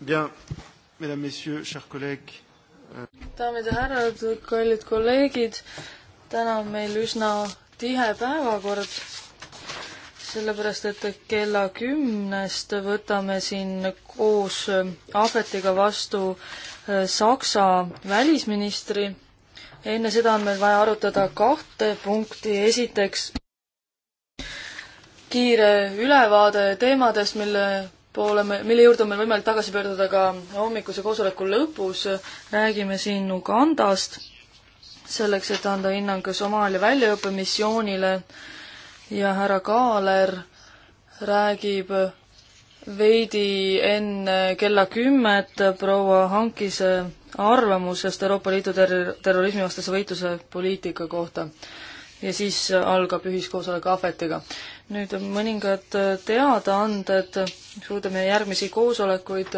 Bien, mesdames, messieurs, chers collègues. Euh, daamid ja härrad, kallid kolleegid, täna on meil üsna tihe päevakord, sellepärast et kella kümnest võtame siin koos äh, Ahvetiga vastu äh, Saksa välisministri. enne seda on meil vaja arutada kahte punkti, esiteks kiire ülevaade teemadest, mille poole me, mille juurde on meil võimalik tagasi pöörduda ka hommikuse koosoleku lõpus, räägime siin Ugandast, selleks, et anda hinnang Somaalia väljaõppemissioonile ja härra Kaaler räägib veidi enne kella kümmet proua Hankise arvamusest Euroopa Liidu ter-, terrorismivastase võitluse poliitika kohta. ja siis algab ühiskoosolek ahvetiga nüüd mõningad äh, teadaanded, mis puudutab meie järgmisi koosolekuid.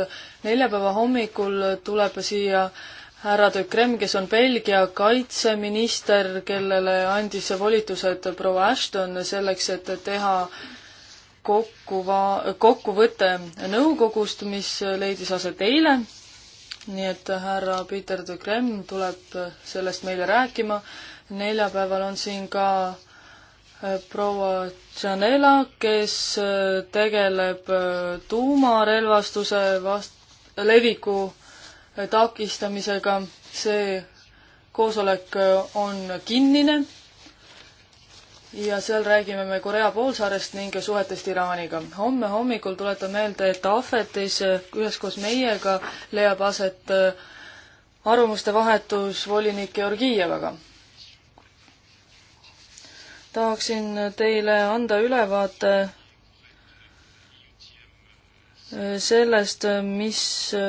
neljapäeva hommikul tuleb siia härra de Krem, kes on Belgia kaitseminister, kellele andis volitused proua Ashton selleks, et teha kokkuva-, kokkuvõte nõukogust, mis leidis aset eile. nii et härra Peter de Krem tuleb sellest meile rääkima. neljapäeval on siin ka äh, proua Janela, kes äh, tegeleb äh, tuumarelvastuse vast-, leviku äh, takistamisega. see koosolek on kinnine ja seal räägime me Korea poolsaarest ning suhetest Iraaniga. homme hommikul tuletan meelde, et Ahvetis üheskoos meiega leiab aset arvamuste vahetus volinik Georgievaga tahaksin teile anda ülevaate äh, sellest, äh, mis äh,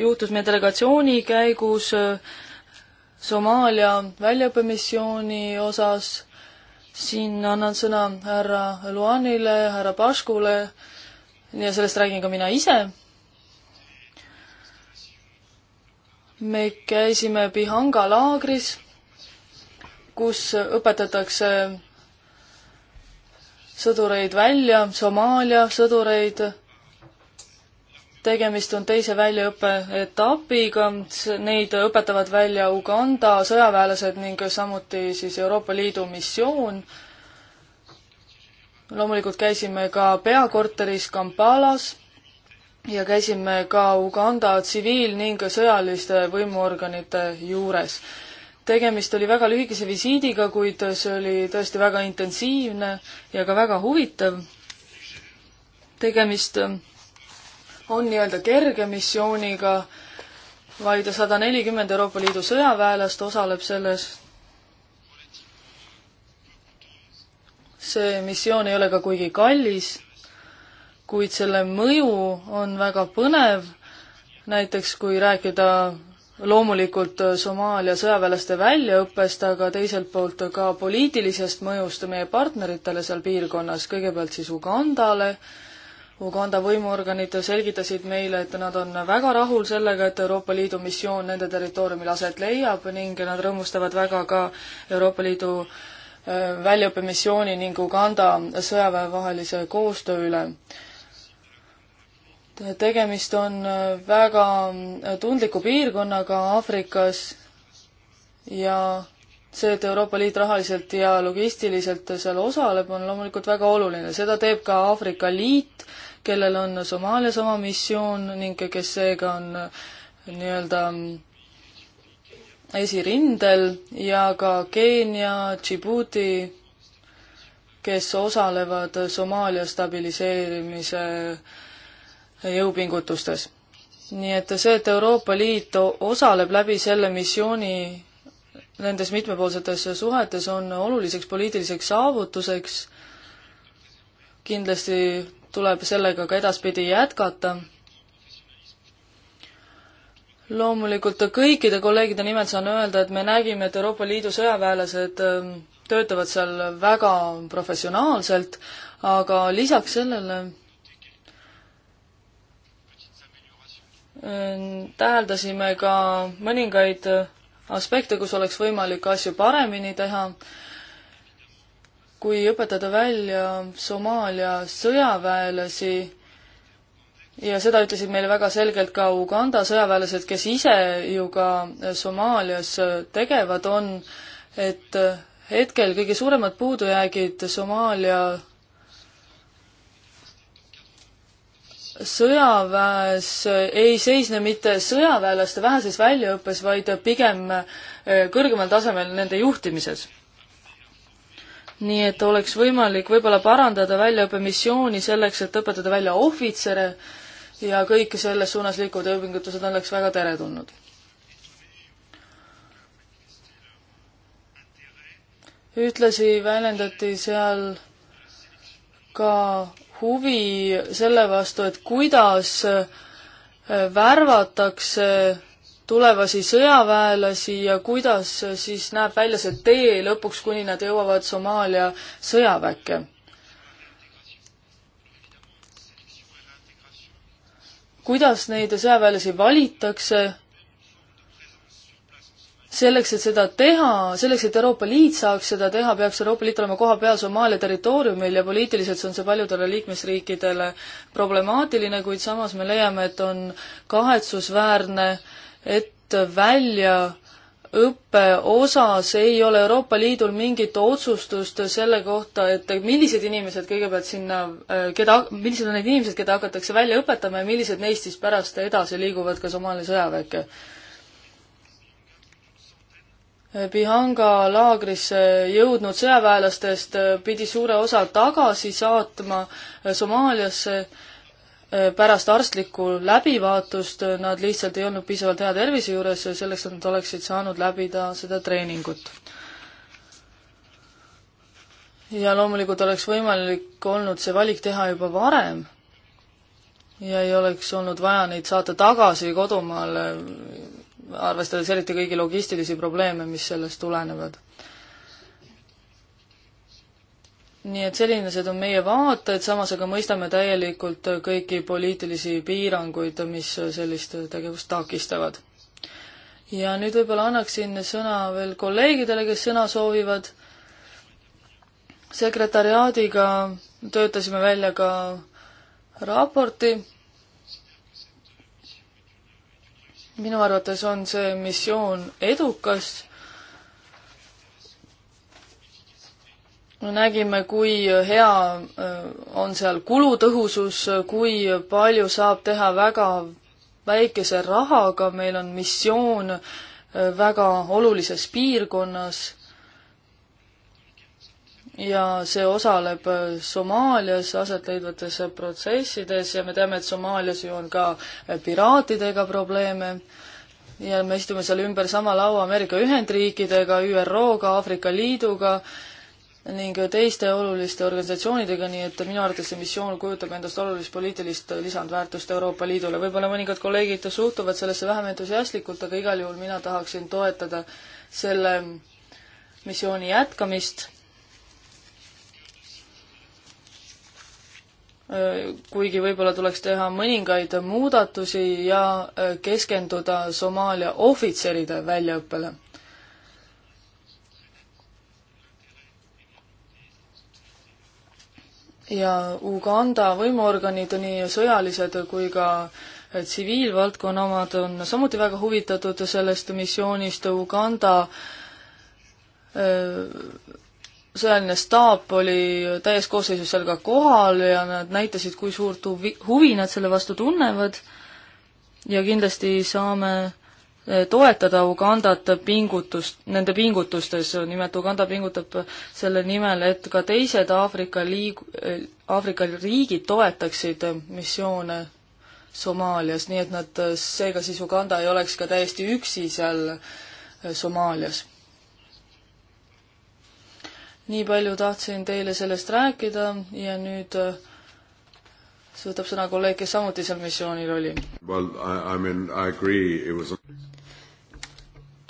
juhtus meie delegatsiooni käigus Somaalia väljaõppemissiooni osas. siin annan sõna härra Luanile, härra Paškule ja sellest räägin ka mina ise. me käisime Pihanga laagris kus õpetatakse sõdureid välja, Somaalia sõdureid. tegemist on teise väljaõppe etapiga, neid õpetavad välja Uganda sõjaväelased ning samuti siis Euroopa Liidu missioon. loomulikult käisime ka peakorteris Kampalas ja käisime ka Uganda tsiviil- ning sõjaliste võimuorganite juures tegemist oli väga lühikese visiidiga, kuid see oli tõesti väga intensiivne ja ka väga huvitav. tegemist on nii-öelda kerge missiooniga, vaid sada nelikümmend Euroopa Liidu sõjaväelast osaleb selles. see missioon ei ole ka kuigi kallis, kuid selle mõju on väga põnev näiteks kui rääkida loomulikult äh, Somaalia sõjaväelaste väljaõppest, aga teiselt poolt ka poliitilisest mõjust meie partneritele seal piirkonnas, kõigepealt siis Ugandale. Uganda võimuorganid selgitasid meile, et nad on väga rahul sellega, et Euroopa Liidu missioon nende territooriumil aset leiab ning nad rõõmustavad väga ka Euroopa Liidu äh, väljaõppemissiooni ning Uganda sõjaväe vahelise koostöö üle tegemist on äh, väga äh, tundliku piirkonnaga Aafrikas ja see, et Euroopa Liit rahaliselt ja logistiliselt seal osaleb, on loomulikult väga oluline. seda teeb ka Aafrika Liit, kellel on Somaalias oma missioon ning kes seega on äh, nii-öelda mm, esirindel ja ka Keenia, Djibouti, kes osalevad Somaalia stabiliseerimise äh, jõupingutustes. nii et see, et Euroopa Liit osaleb läbi selle missiooni nendes mitmepoolsetes suhetes, on oluliseks poliitiliseks saavutuseks, kindlasti tuleb sellega ka edaspidi jätkata loomulikult kõikide kolleegide nimel saan öelda, et me nägime, et Euroopa Liidu sõjaväelased ähm, töötavad seal väga professionaalselt, aga lisaks sellele Äh, täheldasime ka mõningaid äh, aspekte, kus oleks võimalik asju paremini teha. kui õpetada välja Somaalia sõjaväelasi, ja seda ütlesid meile väga selgelt ka Uganda sõjaväelased, kes ise ju ka äh, Somaalias tegevad on, et hetkel kõige suuremad puudujäägid Somaalia sõjaväes ei seisne mitte sõjaväelaste väheses väljaõppes, vaid pigem eh, kõrgemal tasemel nende juhtimises. nii et oleks võimalik võib-olla parandada väljaõppemissiooni selleks, et õpetada välja ohvitsere ja kõik selles suunas liikuvad õpingutused oleks väga teretulnud. ühtlasi väljendati seal ka huvi selle vastu, et kuidas äh, värvatakse tulevasi sõjaväelasi ja kuidas äh, siis näeb välja see tee lõpuks, kuni nad jõuavad Somaalia sõjaväkke kuidas neid sõjaväelasi valitakse selleks, et seda teha, selleks, et Euroopa Liit saaks seda teha, peaks Euroopa Liit olema kohapeal Somaalia territooriumil ja poliitiliselt on see paljudele liikmesriikidele problemaatiline, kuid samas me leiame, et on kahetsusväärne, et väljaõppe osas ei ole Euroopa Liidul mingit otsustust selle kohta, et millised inimesed kõigepealt sinna, keda, millised on need inimesed, keda hakatakse välja õpetama ja millised neist siis pärast edasi liiguvad ka Somaalia sõjaväkke Pihanga laagrisse jõudnud sõjaväelastest pidi suure osa tagasi saatma Somaaliasse pärast arstlikku läbivaatust, nad lihtsalt ei olnud piisavalt hea tervise juures selleks, et nad oleksid saanud läbida seda treeningut. ja loomulikult oleks võimalik olnud see valik teha juba varem ja ei oleks olnud vaja neid saata tagasi kodumaale arvestades eriti kõigi logistilisi probleeme, mis sellest tulenevad. nii et sellised on meie vaated, samas aga mõistame täielikult kõiki poliitilisi piiranguid, mis sellist tegevust takistavad. ja nüüd võib-olla annaksin sõna veel kolleegidele, kes sõna soovivad. sekretäriaadiga töötasime välja ka raporti minu arvates on see missioon edukas. nägime, kui hea äh, on seal kulutõhusus, kui palju saab teha väga väikese rahaga, meil on missioon äh, väga olulises piirkonnas ja see osaleb äh, Somaalias aset leidvates äh, protsessides ja me teame, et Somaalias ju on ka äh, piraatidega probleeme ja me istume seal ümber sama laua Ameerika Ühendriikidega, ÜRO-ga, Aafrika Liiduga ning teiste oluliste organisatsioonidega, nii et minu arvates see missioon kujutab endast olulist poliitilist lisandväärtust Euroopa Liidule. võib-olla mõningad kolleegid suhtuvad sellesse vähem entusiastlikult, aga igal juhul mina tahaksin toetada selle missiooni jätkamist kuigi võib-olla tuleks teha mõningaid muudatusi ja äh, keskenduda Somaalia ohvitseride väljaõppele ja Uganda võimuorganid, nii sõjalised kui ka äh, tsiviilvaldkonna omad on samuti väga huvitatud sellest missioonist, Uganda öö, äh, sõjaline staap oli täies koosseisus seal ka kohal ja nad näitasid, kui suurt huvi, huvi nad selle vastu tunnevad ja kindlasti saame eh, toetada Ugandat pingutust, nende pingutustes, nimelt Uganda pingutab selle nimel, et ka teised Aafrika liig-, eh, Aafrika riigid toetaksid eh, missioone Somaalias, nii et nad, seega siis Uganda ei oleks ka täiesti üksi seal Somaalias nii palju tahtsin teile sellest rääkida ja nüüd äh, see võtab sõna kolleeg, kes samuti seal missioonil oli. Well, I, I mean, I agree, it was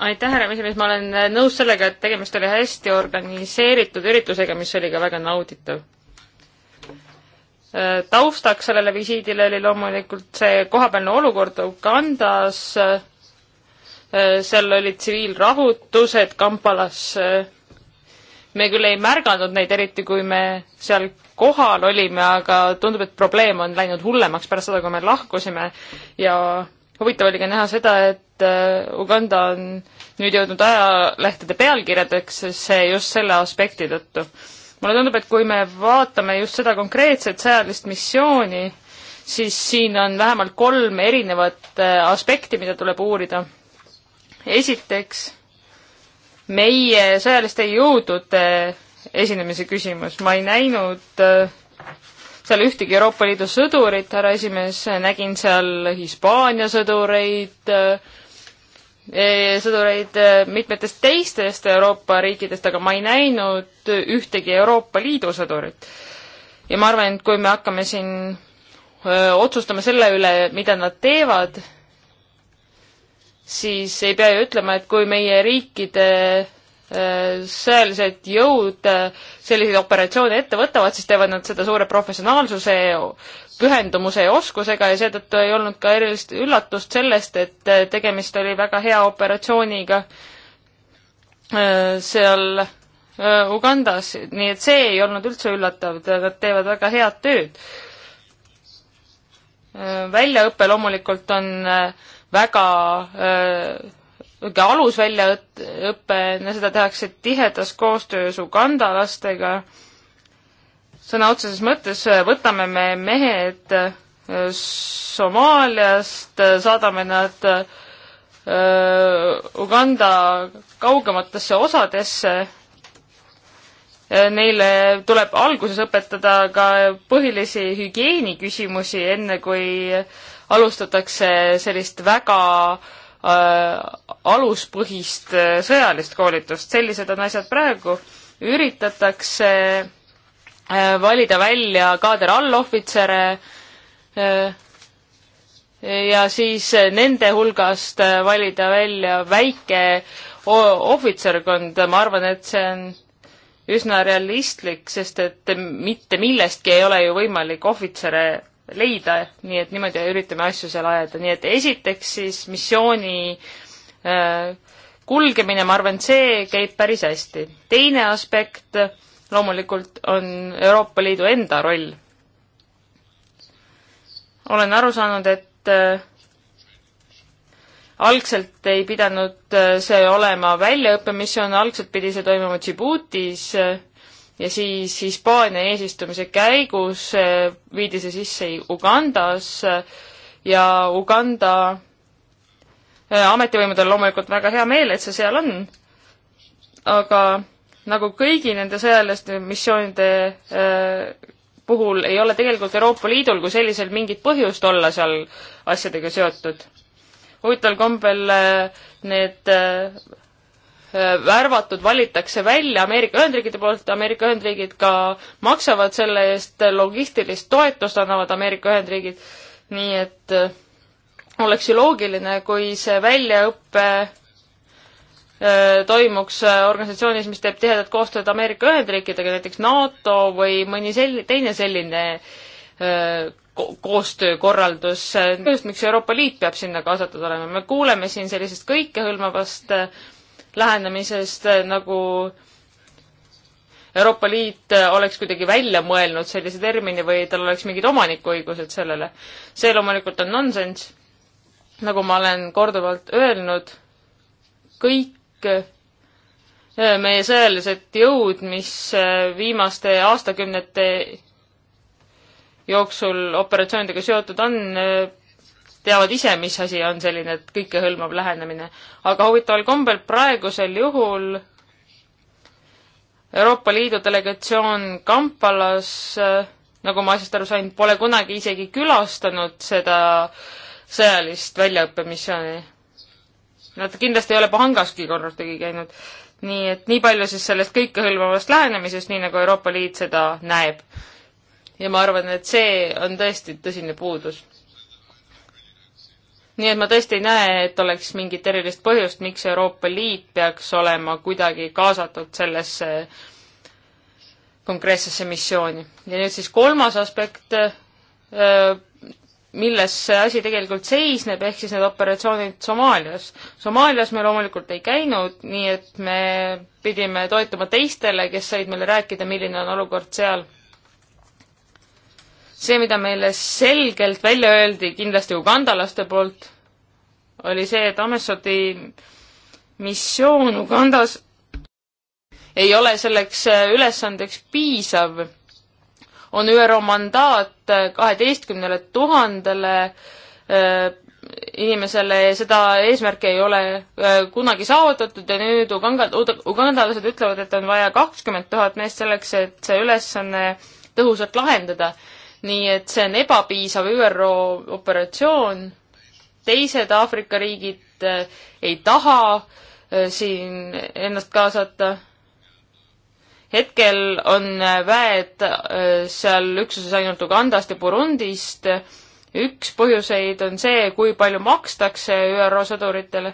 aitäh, härra esimees, ma olen äh, nõus sellega, et tegemist oli hästi organiseeritud üritusega, mis oli ka väga nauditav. Äh, taustaks sellele visiidile oli loomulikult see kohapealne olukord Ugandas, seal olid tsiviilrahutused Kampalas me küll ei märganud neid, eriti kui me seal kohal olime, aga tundub, et probleem on läinud hullemaks pärast seda, kui me lahkusime ja huvitav oli ka näha seda, et äh, Uganda on nüüd jõudnud ajalehtede pealkirjadeks, see just selle aspekti tõttu. mulle tundub, et kui me vaatame just seda konkreetset sõjalist missiooni, siis siin on vähemalt kolm erinevat äh, aspekti, mida tuleb uurida. esiteks meie sõjaliste jõudude esinemise küsimus. ma ei näinud äh, seal ühtegi Euroopa Liidu sõdurit, härra esimees, nägin seal Hispaania sõdureid, äh, eh, sõdureid äh, mitmetest teistest Euroopa riikidest, aga ma ei näinud ühtegi Euroopa Liidu sõdurit. ja ma arvan, et kui me hakkame siin öö, otsustama selle üle, mida nad teevad, siis ei pea ju ütlema, et kui meie riikide äh, sõjalised jõud äh, selliseid operatsioone ette võtavad, siis teevad nad seda suure professionaalsuse, pühendumuse ja oskusega ja seetõttu ei olnud ka erilist üllatust sellest, et äh, tegemist oli väga hea operatsiooniga seal Ugandas, nii et see ei olnud üldse üllatav, nad teevad väga head tööd. väljaõpe loomulikult on äh, väga niisugune äh, alus väljaõpe, seda tehakse tihedas koostöös Uganda lastega. sõna otseses mõttes äh, võtame me mehed äh, Somaaliast, saadame nad Uganda kaugematesse osadesse. Neile tuleb alguses õpetada ka põhilisi hügieeniküsimusi, enne kui äh, alustatakse sellist väga äh, aluspõhist äh, sõjalist koolitust, sellised on asjad praegu, üritatakse äh, valida välja kaader allohvitsere äh, ja siis nende hulgast äh, valida välja väike ohvitserkond, ma arvan, et see on üsna realistlik, sest et mitte millestki ei ole ju võimalik ohvitsere leida, nii et niimoodi üritame asju seal ajada, nii et esiteks siis missiooni äh, kulgemine, ma arvan, see käib päris hästi. teine aspekt loomulikult on Euroopa Liidu enda roll. olen aru saanud, et äh, algselt ei pidanud äh, see olema väljaõppemissioon, algselt pidi see toimuma Djiboutis äh,, ja siis Hispaania eesistumise käigus eh, viidi see sisse Ugandas eh, ja Uganda eh, ametivõimud on loomulikult väga hea meel, et see seal on, aga nagu kõigi nende sõjaliste missioonide puhul ei ole tegelikult Euroopa Liidul kui sellisel mingit põhjust olla seal asjadega seotud. huvitaval kombel need Äh, värvatud valitakse välja Ameerika Ühendriikide poolt, Ameerika Ühendriigid ka maksavad selle eest logistilist toetust, annavad Ameerika Ühendriigid, nii et äh, oleks ju loogiline, kui see väljaõpe äh, toimuks organisatsioonis, mis teeb tihedat koostööd Ameerika Ühendriikidega, näiteks NATO või mõni sel-, teine selline ko koostöökorraldus. just, miks Euroopa Liit peab sinna kaasatud olema, me kuuleme siin sellisest kõikehõlmavast äh, lähenemisest, eh, nagu Euroopa Liit eh, oleks kuidagi välja mõelnud sellise termini või tal oleks mingid omanikuõigused sellele. see loomulikult on nonsenss. nagu ma olen korduvalt öelnud, kõik eh, meie sõjalised jõud, mis viimaste aastakümnete jooksul operatsioonidega seotud on, teavad ise, mis asi on selline kõikehõlmav lähenemine. aga huvitaval kombel praegusel juhul Euroopa Liidu delegatsioon Kampalas, nagu ma asjast aru sain, pole kunagi isegi külastanud seda sõjalist väljaõppemissiooni. Nad kindlasti ei ole Pahangaski korrutagi käinud. nii et nii palju siis sellest kõikehõlmavast lähenemisest, nii nagu Euroopa Liit seda näeb. ja ma arvan, et see on tõesti tõsine puudus nii et ma tõesti ei näe, et oleks mingit erilist põhjust, miks Euroopa Liit peaks olema kuidagi kaasatud sellesse konkreetsesse missiooni. ja nüüd siis kolmas aspekt, äh, milles see asi tegelikult seisneb, ehk siis need operatsioonid Somaalias. Somaalias me loomulikult ei käinud, nii et me pidime toetuma teistele, kes said meile rääkida, milline on olukord seal see, mida meile selgelt välja öeldi kindlasti ugandalaste poolt, oli see, et Amessoti missioon Ugandas ei ole selleks äh, ülesandeks piisav. on ÜRO mandaat äh, kaheteistkümnele tuhandele äh, inimesele ja seda eesmärki ei ole kunagi saavutatud ja nüüd Uganda, ugandalased ütlevad, et on vaja kakskümmend tuhat meest selleks, et see ülesanne tõhusalt lahendada nii et see on ebapiisav ÜRO operatsioon, teised Aafrika riigid eh, ei taha eh, siin ennast kaasata. hetkel on eh, väed seal üksuses ainult Ugandast ja Burundist. üks põhjuseid on see, kui palju makstakse ÜRO sõduritele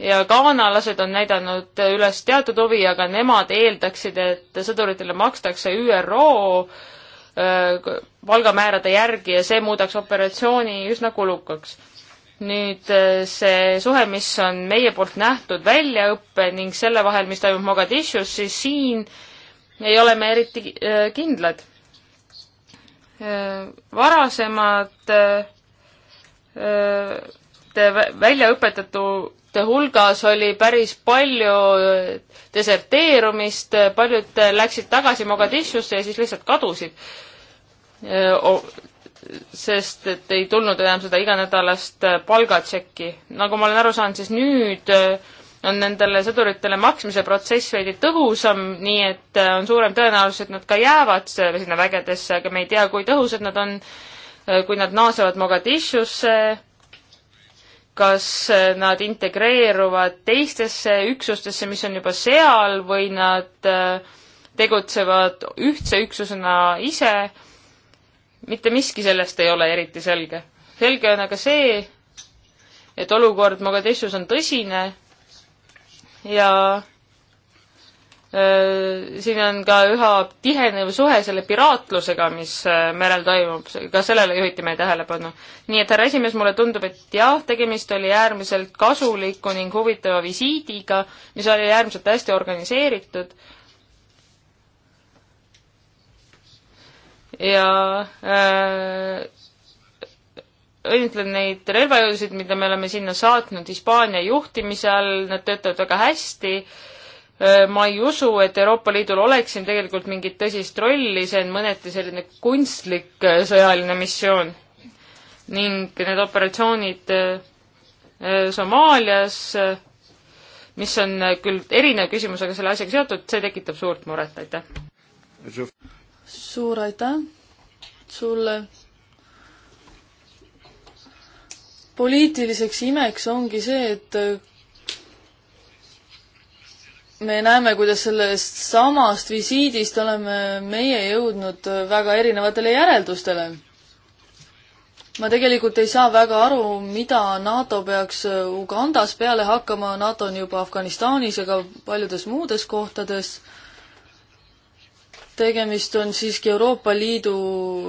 ja gaanalased on näidanud üles teatud huvi, aga nemad eeldaksid, et sõduritele makstakse ÜRO palgamäärade äh, järgi ja see muudaks operatsiooni üsna kulukaks. nüüd äh, see suhe, mis on meie poolt nähtud väljaõppe ning selle vahel, mis toimub Mogadishus, siis siin ei ole me eriti äh, kindlad. varasemad väljaõpetatu noorte hulgas oli päris palju äh, deserteerumist, äh, paljud äh, läksid tagasi Mogadishusse ja siis lihtsalt kadusid. sest et ei tulnud enam seda iganädalast palgatšekki. nagu ma olen aru saanud, siis nüüd on nendele sõduritele maksmise protsess veidi tõhusam, nii et on suurem tõenäosus, et nad ka jäävad sinna vägedesse, aga me ei tea, kui tõhusad nad on, kui nad naasevad Mogadishusse kas eh, nad integreeruvad teistesse üksustesse, mis on juba seal, või nad eh, tegutsevad ühtse üksusena ise. mitte miski sellest ei ole eriti selge. selge on aga see, et olukord Mogadishus on tõsine ja Äh, siin on ka üha tihenev suhe selle piraatlusega, mis äh, merel toimub, ka sellele juhiti meie tähelepanu. nii et härra esimees, mulle tundub, et jah, tegemist oli äärmiselt kasuliku ning huvitava visiidiga, mis oli äärmiselt hästi organiseeritud. ja äh, õnnitlen neid relvajõudusid, mida me oleme sinna saatnud Hispaania juhtimise all, nad töötavad väga hästi äh,, Äh, ma ei usu, et Euroopa Liidul oleks siin tegelikult mingit tõsist rolli, see on mõneti selline kunstlik äh, sõjaline missioon. ning need operatsioonid äh, Somaalias, mis on küll erinev küsimus, aga selle asjaga seotud, see tekitab suurt muret, aitäh! suur aitäh sulle! poliitiliseks imeks ongi see, et me näeme, kuidas sellest samast visiidist oleme meie jõudnud väga erinevatele järeldustele. ma tegelikult ei saa väga aru, mida NATO peaks Ugandas peale hakkama, NATO on juba Afganistanis ja ka paljudes muudes kohtades. tegemist on siiski Euroopa Liidu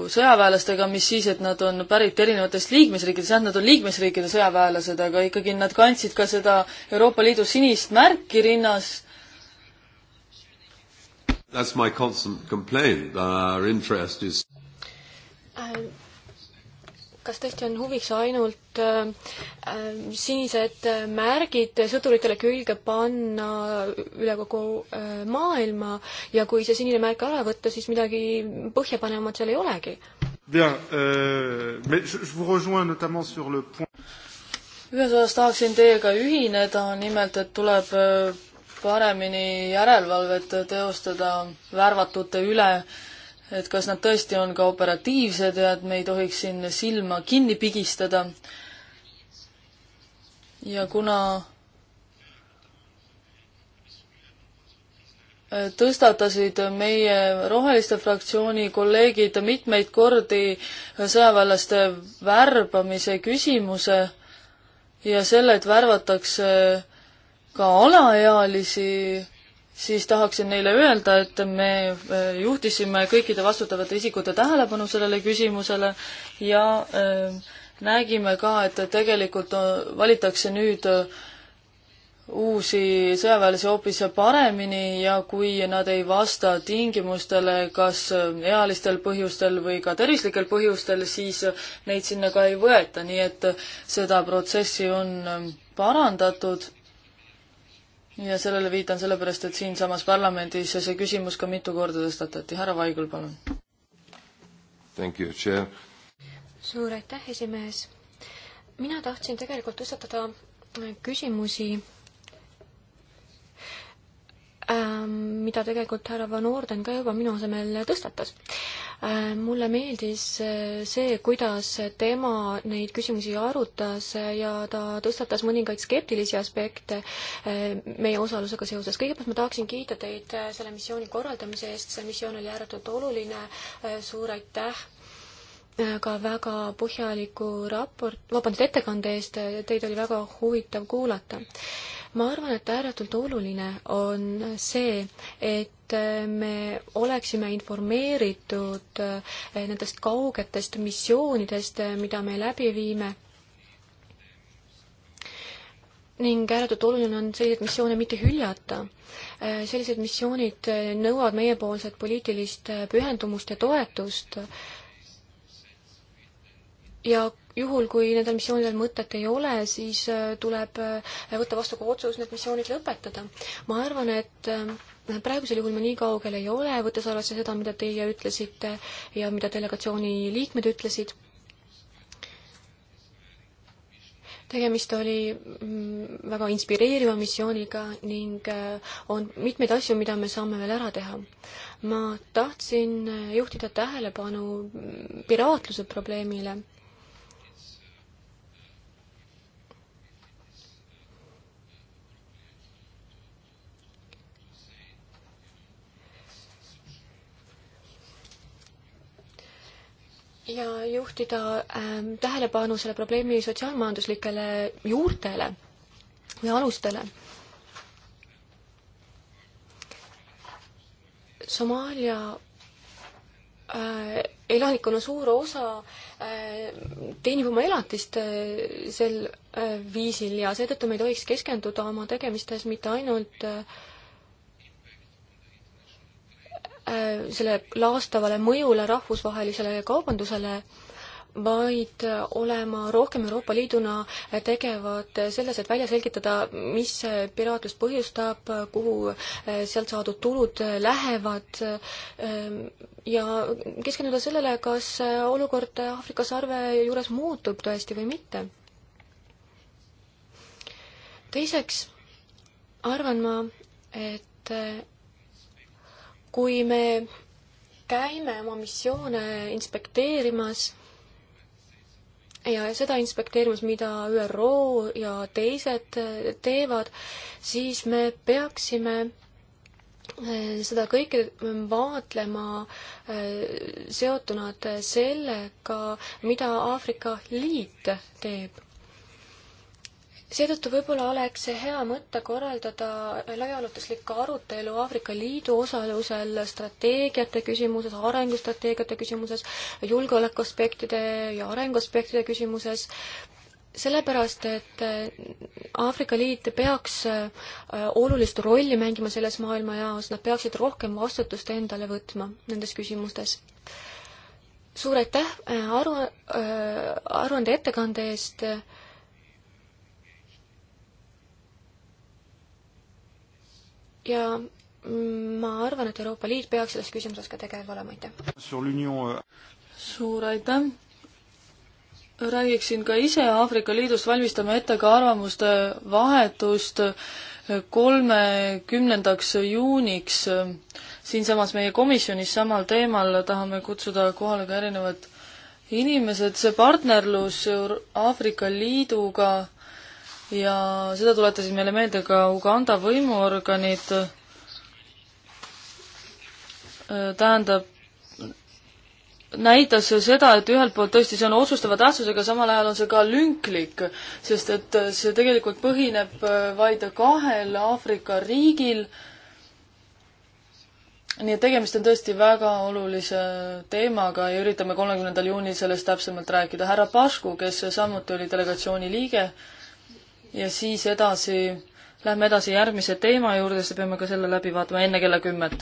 sõjaväelastega, mis siis, et nad on pärit erinevatest liikmesriikidest, jah, nad on liikmesriikide sõjaväelased, aga ikkagi nad kandsid ka seda Euroopa Liidu sinist märki rinnas That's my constant complaint that our interest is ähm, kas tõesti on huviks ainult ähm, äh, sinised äh, märgid sõduritele külge panna üle kogu äh, maailma ja kui see sinine märk ära võtta, siis midagi põhjapanevat seal ei olegi? Euh, ühes osas tahaksin teiega ühineda, nimelt et tuleb äh, paremini järelevalvet teostada värvatute üle, et kas nad tõesti on ka operatiivsed ja et me ei tohiks siin silma kinni pigistada. ja kuna tõstatasid meie Roheliste fraktsiooni kolleegid mitmeid kordi sõjaväelaste värbamise küsimuse ja selle, et värvatakse ka alaealisi, siis tahaksin neile öelda, et me e, juhtisime kõikide vastutavate isikute tähelepanu sellele küsimusele ja e, nägime ka, et tegelikult e, valitakse nüüd uusi sõjaväelasi hoopis paremini ja kui nad ei vasta tingimustele kas ealistel põhjustel või ka tervislikel põhjustel, siis neid sinna ka ei võeta, nii et seda protsessi on parandatud ja sellele viitan sellepärast, et siinsamas parlamendis see küsimus ka mitu korda tõstatati. härra Vaigel, palun. suur aitäh, esimees. mina tahtsin tegelikult tõstatada küsimusi Ähm, mida tegelikult härra Van Orden ka juba minu asemel tõstatas. Ähm, mulle meeldis äh, see, kuidas tema neid küsimusi arutas ja ta tõstatas mõningaid skeptilisi aspekte äh, meie osalusega seoses. kõigepealt ma tahaksin kiita teid äh, selle missiooni korraldamise eest, see missioon oli ääretult oluline, suur aitäh ka väga põhjaliku raport, vabandust, ettekande eest, teid oli väga huvitav kuulata. ma arvan, et ääretult oluline on see, et me oleksime informeeritud eh, nendest kaugetest missioonidest, eh, mida me läbi viime. ning ääretult oluline on selliseid missioone mitte hüljata. Eh, sellised missioonid nõuavad meiepoolset poliitilist pühendumust ja toetust ja juhul, kui nendel missioonidel mõtet ei ole, siis äh, tuleb äh, võtta vastu ka otsus need missioonid lõpetada. ma arvan, et äh, praegusel juhul me nii kaugel ei ole, võttes arvesse seda, mida teie ütlesite ja mida delegatsiooni liikmed ütlesid. tegemist oli mm, väga inspireeriva missiooniga ning on mitmeid asju, mida me saame veel ära teha. ma tahtsin juhtida tähelepanu mm, piraatluse probleemile ja juhtida ähm, tähelepanu selle probleemi sotsiaalmajanduslikele juurtele või alustele. Somaalia äh, elanikkonna suur osa äh, teenib oma elatist äh, sel äh, viisil ja seetõttu me ei tohiks keskenduda oma tegemistes mitte ainult äh, Äh, selle laastavale mõjule rahvusvahelisele kaubandusele, vaid olema rohkem Euroopa Liiduna tegevad selles, et välja selgitada, mis piraatlust põhjustab, kuhu äh, sealt saadud tulud äh, lähevad ähm, ja keskenduda sellele, kas olukord Aafrika sarve juures muutub tõesti või mitte. teiseks arvan ma, et kui me käime oma missioone inspekteerimas ja seda inspekteerimas, mida ÜRO ja teised teevad, siis me peaksime eh, seda kõike vaatlema eh, seotuna sellega, mida Aafrika Liit teeb seetõttu võib-olla oleks hea mõte korraldada laiaulatuslik arutelu Aafrika Liidu osalusel strateegiate küsimuses, arengustrateegiate küsimuses, julgeolekuaspektide ja arenguaspektide küsimuses, sellepärast, et Aafrika Liit peaks äh, olulist rolli mängima selles maailmajaos, nad peaksid rohkem vastutust endale võtma nendes küsimustes suur aitäh äh, aru, äh, aruande ettekande eest. ja ma arvan, et Euroopa Liit peaks selles küsimuses ka tegev olema, aitäh! Euh, suur aitäh! räägiksin ka ise Aafrika Liidust, valmistame ette ka arvamuste vahetust kolmekümnendaks juuniks siinsamas meie komisjonis samal teemal tahame kutsuda kohale ka erinevad inimesed, see partnerlus Aafrika Liiduga ja seda tuletasid meile meelde ka Uganda võimuorganid. Äh, tähendab, näitas seda, et ühelt poolt tõesti see on otsustava tähtsusega, samal ajal on see ka lünklik, sest et see tegelikult põhineb äh, vaid kahel Aafrika riigil. nii et tegemist on tõesti väga olulise teemaga ja üritame kolmekümnendal juunil sellest täpsemalt rääkida. härra Pašku, kes samuti oli delegatsiooni liige, ja siis edasi, lähme edasi järgmise teema juurde, sest peame ka selle läbi vaatama enne kella kümmet.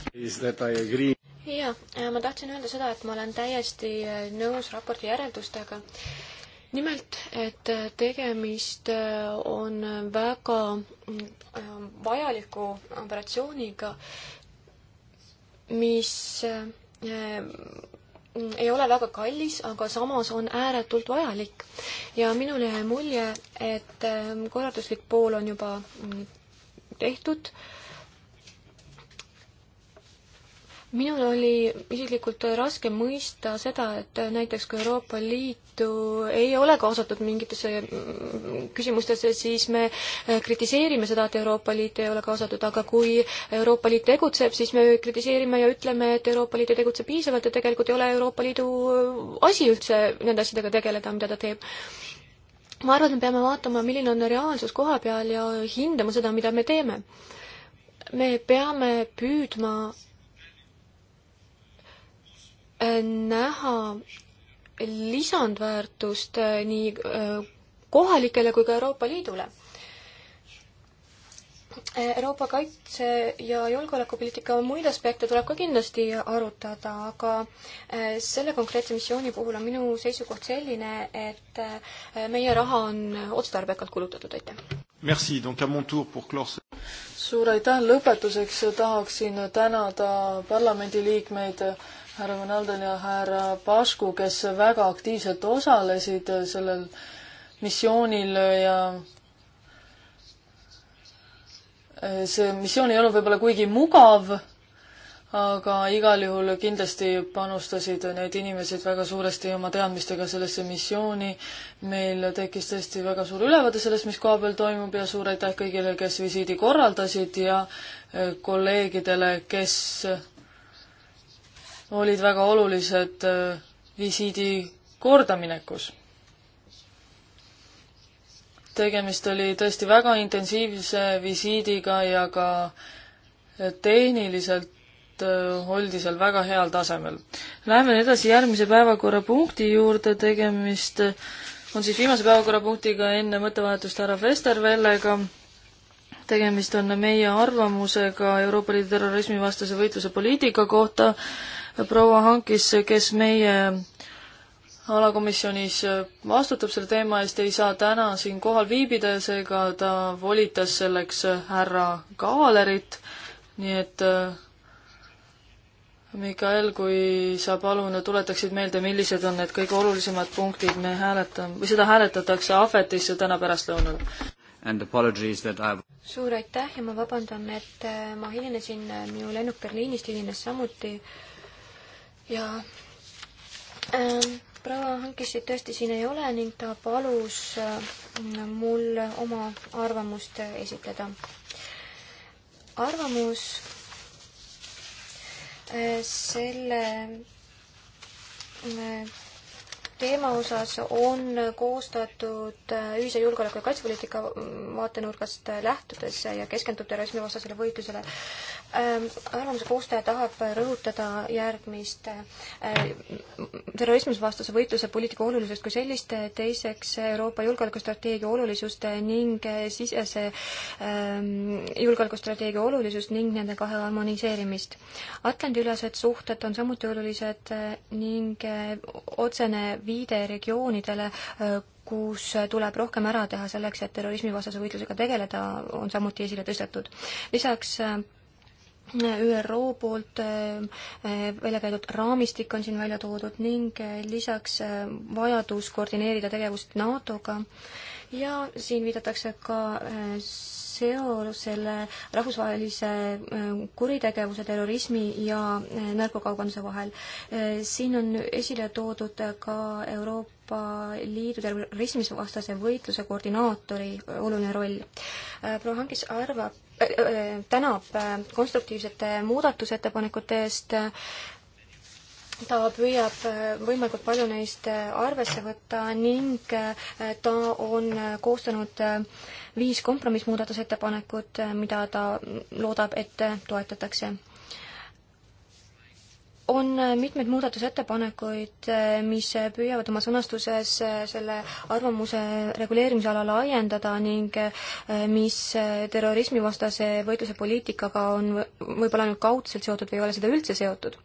jaa, äh, ma tahtsin öelda seda, et ma olen täiesti äh, nõus raporti järeldustega. nimelt, et äh, tegemist on väga vajaliku operatsiooniga, mis Mm, ei ole väga kallis, aga samas on ääretult vajalik. ja minule jäi mulje, et ähm, korralduslik pool on juba mm, tehtud äh, minul oli isiklikult raske mõista seda, et näiteks kui Euroopa Liitu ei ole kaasatud mingitesse mm, küsimustesse, siis me äh, kritiseerime seda, et Euroopa Liit ei ole kaasatud, aga kui Euroopa Liit tegutseb, siis me kritiseerime ja ütleme, et Euroopa Liit ei tegutse piisavalt ja tegelikult ei ole Euroopa Liidu äh, asi üldse nende asjadega tegeleda, mida ta teeb ma arvan, et me peame vaatama, milline on reaalsus koha peal ja hindama seda, mida me teeme. me peame püüdma näha lisandväärtust äh, nii äh, kohalikele kui ka Euroopa Liidule. Euroopa kaitse- ja julgeolekupoliitika muid aspekte tuleb ka kindlasti arutada, aga äh, selle konkreetse missiooni puhul on minu seisukoht selline, et meie raha on otstarbekalt kulutatud, aitäh! Merci, donc à mon tour pour clore see. suur aitäh, lõpetuseks tahaksin tänada parlamendiliikmeid härra Ronaldon ja härra Pašku, kes väga aktiivselt osalesid sellel missioonil ja see missioon ei olnud võib-olla kuigi mugav, aga igal juhul kindlasti panustasid need inimesed väga suuresti oma teadmistega sellesse missiooni. meil tekkis tõesti väga suur ülevaade sellest, mis koha peal toimub ja suur aitäh kõigile, kes visiidi korraldasid ja kolleegidele, kes olid väga olulised äh, visiidi kordaminekus. tegemist oli tõesti väga intensiivse visiidiga ja ka äh, tehniliselt äh, oldi seal väga heal tasemel. Läheme edasi järgmise päevakorrapunkti juurde, tegemist on siis viimase päevakorrapunktiga enne mõttevahetust härra Vestervellega. tegemist on meie arvamusega Euroopa Liidu terrorismivastase võitluse poliitika kohta proua Hankis, kes meie alakomisjonis vastutab selle teema eest, ei saa täna siin kohal viibida ja seega ta volitas selleks härra Kaalerit, nii et äh, Mikael, kui sa palun tuletaksid meelde, millised on need kõige olulisemad punktid, me hääletame, või seda hääletatakse ahvetisse täna pärastlõunal. suur aitäh ja ma vabandan, et äh, ma hilinesin, äh, minu lennuk Berliinist hilines samuti äh, ja ähm, proua Hankisit tõesti siin ei ole ning ta palus äh, mul oma arvamust esitleda. arvamus äh, selle äh, teema osas on koostatud äh, ühise julgeoleku ja kaitsepoliitika mm, vaatenurgast äh, lähtudes ja keskendub terrorismivastasele võitlusele. Ähm, arvamuse koostaja tahab rõhutada järgmist äh, terrorismivastase võitluse poliitika olulisust kui sellist, teiseks Euroopa julgeolekustrateegia olulisust ning sisese ähm, julgeolekustrateegia olulisust ning nende kahe harmoniseerimist. Atlandi-ülesed suhted on samuti olulised ning otsene viide regioonidele, äh, kus tuleb rohkem ära teha selleks, et terrorismivastase võitlusega tegeleda, on samuti esile tõstetud. lisaks äh, ÜRO poolt äh, välja käidud raamistik on siin välja toodud ning lisaks vajadus koordineerida tegevust NATO-ga ja siin viidatakse ka äh, seosele rahvusvahelise äh, kuritegevuse, terrorismi ja äh, narkokaubanduse vahel. siin on esile toodud ka Euroopa Liidu terrorismivastase võitluse koordinaatori oluline roll. proua Hankis arvab äh,, tänab konstruktiivsete muudatusettepanekute eest äh,, ta püüab äh, võimalikult palju neist äh, arvesse võtta ning äh, ta on koostanud viis kompromissmuudatusettepanekut, mida ta loodab, et toetatakse on mitmeid muudatusettepanekuid, mis püüavad oma sõnastuses selle arvamuse reguleerimisala laiendada ning mis terrorismivastase võitluse poliitikaga on võib-olla ainult kaudselt seotud või ei ole seda üldse seotud.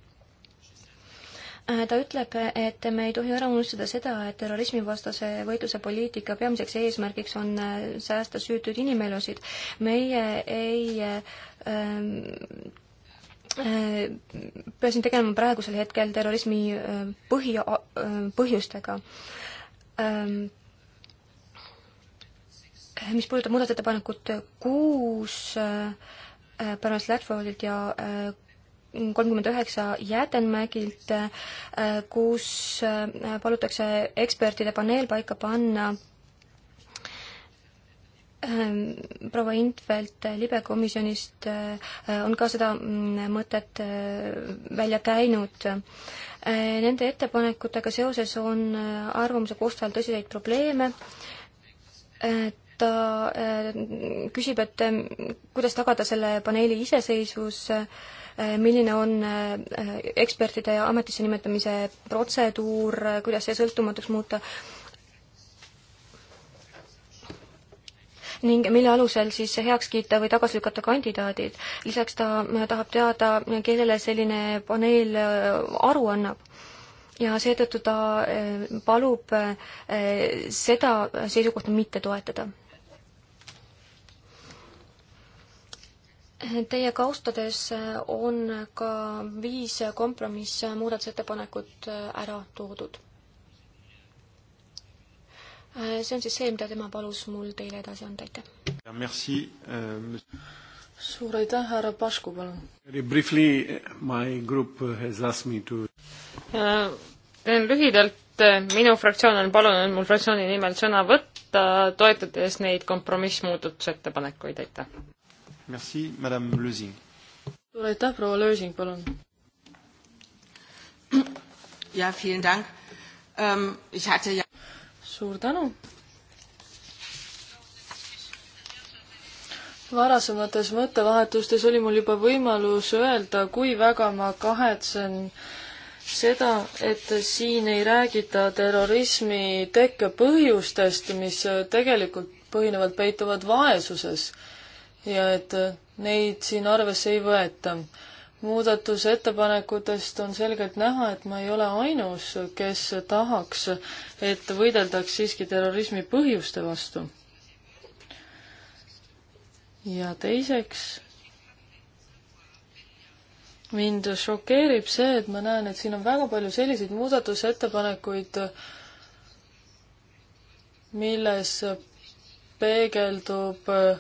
Äh, ta ütleb, et me ei tohi ära unustada seda, et terrorismivastase võitluse poliitika peamiseks eesmärgiks on äh, säästa süütuid inimelusid. meie ei äh, ähm, äh, peasin tegelema praegusel hetkel terrorismi põhi äh,, põhjustega ähm,. mis puudutab muudatusettepanekut kuus äh, pärast Ladfordilt ja äh, kolmkümmend üheksa Jäätenmägilt, äh, kus äh, palutakse ekspertide paneel paika panna ähm, proua Intvelt libekomisjonist äh, on ka seda mm, mõtet välja käinud. Nende ettepanekutega seoses on arvamuse koostajal tõsiseid probleeme. ta küsib, et kuidas tagada selle paneeli iseseisvus Äh, milline on äh, ekspertide ametisse nimetamise protseduur, äh, kuidas see sõltumatuks muuta ning mille alusel siis heaks kiita või tagasi lükata kandidaadid. lisaks ta tahab teada, kellele selline paneel aru annab ja seetõttu ta palub seda seisukohta mitte toetada Teiega austades on ka viis kompromissmuudatusettepanekut äh, ära toodud. Äh, see on siis see, mida tema palus mul teile edasi anda, aitäh. Äh, suur aitäh, härra Pašku, palun. Very briefly, my group has asked me to teen lühidalt, minu fraktsioon on palunud mul fraktsiooni nimel sõna võtta, toetades neid kompromissmuudatusettepanekuid, aitäh. Merci, madame Lösing. suur aitäh, proua Lösing, palun. ja, vielen dank um,. Ich hatte ja. suur tänu. varasemates mõttevahetustes oli mul juba võimalus öelda, kui väga ma kahetsen seda, et siin ei räägita terrorismi tekke põhjustest, mis tegelikult põhinevalt peituvad vaesuses ja et neid siin arvesse ei võeta. muudatusettepanekutest on selgelt näha, et ma ei ole ainus, kes tahaks, et võideldaks siiski terrorismi põhjuste vastu. ja teiseks, mind šokeerib see, et ma näen, et siin on väga palju selliseid muudatusettepanekuid, milles peegeldub äh,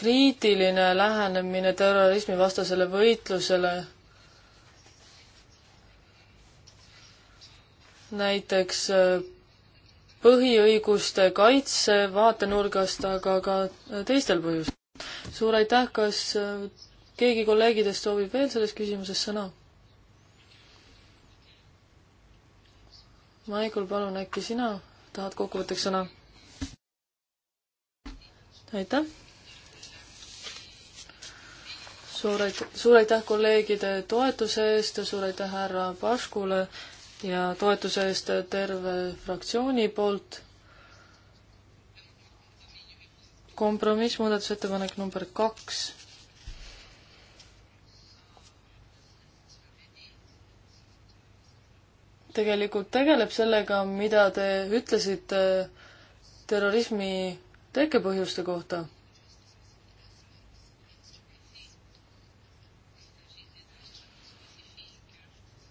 kriitiline lähenemine terrorismivastasele võitlusele. näiteks äh, põhiõiguste kaitse vaatenurgast, aga ka teistel põhjustel. suur aitäh, kas äh, keegi kolleegidest soovib veel selles küsimuses sõna? Maigul, palun, äkki sina tahad kokkuvõtteks sõna? aitäh! suur aitäh, suur aitäh kolleegide toetuse eest ja suur aitäh härra Paškule ja toetuse eest terve fraktsiooni poolt. kompromiss, muudatusettepanek number kaks. tegelikult tegeleb sellega, mida te ütlesite terrorismi tekkepõhjuste kohta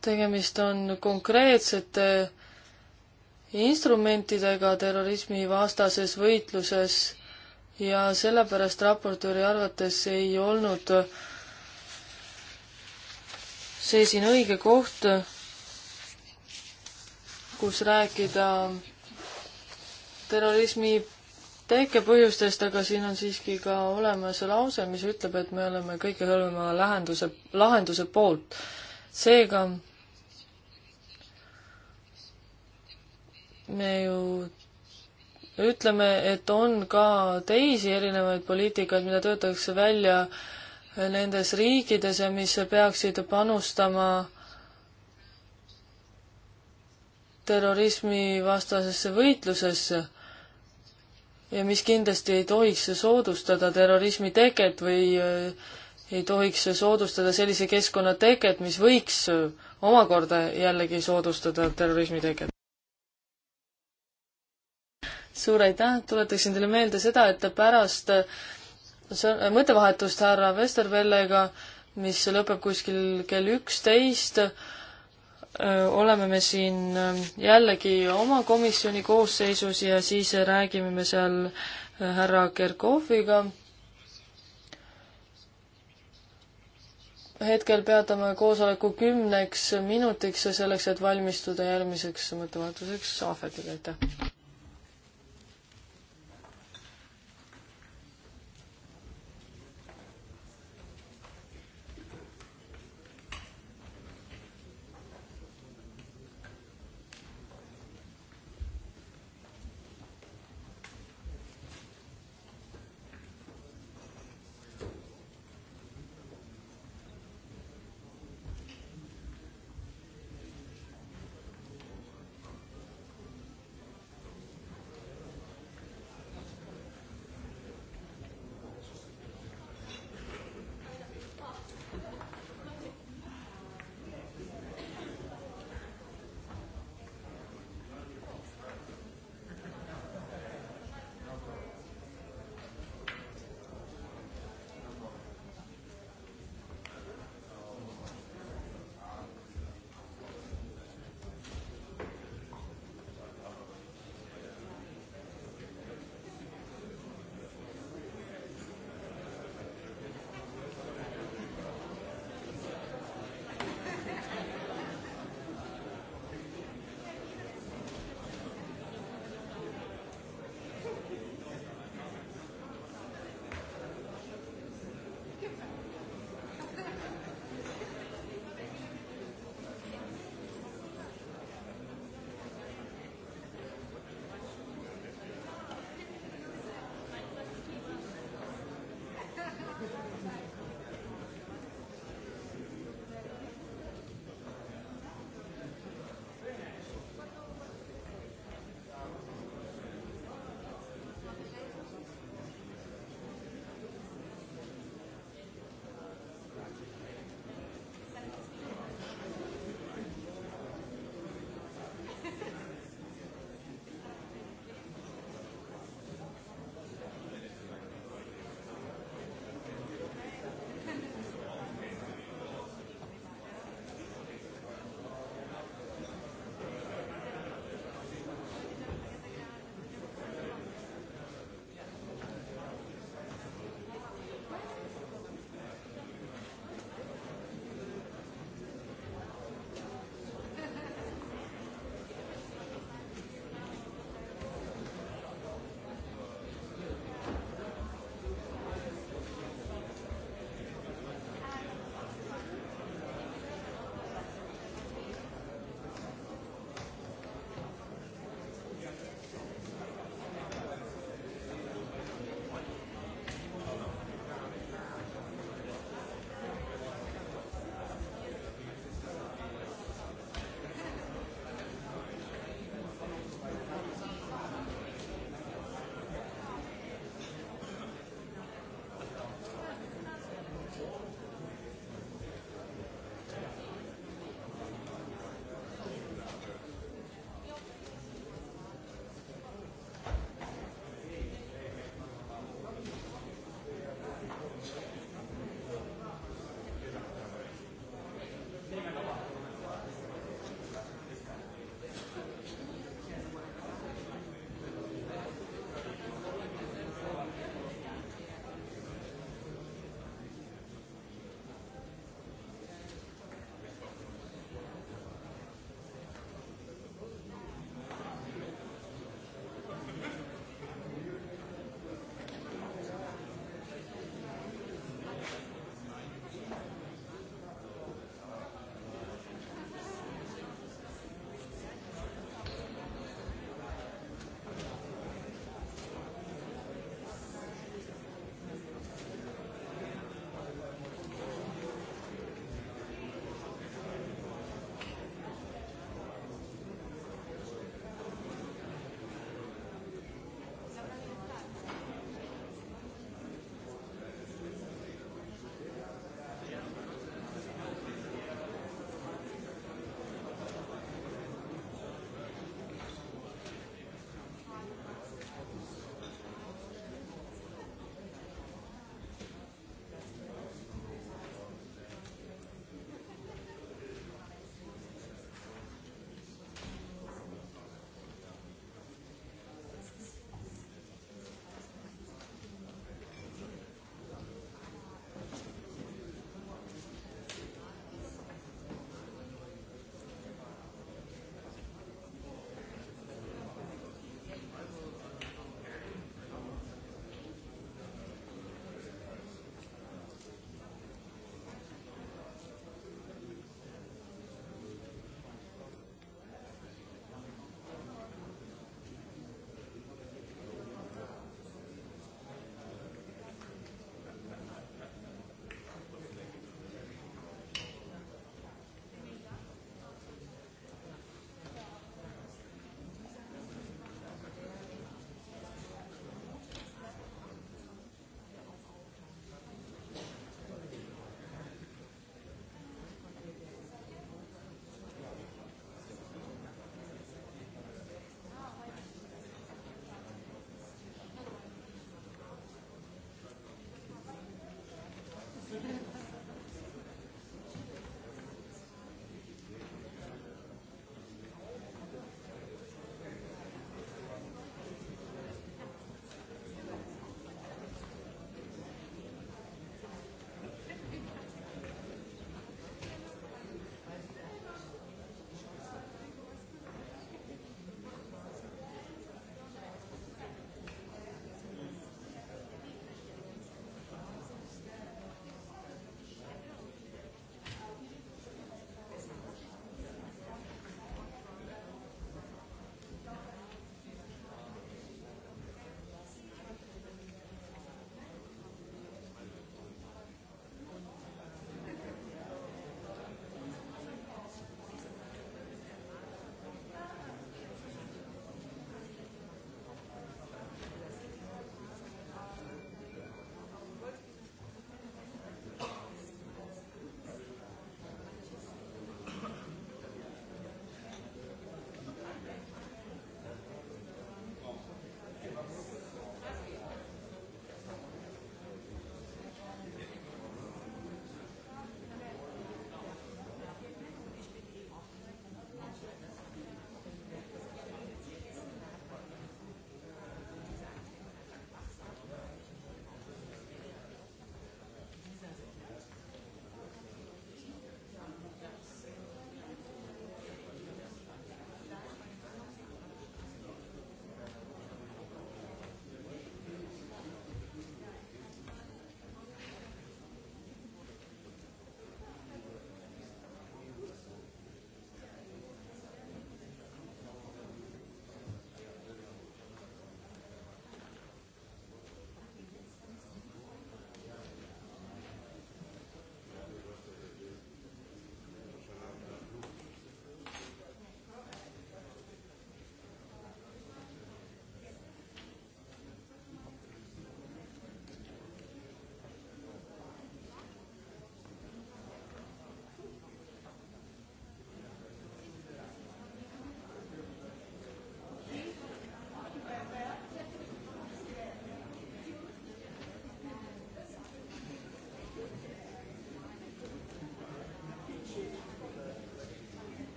tegemist on konkreetsete instrumentidega terrorismivastases võitluses ja sellepärast raportööri arvates ei olnud see siin õige koht, kus rääkida terrorismi tekkepõhjustest, aga siin on siiski ka olemas lause, mis ütleb, et me oleme kõige halvema lahenduse, lahenduse poolt. seega me ju ütleme, et on ka teisi erinevaid poliitikaid, mida töötatakse välja nendes riikides ja mis peaksid panustama terrorismivastasesse võitlusesse ja mis kindlasti ei tohiks soodustada terrorismi teket või äh, ei tohiks soodustada sellise keskkonna teket, mis võiks äh, omakorda jällegi soodustada terrorismi teket suur aitäh, tuletaksin teile meelde seda, et pärast äh, äh, mõttevahetust härra Vestervellega, mis lõpeb kuskil kell üksteist, äh, oleme me siin jällegi oma komisjoni koosseisus ja siis räägime me seal härra Kerkhoviga. hetkel peatame koosoleku kümneks minutiks, selleks et valmistuda järgmiseks mõttevahetuseks ahvetiga, aitäh!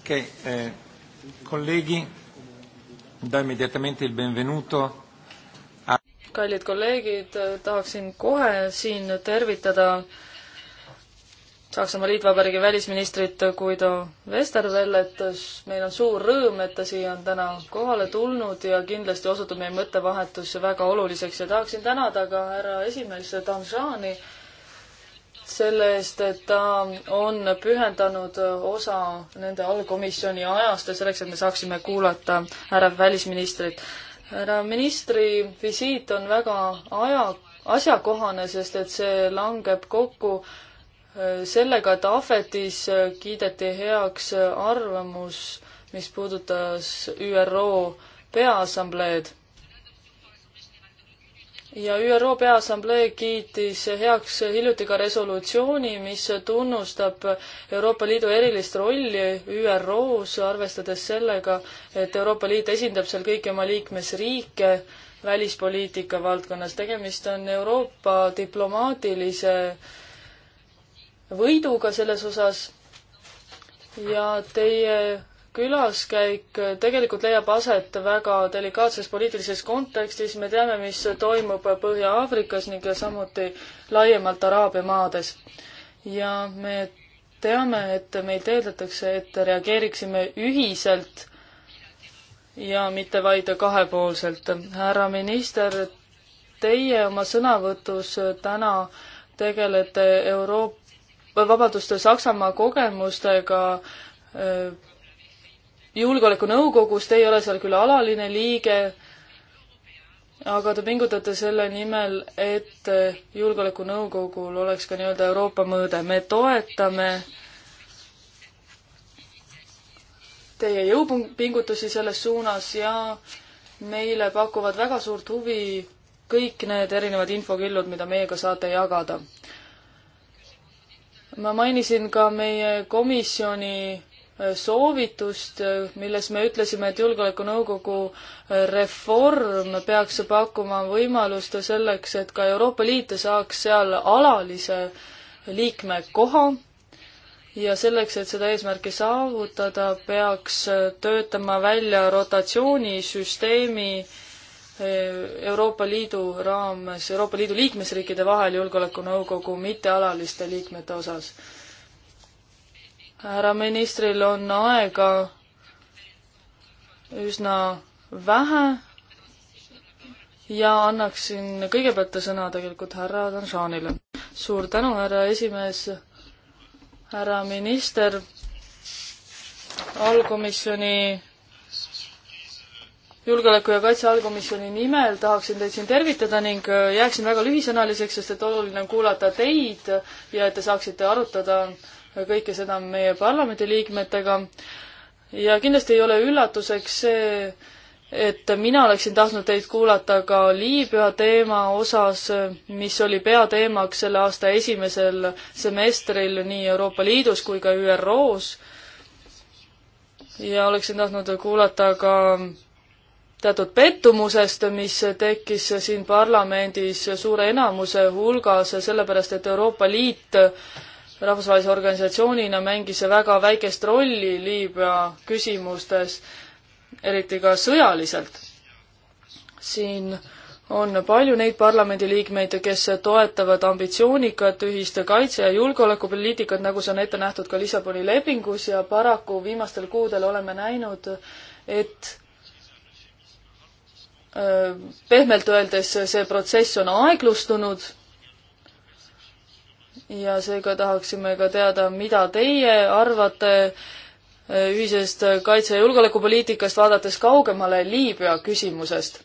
Ok, eh, colleghi, do immediatamente il benvenuto a... kallid kolleegid, tahaksin kohe siin tervitada Saksamaa Liitvabariigi välisministrit Guido Westerwellet. meil on suur rõõm, et ta siia on täna kohale tulnud ja kindlasti osutub meie mõttevahetus väga oluliseks ja tahaksin tänada ka härra esimees Danjani selle eest, et ta on pühendanud osa nende allkomisjoni ajast ja selleks, et me saaksime kuulata härra välisministrit. härra ministri visiit on väga aja, asjakohane, sest et see langeb kokku äh, sellega, et Ahvetis kiideti heaks arvamus, mis puudutas ÜRO Peaassambleed ja ÜRO Peaassamblee kiitis heaks hiljuti ka resolutsiooni, mis tunnustab Euroopa Liidu erilist rolli ÜRO-s, arvestades sellega, et Euroopa Liit esindab seal kõiki oma liikmesriike välispoliitika valdkonnas. tegemist on Euroopa diplomaatilise võiduga selles osas ja teie külaskäik tegelikult leiab aset väga delikaatses poliitilises kontekstis, me teame, mis toimub Põhja-Aafrikas ning samuti laiemalt Araabia maades. ja me teame, et meilt eeldatakse, et reageeriksime ühiselt ja mitte vaid kahepoolselt. härra minister, teie oma sõnavõtus täna tegelete Euroopa, vabandust, Saksamaa kogemustega öö, äh, julgeolekunõukogus, te ei ole seal küll alaline liige, aga te pingutate selle nimel, et julgeolekunõukogul oleks ka nii-öelda Euroopa mõõde. me toetame teie jõupingutusi selles suunas ja meile pakuvad väga suurt huvi kõik need erinevad infokillud, mida meiega saate jagada. ma mainisin ka meie komisjoni soovitust, milles me ütlesime, et Julgeolekunõukogu äh, reform peaks pakkuma võimalust selleks, et ka Euroopa Liit saaks seal alalise liikme koha ja selleks, et seda eesmärki saavutada, peaks äh, töötama välja rotatsioonisüsteemi äh, Euroopa Liidu raames, Euroopa Liidu liikmesriikide vahel Julgeolekunõukogu mittealaliste liikmete osas härra ministril on aega üsna vähe ja annaksin kõigepealt sõna tegelikult härra Danšanile. suur tänu, härra esimees, härra minister, allkomisjoni julgeoleku ja kaitse allkomisjoni nimel tahaksin teid siin tervitada ning jääksin väga lühisõnaliseks, sest et oluline on kuulata teid ja et te saaksite arutada äh, kõike seda meie parlamendiliikmetega. ja kindlasti ei ole üllatuseks see, et mina oleksin tahtnud teid kuulata ka Liibüa teema osas, mis oli peateemaks selle aasta esimesel semestril nii Euroopa Liidus kui ka ÜRO-s. ja oleksin tahtnud kuulata ka teatud pettumusest, mis tekkis siin parlamendis suure enamuse hulgas, sellepärast et Euroopa Liit rahvusvahelise organisatsioonina mängis see väga väikest rolli Liibüa küsimustes, eriti ka sõjaliselt. siin on palju neid parlamendiliikmeid, kes toetavad ambitsioonikat ühist kaitse- ja julgeolekupoliitikat, nagu see on ette nähtud ka Lissaboni lepingus ja paraku viimastel kuudel oleme näinud, et pehmelt öeldes see protsess on aeglustunud ja seega tahaksime ka teada, mida teie arvate eh, ühisest kaitse- ja julgeolekupoliitikast, vaadates kaugemale Liibüa küsimusest.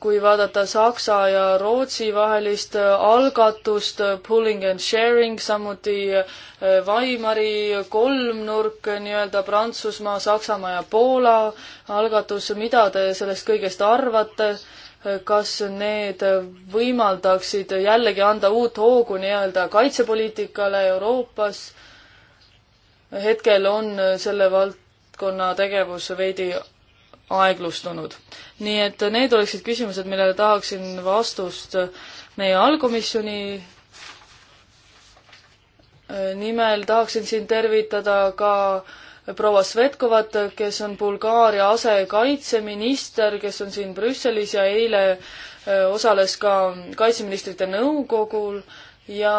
kui vaadata Saksa ja Rootsi vahelist eh, algatust eh, pulling and sharing, samuti Weimari kolmnurk, nii-öelda Prantsusmaa, Saksamaa ja Poola algatus, mida te sellest kõigest arvate? kas need võimaldaksid jällegi anda uut hoogu nii-öelda kaitsepoliitikale Euroopas. hetkel on selle valdkonna tegevus veidi aeglustunud. nii et need oleksid küsimused, millele tahaksin vastust meie allkomisjoni nimel tahaksin siin tervitada ka äh, proua Svetkovat, kes on Bulgaaria asekaitseminister, kes on siin Brüsselis ja eile äh, osales ka kaitseministrite nõukogul ja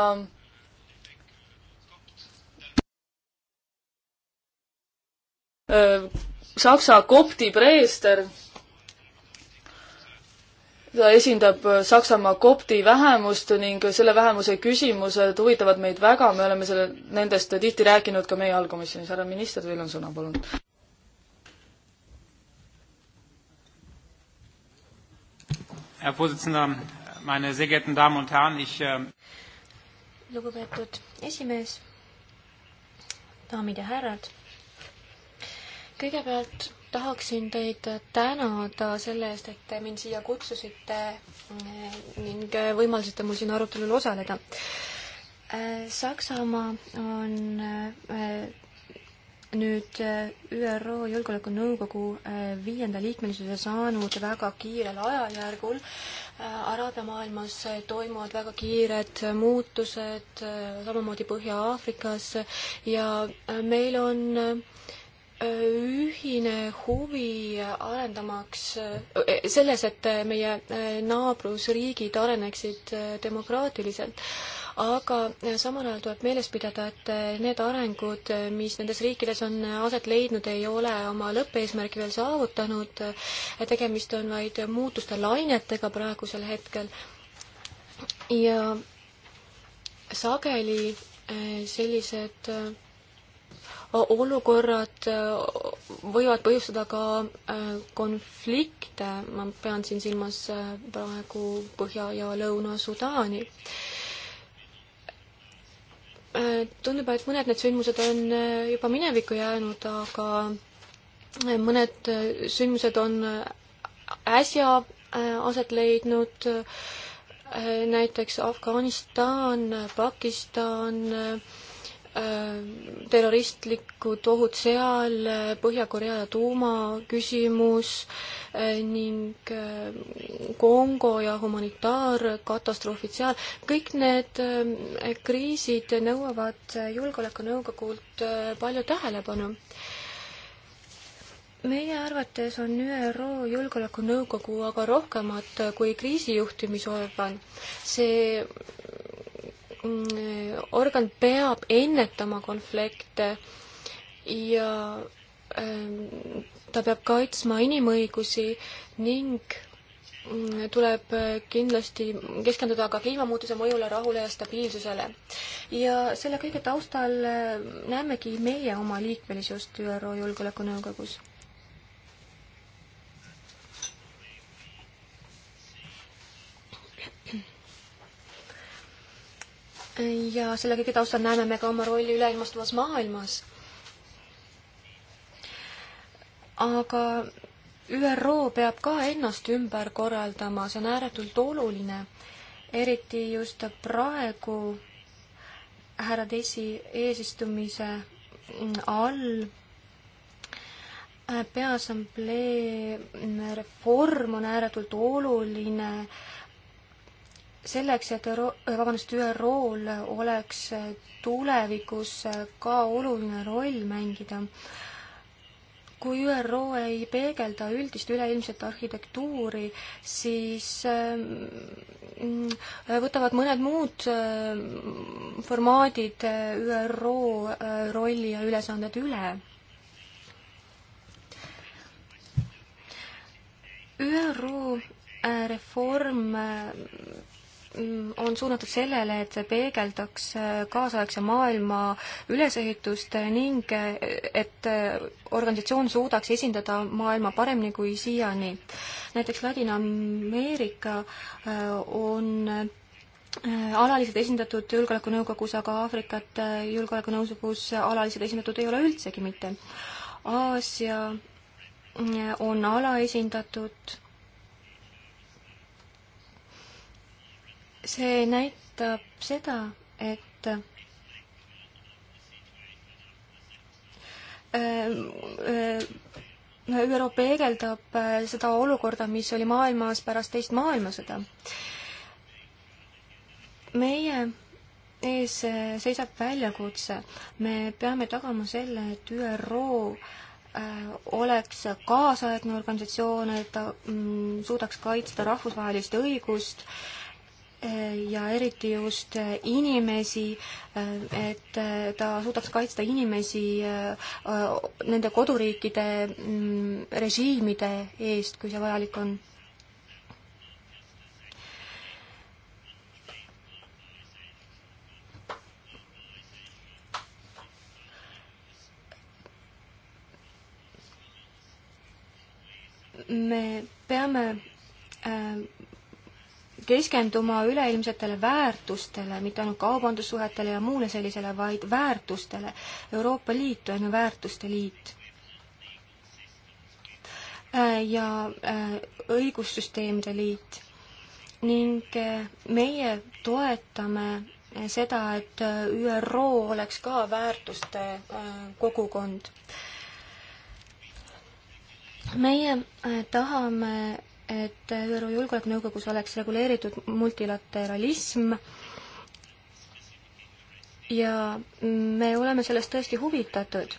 äh, Saksa kopti preester ta esindab äh, Saksamaa kopti vähemust ning selle vähemuse küsimused huvitavad meid väga, me oleme selle, nendest tihti rääkinud ka meie allkomisjonis. härra minister, teil on sõna, palun. Herr Vorsitzender, meine sehr geehrten Damen und Herren, ich äh, lugupeetud esimees, daamid ja härrad, kõigepealt tahaksin teid tänada selle eest, et te mind siia kutsusite mm, ning võimaldasite mul siin arutelul osaleda. Äh, Saksamaa on äh, nüüd äh, ÜRO Julgeolekunõukogu viienda liikmelisuse saanud väga kiirel ajajärgul. Araabia maailmas toimuvad väga kiired muutused, samamoodi Põhja-Aafrikas ja meil on ühine huvi arendamaks eh, selles, et meie eh, naabrusriigid areneksid eh, demokraatiliselt, aga samal ajal tuleb meeles pidada, et need arengud, mis nendes riikides on aset leidnud, ei ole oma lõppeesmärgi veel saavutanud. tegemist on vaid muutuste lainetega praegusel hetkel. ja sageli sellised olukorrad äh, võivad põhjustada ka äh, konflikte, ma pean siin silmas äh, praegu Põhja- ja Lõuna-Sudaani. Tundub, et mõned need sündmused on juba minevikku jäänud, aga mõned sündmused on äsja aset leidnud, näiteks Afganistan, Pakistan, terroristlikud ohud seal, Põhja-Korea tuumaküsimus eh, ning eh, Kongo ja humanitaarkatastroofid seal, kõik need eh, kriisid nõuavad Julgeolekunõukogult palju tähelepanu. meie arvates on ÜRO Julgeolekunõukogu aga rohkemat kui kriisijuhtimisorgan. see Mm, organ peab ennetama konflikte ja ähm, ta peab kaitsma inimõigusi ning mm, tuleb äh, kindlasti keskenduda ka kliimamuutuse mõjule, rahule ja stabiilsusele. ja selle kõige taustal äh, näemegi meie oma liikmelisust ÜRO Julgeolekunõukogus. ja selle kõige taustal näeme me ka oma rolli üleilmastuvas maailmas. aga ÜRO peab ka ennast ümber korraldama, see on ääretult oluline, eriti just praegu härra Tessi eesistumise all Peaassamblee reform on ääretult oluline selleks, et Euro-, äh, vabandust, ÜRO-l oleks äh, tulevikus äh, ka oluline roll mängida, kui ÜRO ei peegelda üldist üleilmset arhitektuuri, siis mm, võtavad mõned muud formaadid ÜRO rolli ja ülesanded üle. ÜRO reform on suunatud sellele, et see peegeldaks kaasaegse maailma ülesehitust ning et organisatsioon suudaks esindada maailma paremini kui siiani. näiteks Ladina-Ameerika äh, on äh, alaliselt esindatud Julgeolekunõukogus, aga Aafrikat äh, Julgeolekunõukogus alaliselt esindatud ei ole üldsegi mitte. Aasia on alaesindatud see näitab seda, et äh, äh, ÜRO peegeldab äh, seda olukorda, mis oli maailmas pärast teist maailmasõda. meie ees seisab väljakutse, me peame tagama selle, et ÜRO oleks kaasaegne organisatsioon, et ta mm, suudaks kaitsta rahvusvahelist õigust äh, ja eriti just inimesi, et ta suudaks kaitsta inimesi äh, nende koduriikide mm, režiimide eest, kui see vajalik on. me peame äh, keskenduma üleilmsetele väärtustele, mitte ainult kaubandussuhetele ja muule sellisele, vaid väärtustele. Euroopa Liit on ju väärtuste liit. Äh, ja äh, õigussüsteemide liit. ning äh, meie toetame seda, et ÜRO oleks ka väärtuste kogukond meie tahame et ÜRO Julgeolekunõukogus oleks reguleeritud multilateralism ja me oleme sellest tõesti huvitatud.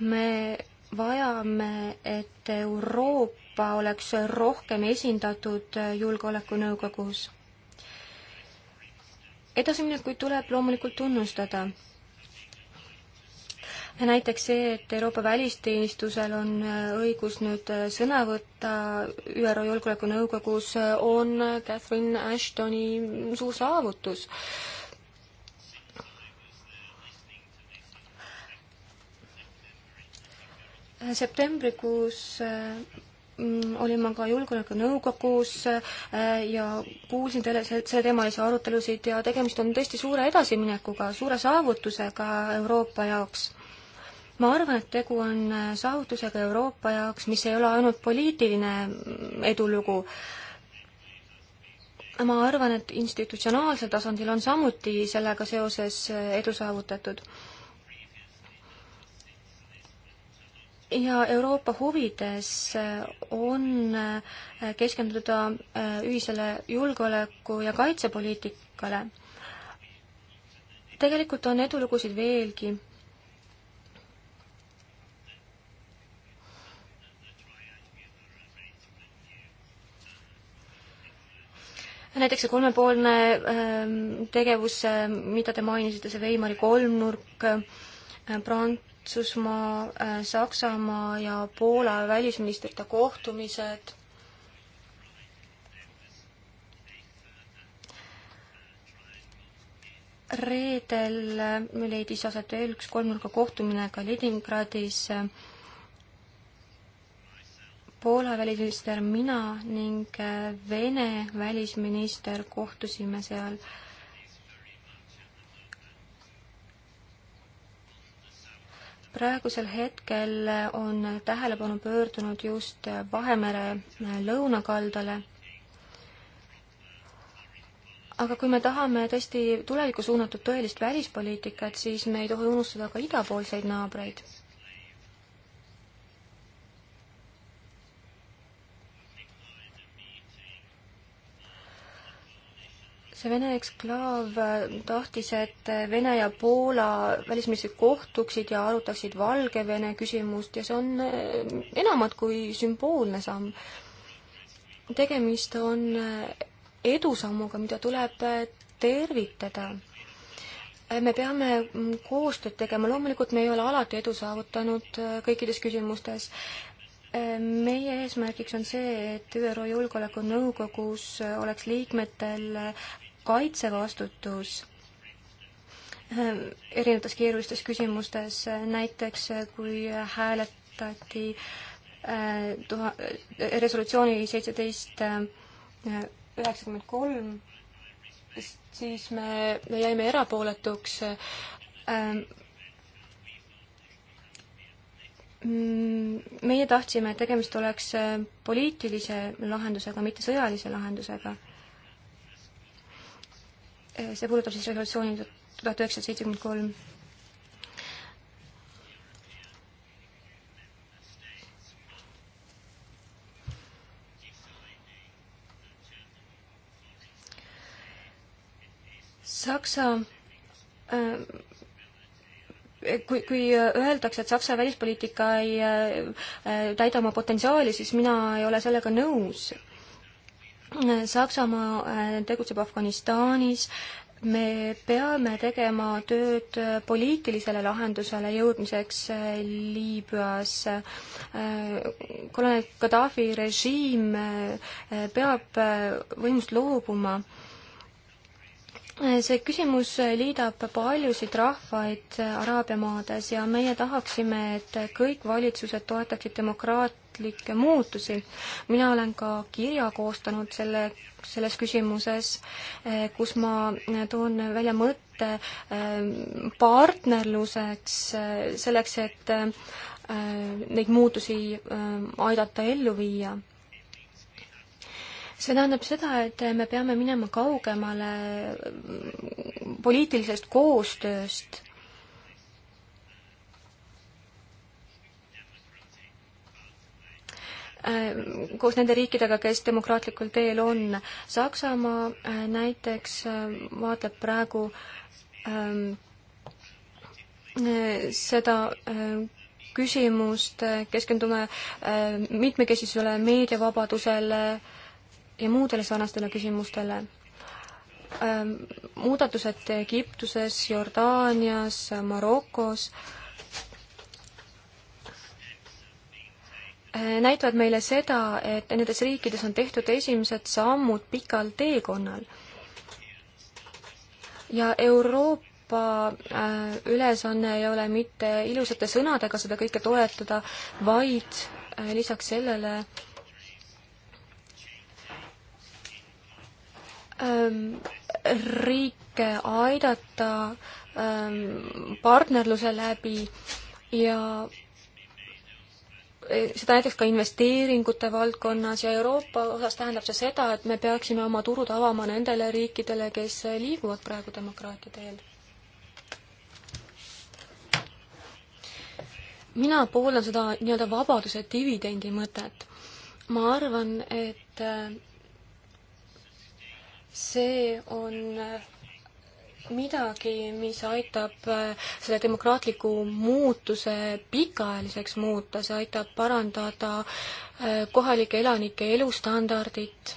me vajame, et Euroopa oleks rohkem esindatud Julgeolekunõukogus. edasiminekuid tuleb loomulikult tunnustada näiteks see, et Euroopa välisteenistusel on äh, õigus nüüd äh, sõna võtta ÜRO Julgeolekunõukogus, äh, on Catherine Ashtoni mm, suur saavutus septembrikuus mm, olin ma ka Julgeolekunõukogus ja kuulsin teile selle teemalisi arutelusid ja tegemist on tõesti suure edasiminekuga, suure saavutusega Euroopa jaoks ma arvan, et tegu on äh, saavutusega Euroopa jaoks, mis ei ole ainult poliitiline mm, edulugu. ma arvan, et institutsionaalsel tasandil on samuti sellega seoses äh, edu saavutatud. ja Euroopa huvides äh, on keskenduda ühisele julgeoleku- ja kaitsepoliitikale. tegelikult on edulugusid veelgi näiteks see kolmepoolne ähm, tegevus, ähm, mida te mainisite, see Weimari kolmnurk, äh, Prantsusmaa, äh, Saksamaa ja Poola välisministrite kohtumised reedel äh, leidis aset veel üks kolmnurga kohtumine Kaliningradis Poola välisminister, mina ning äh, Vene välisminister kohtusime seal. praegusel hetkel äh, on tähelepanu pöördunud just äh, Vahemere lõunakaldale aga kui me tahame tõesti tulevikku suunatud tõelist välispoliitikat, siis me ei tohi unustada ka idapoolseid naabreid. see Vene eksklaav äh, tahtis, et äh, Vene ja Poola välisministrid kohtuksid ja arutaksid Valgevene küsimust ja see on äh, enamat kui sümboolne samm. tegemist on edusammuga, mida tuleb tervitada me peame mm, koostööd tegema, loomulikult me ei ole alati edu saavutanud kõikides küsimustes. meie eesmärgiks on see, et ÜRO Julgeolekunõukogus oleks liikmetel kaitsevastutus ehm, erinevates keerulistes küsimustes, eh, näiteks eh, kui hääletati eh, tuha-, resolutsiooni seitseteist üheksakümmend kolm, siis me, me jäime erapooletuks. Ehm, meie tahtsime, et tegemist oleks poliitilise lahendusega, mitte sõjalise lahendusega see puudutab siis resolutsiooni tuhat üheksasada seitsekümmend kolm. Saksa äh, kui, kui öeldakse, et Saksa välispoliitika ei äh, täida oma potentsiaali, siis mina ei ole sellega nõus äh,. Saksamaa äh, tegutseb Afganistanis, me peame tegema tööd poliitilisele lahendusele jõudmiseks äh, Liibüas. Äh, kolonel Gaddafi režiim peab võimust loobuma. see küsimus liidab paljusid rahvaid Araabia maades ja meie tahaksime, et kõik valitsused toetaksid demokraatiat tahtlikke muutusi. mina olen ka kirja koostanud selle, selles küsimuses, eh, kus ma toon välja mõtte eh, partnerluseks, eh, selleks, et neid muutusi aidata ellu viia see tähendab seda, et me peame minema kaugemale poliitilisest koostööst Äh, koos nende riikidega, kes demokraatlikul teel on. Saksamaa äh, näiteks äh, vaatleb praegu ähm, seda ähm, küsimust, keskendume ähm, mitmekesisusele, meediavabadusele ja muudele sarnastele küsimustele ähm, muudatused Egiptuses, Jordaanias, Marokos äh, Äh, näitavad meile seda, et nendes riikides on tehtud esimesed sammud pikal teekonnal. ja Euroopa äh, ülesanne ei ole mitte ilusate sõnadega seda kõike toetada, vaid äh, lisaks sellele ähm, riike aidata ähm, partnerluse läbi ja seda näiteks ka investeeringute valdkonnas ja Euroopa osas tähendab see seda, et me peaksime oma turud avama nendele riikidele, kes liiguvad praegu demokraatia teel. mina pooldan seda nii-öelda vabaduse dividendi mõtet. ma arvan, et see on midagi, mis aitab äh, selle demokraatliku muutuse pikaajaliseks muuta, see aitab parandada äh, kohalike elanike elustandardit.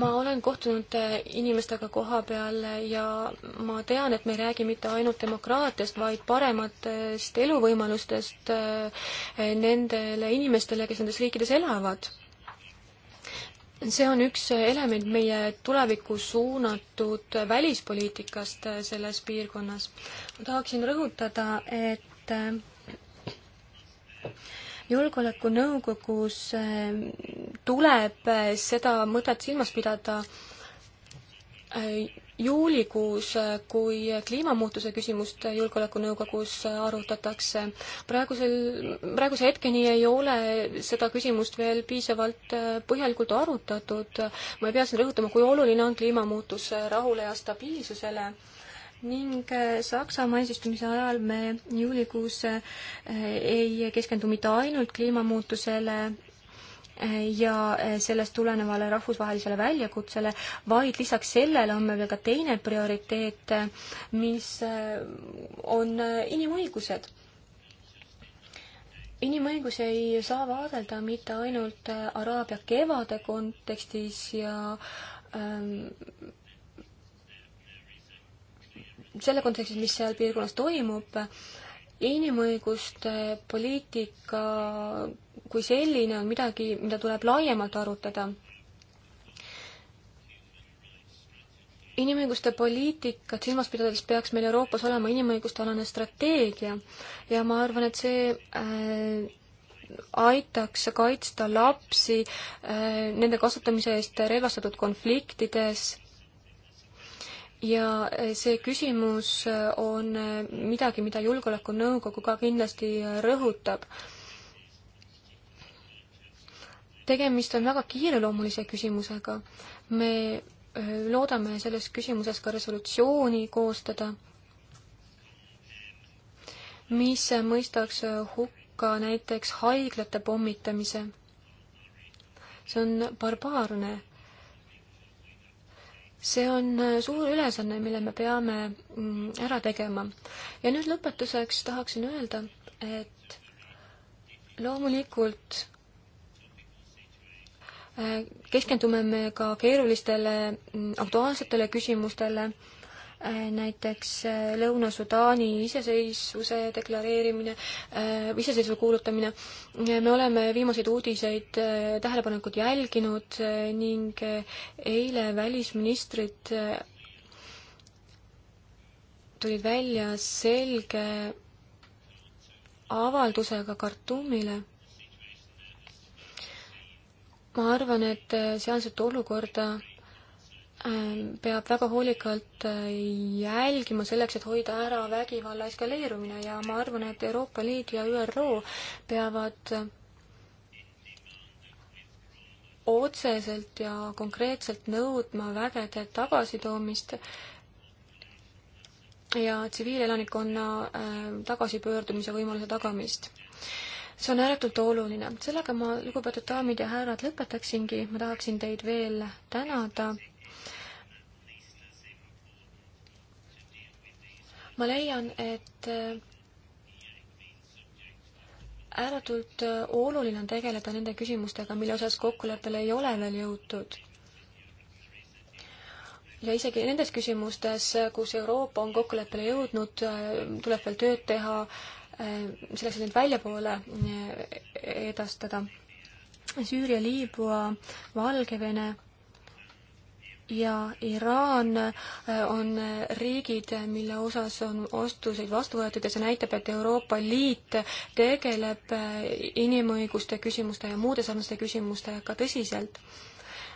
ma olen kohtunud äh, inimestega koha peal ja ma tean, et me ei räägi mitte ainult demokraatiast, vaid parematest eluvõimalustest nendele inimestele, kes nendes riikides elavad see on üks element meie tulevikku suunatud välispoliitikast äh, selles piirkonnas. ma tahaksin rõhutada, et äh, julgeolekunõukogus äh, tuleb seda mõtet silmas pidada juulikuus, kui kliimamuutuse küsimust Julgeolekunõukogus arutatakse. praegusel, praeguse hetkeni ei ole seda küsimust veel piisavalt äh, põhjalikult arutatud. ma ei pea siin rõhutama, kui oluline on kliimamuutus rahule ja stabiilsusele ning äh, Saksamaa eesistumise ajal me juulikuus äh, ei keskendu mitte ainult kliimamuutusele, ja eh, sellest tulenevale rahvusvahelisele väljakutsele, vaid lisaks sellele on meil veel ka teine prioriteet, eh, mis eh, on inimõigused inimõigusi ei saa vaadelda mitte ainult Araabia kevade kontekstis ja ähm, selle kontekstis, mis seal piirkonnas toimub, inimõiguste poliitika kui selline on midagi, mida tuleb laiemalt arutada. inimõiguste poliitikat silmas pidades peaks meil Euroopas olema inimõiguste alane strateegia ja ma arvan, et see äh, aitaks kaitsta lapsi äh, nende kasutamise eest relvastatud konfliktides. ja äh, see küsimus äh, on midagi, mida Julgeolekunõukogu ka kindlasti rõhutab tegemist on väga kiireloomulise küsimusega. me äh, loodame selles küsimuses ka resolutsiooni koostada, mis mõistaks hukka näiteks haiglate pommitamise. see on barbaarne. see on äh, suur ülesanne, mille me peame mm, ära tegema. ja nüüd lõpetuseks tahaksin öelda, et loomulikult keskendume me ka keerulistele mm, aktuaalsetele küsimustele, äh, näiteks äh, Lõuna-Sudaani iseseisvuse deklareerimine, äh, iseseisvuse kuulutamine. me oleme viimaseid uudiseid tähelepanelikult jälginud ning eile välisministrid tulid välja selge avaldusega Khartoumile ma arvan, et äh, sealset olukorda ähm, peab väga hoolikalt äh, jälgima selleks, et hoida ära vägivalla eskaleerumine ja ma arvan, et Euroopa Liit ja ÜRO peavad äh, otseselt ja konkreetselt nõudma vägede tagasitoomist ja tsiviilelanikkonna tagasipöördumise võimaluse tagamist see on ääretult oluline. sellega ma, lugupeetud daamid ja härrad, lõpetaksingi. ma tahaksin teid veel tänada. ma leian, et äh, ääretult äh, oluline on tegeleda nende küsimustega, mille osas kokkuleppele ei ole veel jõutud. ja isegi nendes küsimustes, kus Euroopa on kokkuleppele jõudnud, äh, tuleb veel tööd teha Äh, selleks, et neid väljapoole äh, edastada. Süüria, Liibüa, Valgevene ja Iraan äh, on riigid, mille osas on ostuseid vastu võetud ja see näitab, et Euroopa Liit tegeleb inimõiguste küsimuste ja muude sarnaste küsimustega tõsiselt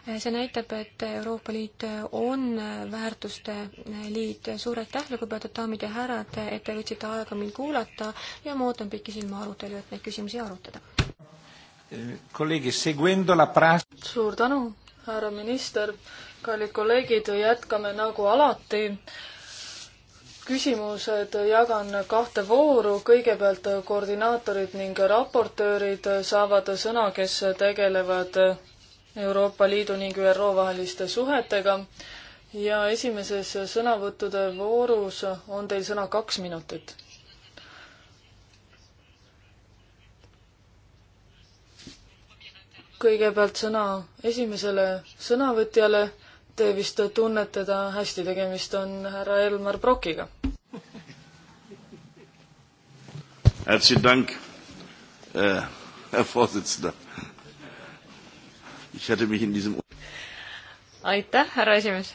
see näitab, et Euroopa Liit on väärtuste liit. suur aitäh, lugupeetud daamid ja härrad, et te võtsite aega mind kuulata ja ma ootan pikisilma arutelu, et neid küsimusi arutada. kolleegid, seguendo la pras-. suur tänu, härra minister. kallid kolleegid, jätkame nagu alati küsimused jagan kahte vooru, kõigepealt koordinaatorid ning raportöörid saavad sõna, kes tegelevad Euroopa Liidu ning ÜRO vaheliste suhetega ja esimeses sõnavõttude voorus on teil sõna kaks minutit. kõigepealt sõna esimesele sõnavõtjale. Te vist tunnete ta hästi, tegemist on härra Elmar Brokiga. Herzlichen Dank, äh, Herr Vorsitzender aitäh, härra esimees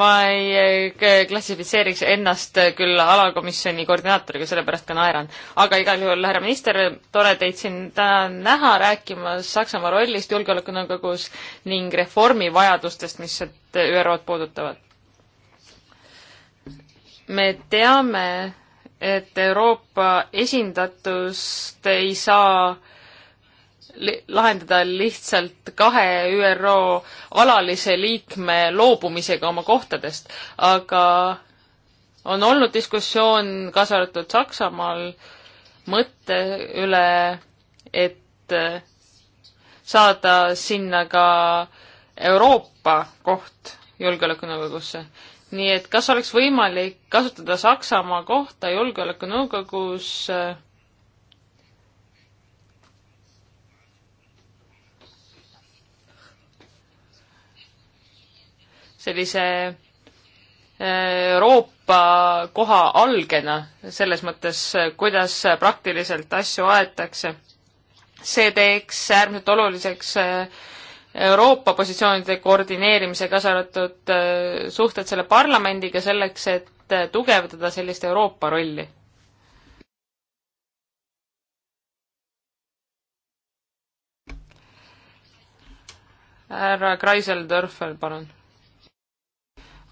ma ei klassifitseeriks ennast küll alakomisjoni koordinaatoriga, sellepärast ka naeran. aga igal juhul, härra minister, tore teid siin täna näha rääkimas Saksamaa rollist Julgeolekunõukogus ning reformi vajadustest, mis sealt ÜRO-d puudutavad. me teame, et Euroopa esindatust ei saa äh, li lahendada lihtsalt kahe ÜRO alalise liikme loobumisega oma kohtadest, aga on olnud diskussioon, kaasa arvatud Saksamaal, mõtte üle, et saada sinna ka Euroopa koht julgeolekunõukogusse. nii et kas oleks võimalik kasutada Saksamaa kohta julgeolekunõukogus äh, sellise äh, Euroopa koha algena, selles mõttes, kuidas praktiliselt asju aetakse. see teeks äärmiselt oluliseks äh, Euroopa positsioonide koordineerimise, kaasa arvatud äh, suhted selle parlamendiga, selleks et tugevdada sellist Euroopa rolli härra Kreiseldörfer, palun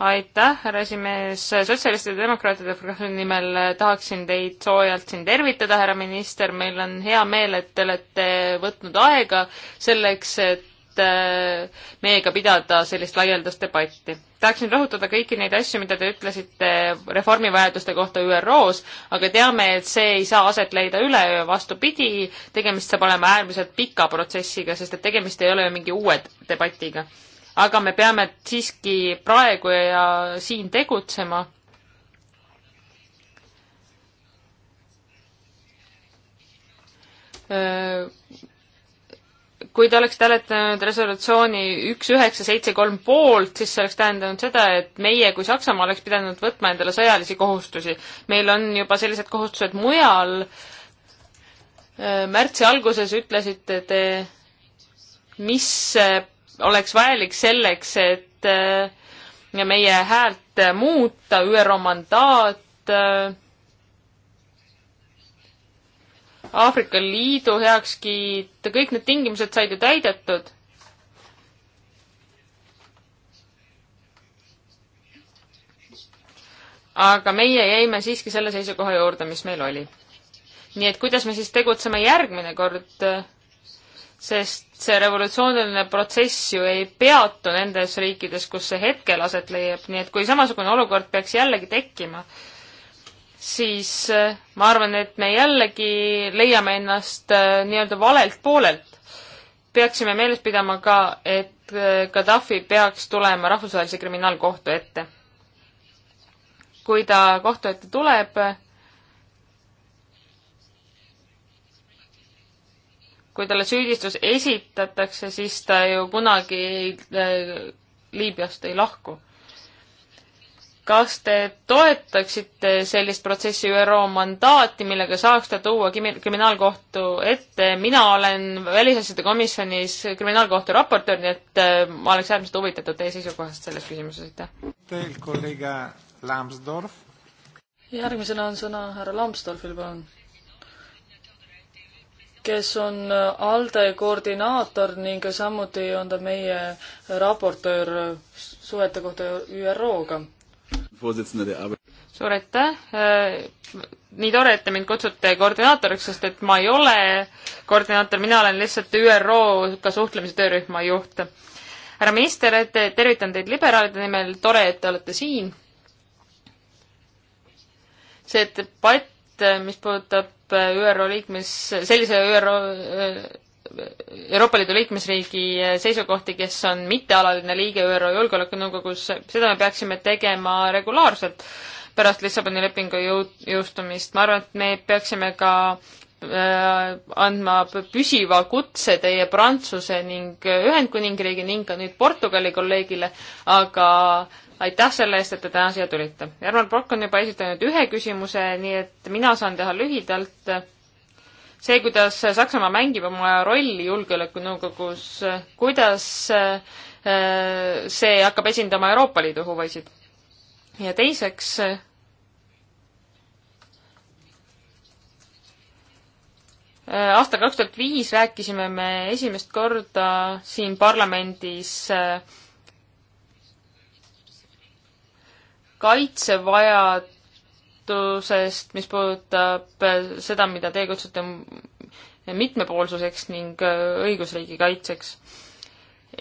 aitäh, härra esimees, sotsialistide ja demokraatide fraktsiooni nimel tahaksin teid soojalt siin tervitada, härra minister, meil on hea meel, et te olete võtnud aega selleks, et äh, meiega pidada sellist laialdast debatti. tahaksin rõhutada kõiki neid asju, mida te ütlesite reformivajaduste kohta ÜRO-s, aga teame, et see ei saa aset leida üleöö, vastupidi, tegemist saab olema äärmiselt pika protsessiga, sest et tegemist ei ole ju mingi uue debatiga aga me peame siiski praegu ja siin tegutsema. kui te oleksite hääletanud resolutsiooni üks üheksa seitse kolm poolt, siis see oleks tähendanud seda, et meie kui Saksamaa oleks pidanud võtma endale sõjalisi kohustusi. meil on juba sellised kohustused mujal. märtsi alguses ütlesite te, mis oleks vajalik selleks, et äh, meie häält muuta, ÜRO mandaat, äh, Aafrika Liidu heakskiit, kõik need tingimused said ju täidetud aga meie jäime siiski selle seisukoha juurde, mis meil oli. nii et kuidas me siis tegutseme järgmine kord äh,? sest see revolutsiooniline protsess ju ei peatu nendes riikides, kus see hetkel aset leiab, nii et kui samasugune olukord peaks jällegi tekkima, siis äh, ma arvan, et me jällegi leiame ennast äh, nii-öelda valelt poolelt. peaksime meeles pidama ka, et äh, Gaddafi peaks tulema rahvusvahelise kriminaalkohtu ette. kui ta kohtu ette tuleb, kui talle süüdistus esitatakse, siis ta ju kunagi ei, äh, Liibüast ei lahku. kas te toetaksite sellist protsessi ÜRO mandaati, millega saaks ta tuua kriminaalkohtu ette? mina olen Välisasjade Komisjonis kriminaalkohtu raportöör, nii et äh, ma oleks äärmiselt huvitatud teie seisukohast selles küsimuses, aitäh. Teil kolleeg Lambsdorff. järgmisena on sõna härra Lambsdorffil, palun kes on ALDE koordinaator ning samuti on ta meie raportöör suhete kohta ÜRO-ga. suur aitäh! nii tore, et te mind kutsute koordinaatoriks, sest et ma ei ole koordinaator, mina olen lihtsalt ÜRO-ga suhtlemise töörühma juht. härra minister, et tervitan teid liberaalide nimel, tore, et te olete siin. see debatt, mis puudutab Äh, ÜRO liikmes, sellise ÜRO äh, Euroopa Liidu liikmesriigi äh, seisukohti, kes on mittealaline liige ÜRO Julgeolekunõukogus, seda me peaksime tegema regulaarselt pärast Lissaboni lepingu jõu-, jõustumist. ma arvan, et me peaksime ka äh, andma püsiva kutse teie Prantsuse ning Ühendkuningriigi ning ka nüüd Portugali kolleegile, aga aitäh selle eest, et te täna siia tulite. Järvel Prokk on juba esitanud ühe küsimuse, nii et mina saan teha lühidalt. see, kuidas Saksamaa mängib oma rolli Julgeolekunõukogus, kuidas äh, see hakkab esindama Euroopa Liidu huvisid? ja teiseks, äh, aastal kaks tuhat viis rääkisime me esimest korda siin parlamendis äh, kaitsevajadusest, mis puudutab äh, seda, mida teie kutsute mitmepoolsuseks ning äh, õigusriigi kaitseks.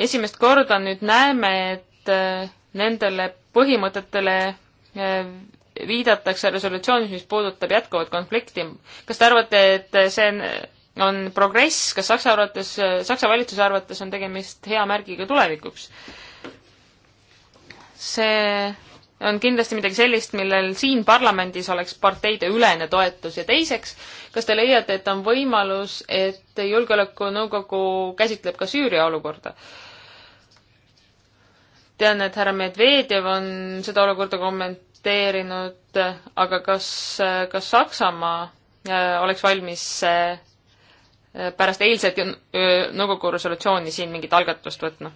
esimest korda nüüd näeme, et äh, nendele põhimõtetele viidatakse resolutsioonis, mis puudutab jätkuvat konflikti. kas te arvate, et see on progress, kas Saksa arvates, Saksa valitsuse arvates on tegemist hea märgiga tulevikuks? see on kindlasti midagi sellist, millel siin parlamendis oleks parteideülene toetus ja teiseks, kas te leiate, et on võimalus, et Julgeolekunõukogu käsitleb ka Süüria olukorda? tean, et härra Medvedjev on seda olukorda kommenteerinud, aga kas, kas Saksamaa äh, oleks valmis äh, pärast eilset äh, nõukogu resolutsiooni siin mingit algatust võtma?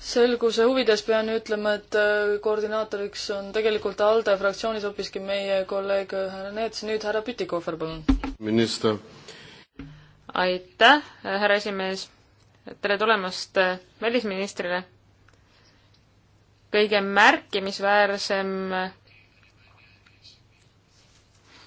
selguse huvides pean ütlema, et äh, koordinaatoriks on tegelikult ALDE fraktsioonis hoopiski meie kolleeg äh, härra Neets, nüüd härra Pütikohver, palun. minister. aitäh, äh, härra esimees. tere tulemast välisministrile. kõige märkimisväärsem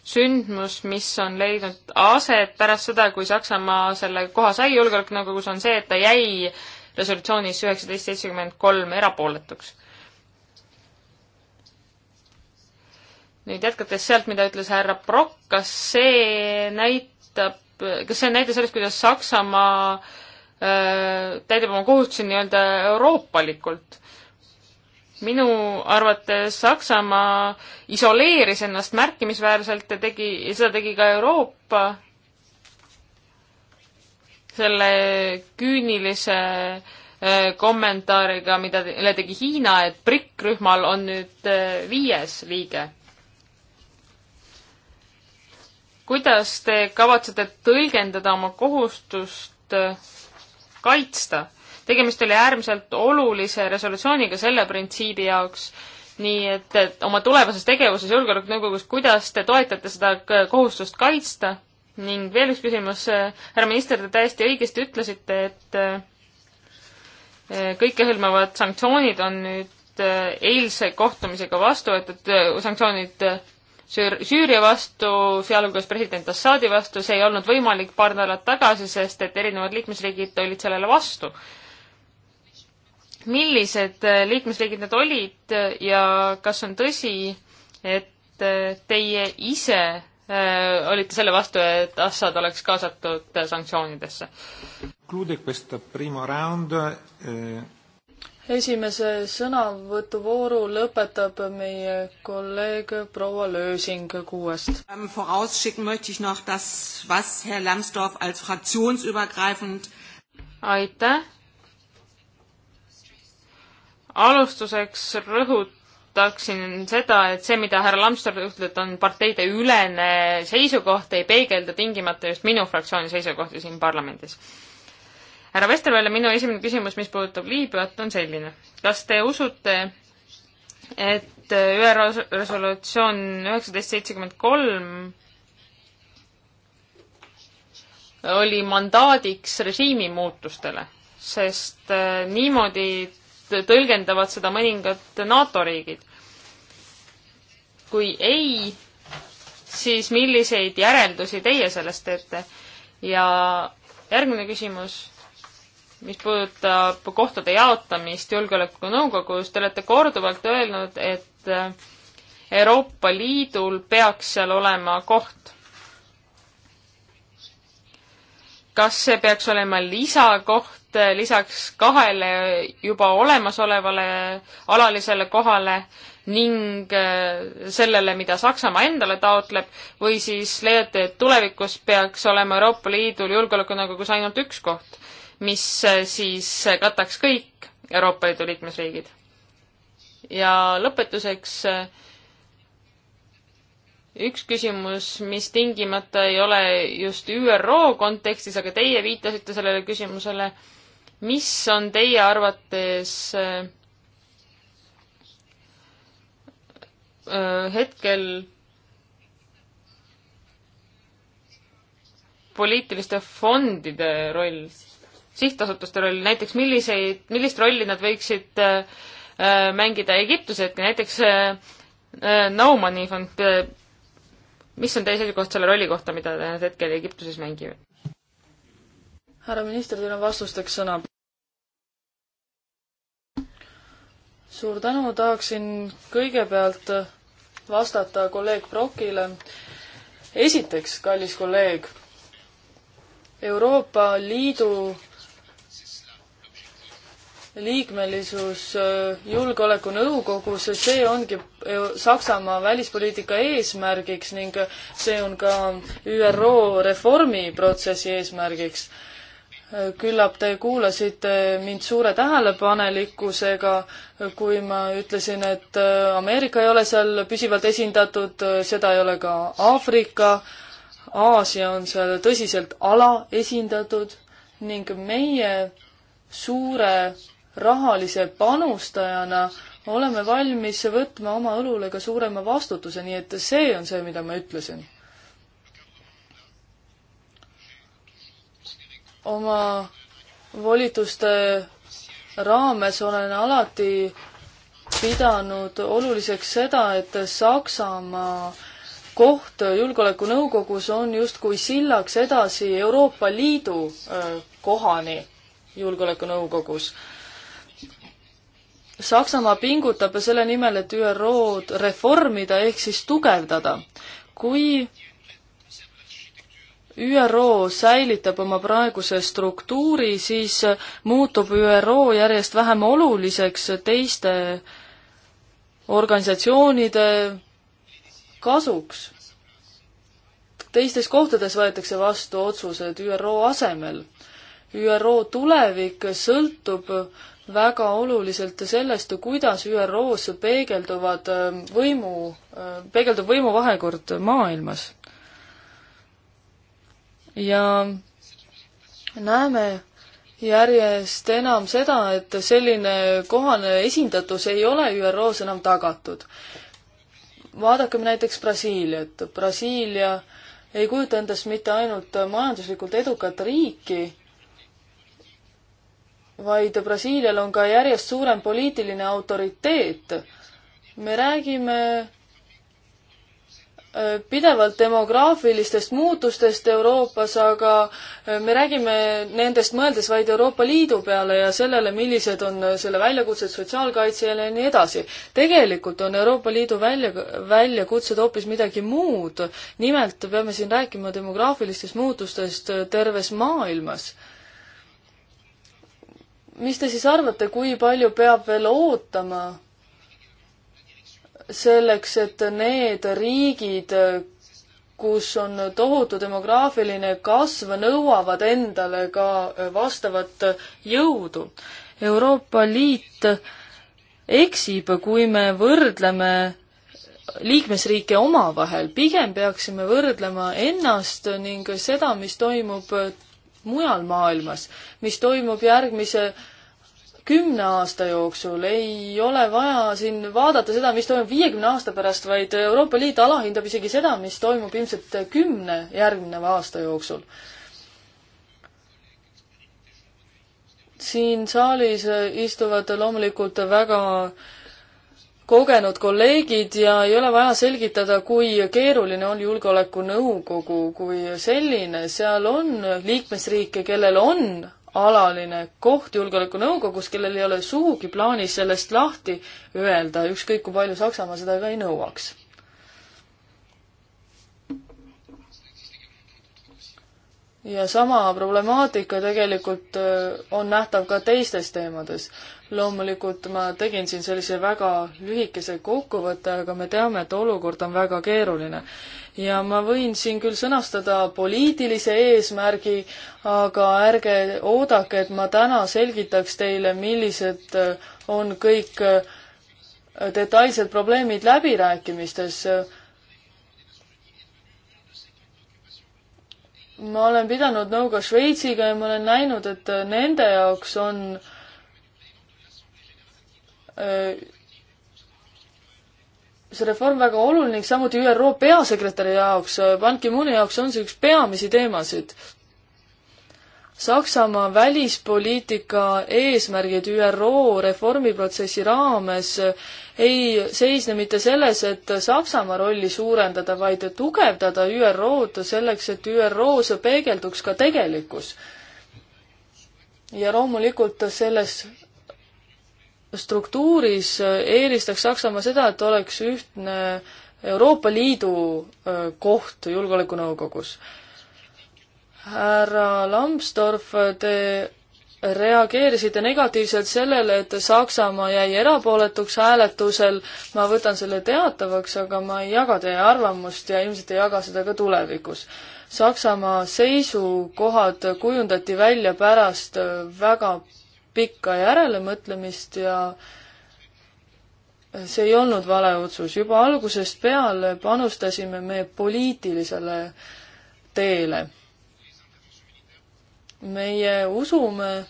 sündmus, mis on leidnud aset pärast seda, kui Saksamaa selle koha sai julgeolekunõukogus, nagu on see, et ta jäi äh, resolutsioonis üheksateist seitsekümmend kolm erapooletuks. nüüd jätkates sealt, mida ütles härra Brock, kas see näitab, kas see on näide sellest, kuidas Saksamaa äh, täidab oma kohustusi nii-öelda euroopalikult? minu arvates Saksamaa isoleeris ennast märkimisväärselt ja tegi, seda tegi ka Euroopa selle küünilise äh, kommentaariga, mida, mille tegi Hiina, et BRIC rühmal on nüüd äh, viies liige. kuidas te kavatsete tõlgendada oma kohustust äh, kaitsta? tegemist oli äärmiselt olulise resolutsiooniga selle printsiibi jaoks, nii et, et oma tulevases tegevuses Julgeolekunõukogus, kuidas te toetate seda kohustust kaitsta ning veel üks küsimus, härra minister, te täiesti õigesti ütlesite, et eh, kõikehõlmavad sanktsioonid on nüüd eh, eilse kohtumisega vastu võetud, eh, sanktsioonid Süüria vastu, sealhulgas president Assadi vastu, see ei olnud võimalik paar nädalat tagasi, sest et erinevad liikmesriigid olid sellele vastu. millised liikmesriigid need olid ja kas on tõsi, et teie ise Äh, olite selle vastu, et Assad oleks kaasatud äh, sanktsioonidesse? Eh. esimese sõnavõtuvooru lõpetab meie kolleeg proua Lösing kuuest. Ähm, vorausschicken möchte ich noch das, was Herr Lambsdorff als fraktionsübergreifend aitäh! alustuseks rõhut-, tahaksin seda, et see, mida härra Lambsdorff ütleb, on parteide ülene seisukoht, ei peegelda tingimata just minu fraktsiooni seisukohti siin parlamendis. härra Vesterväele minu esimene küsimus, mis puudutab Liibüat, on selline. kas te usute, et ÜRO resolutsioon üheksateist seitsekümmend kolm oli mandaadiks režiimi muutustele, sest äh, niimoodi tõlgendavad seda mõningad NATO riigid. kui ei, siis milliseid järeldusi teie sellest teete? ja järgmine küsimus, mis puudutab kohtade jaotamist Julgeolekunõukogus, te olete korduvalt öelnud, et Euroopa Liidul peaks seal olema koht kas see peaks olema lisakoht et lisaks kahele juba olemasolevale alalisele kohale ning äh, sellele, mida Saksamaa endale taotleb, või siis leiate, et tulevikus peaks olema Euroopa Liidul julgeolekunõukogus ainult üks koht, mis äh, siis äh, kataks kõik Euroopa Liidu liikmesriigid? ja lõpetuseks üks küsimus, mis tingimata ei ole just ÜRO kontekstis, aga teie viitasite sellele küsimusele mis on teie arvates äh, äh, hetkel poliitiliste fondide roll, sihtasutuste roll, näiteks milliseid, millist rolli nad võiksid äh, mängida Egiptuse hetkel, näiteks Naumani fond, mis on teie seisukoht selle rolli kohta, mida te hetkel Egiptuses mängime? härra minister, teil on vastusteks sõna. suur tänu, tahaksin kõigepealt vastata kolleeg Brokile. esiteks, kallis kolleeg, Euroopa Liidu liikmelisus äh, Julgeolekunõukogus, see ongi Saksamaa välispoliitika eesmärgiks ning see on ka ÜRO reformiprotsessi eesmärgiks küllap te kuulasite mind suure tähelepanelikkusega, kui ma ütlesin, et äh, Ameerika ei ole seal püsivalt esindatud, äh, seda ei ole ka Aafrika, Aasia on seal tõsiselt alaesindatud ning meie suure rahalise panustajana oleme valmis võtma oma õlule ka suurema vastutuse, nii et see on see, mida ma ütlesin oma volituste raames olen alati pidanud oluliseks seda, et Saksamaa koht Julgeolekunõukogus on justkui sillaks edasi Euroopa Liidu kohani Julgeolekunõukogus. Saksamaa pingutab selle nimel, et ÜRO-d reformida ehk siis tugevdada. kui ÜRO säilitab oma praeguse struktuuri, siis muutub ÜRO järjest vähem oluliseks teiste organisatsioonide kasuks. teistes kohtades võetakse vastu otsused ÜRO asemel. ÜRO tulevik sõltub väga oluliselt sellest, kuidas ÜRO-s peegelduvad võimu, peegeldub võimuvahekord maailmas ja näeme järjest enam seda, et selline kohane esindatus ei ole ÜRO-s enam tagatud. vaadakem näiteks Brasiiliat. Brasiilia ei kujuta endast mitte ainult majanduslikult edukat riiki, vaid Brasiilial on ka järjest suurem poliitiline autoriteet. me räägime Äh, pidevalt demograafilistest muutustest Euroopas, aga äh, me räägime nendest mõeldes vaid Euroopa Liidu peale ja sellele, millised on äh, selle väljakutsed sotsiaalkaitsele ja nii edasi. tegelikult on Euroopa Liidu välja, väljakutsed hoopis midagi muud. nimelt peame siin rääkima demograafilistest muutustest terves maailmas. mis te siis arvate, kui palju peab veel ootama selleks, et need riigid, kus on tohutu demograafiline kasv, nõuavad endale ka vastavat jõudu. Euroopa Liit eksib, kui me võrdleme liikmesriike omavahel, pigem peaksime võrdlema ennast ning seda, mis toimub mujal maailmas, mis toimub järgmise kümne aasta jooksul, ei ole vaja siin vaadata seda, mis toimub viiekümne aasta pärast, vaid Euroopa Liit alahindab isegi seda, mis toimub ilmselt kümne järgneva aasta jooksul. siin saalis istuvad loomulikult väga kogenud kolleegid ja ei ole vaja selgitada, kui keeruline on Julgeolekunõukogu kui selline, seal on liikmesriike, kellel on alaline koht Julgeolekunõukogus, kellel ei ole sugugi plaanis sellest lahti öelda, ükskõik kui palju Saksamaa seda ka ei nõuaks. ja sama problemaatika tegelikult äh, on nähtav ka teistes teemades. loomulikult ma tegin siin sellise väga lühikese kokkuvõtte, aga me teame, et olukord on väga keeruline. ja ma võin siin küll sõnastada poliitilise eesmärgi, aga ärge oodake, et ma täna selgitaks teile, millised äh, on kõik äh, detailsed probleemid läbirääkimistes ma olen pidanud nõu ka Šveitsiga ja ma olen näinud, et nende jaoks on äh, see reform väga oluline, samuti ÜRO peasekretäri jaoks, äh, Ban Ki-mooni jaoks on see üks peamisi teemasid. Saksamaa välispoliitika eesmärgid ÜRO reformiprotsessi raames ei seisne mitte selles, et Saksamaa rolli suurendada, vaid tugevdada ÜRO-d selleks, et ÜRO-s peegelduks ka tegelikkus. ja loomulikult selles struktuuris eelistaks Saksamaa seda, et oleks ühtne Euroopa Liidu koht Julgeolekunõukogus härra Lambsdorff, te reageerisite negatiivselt sellele, et Saksamaa jäi erapooletuks hääletusel. ma võtan selle teatavaks, aga ma ei jaga teie arvamust ja ilmselt ei jaga seda ka tulevikus. Saksamaa seisukohad kujundati välja pärast väga pikka järelemõtlemist ja see ei olnud vale otsus. juba algusest peale panustasime me poliitilisele teele meie usume,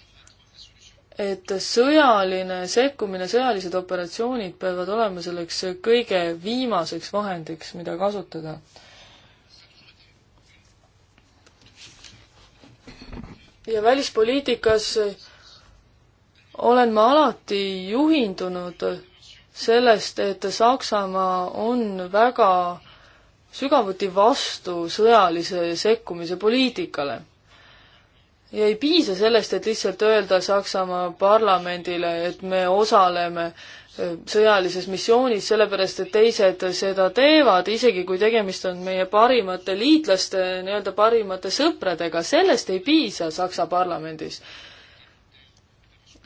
et sõjaline sekkumine, sõjalised operatsioonid peavad olema selleks kõige viimaseks vahendiks, mida kasutada. ja välispoliitikas olen ma alati juhindunud sellest, et Saksamaa on väga sügavuti vastu sõjalise sekkumise poliitikale ei piisa sellest, et lihtsalt öelda Saksamaa parlamendile, et me osaleme äh, sõjalises missioonis, sellepärast et teised seda teevad, isegi kui tegemist on meie parimate liitlaste, nii-öelda parimate sõpradega, sellest ei piisa Saksa parlamendis.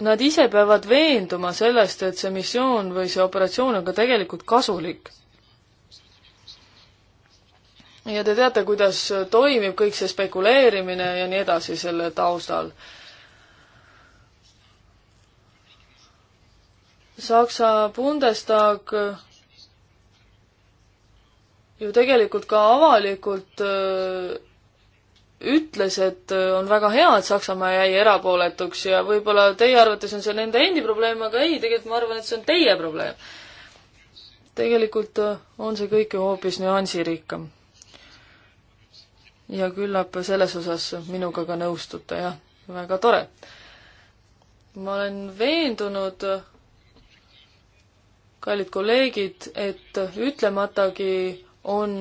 Nad ise peavad veenduma sellest, et see missioon või see operatsioon on ka tegelikult kasulik ja te teate, kuidas toimib kõik see spekuleerimine ja nii edasi selle taustal. Saksa Bundestag ju tegelikult ka avalikult äh, ütles, et äh, on väga hea, et Saksamaa jäi erapooletuks ja võib-olla teie arvates on see nende endi probleem, aga ei, tegelikult ma arvan, et see on teie probleem. tegelikult äh, on see kõik ju hoopis nüansirikkam ja küllap selles osas minuga ka nõustute, jah, väga tore. ma olen veendunud, kallid kolleegid, et ütlematagi on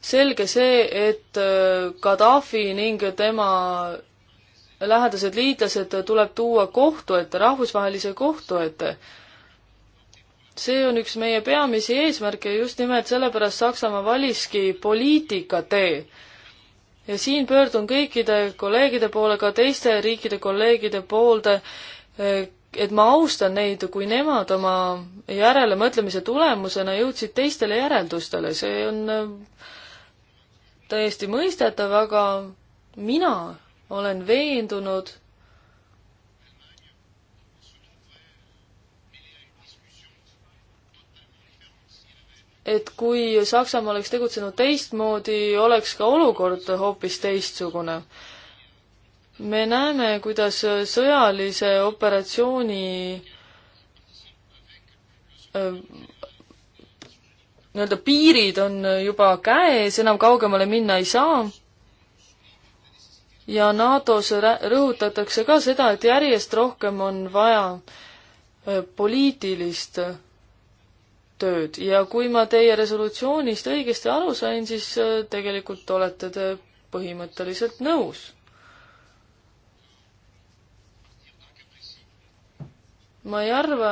selge see, et Gaddafi ning tema lähedased liitlased tuleb tuua kohtu ette, rahvusvahelise kohtu ette see on üks meie peamisi eesmärke, just nimelt sellepärast Saksamaa valiski poliitika tee. ja siin pöördun kõikide kolleegide poole, ka teiste riikide kolleegide poolde, et ma austan neid, kui nemad oma järelemõtlemise tulemusena jõudsid teistele järeldustele, see on äh, täiesti mõistetav, aga mina olen veendunud, et kui Saksamaa oleks tegutsenud teistmoodi, oleks ka olukord hoopis teistsugune. me näeme, kuidas sõjalise operatsiooni äh, nii-öelda piirid on juba käes, enam kaugemale minna ei saa. ja NATO-s rõhutatakse ka seda, et järjest rohkem on vaja äh, poliitilist tööd ja kui ma teie resolutsioonist õigesti aru sain, siis äh, tegelikult olete te põhimõtteliselt nõus. ma ei arva,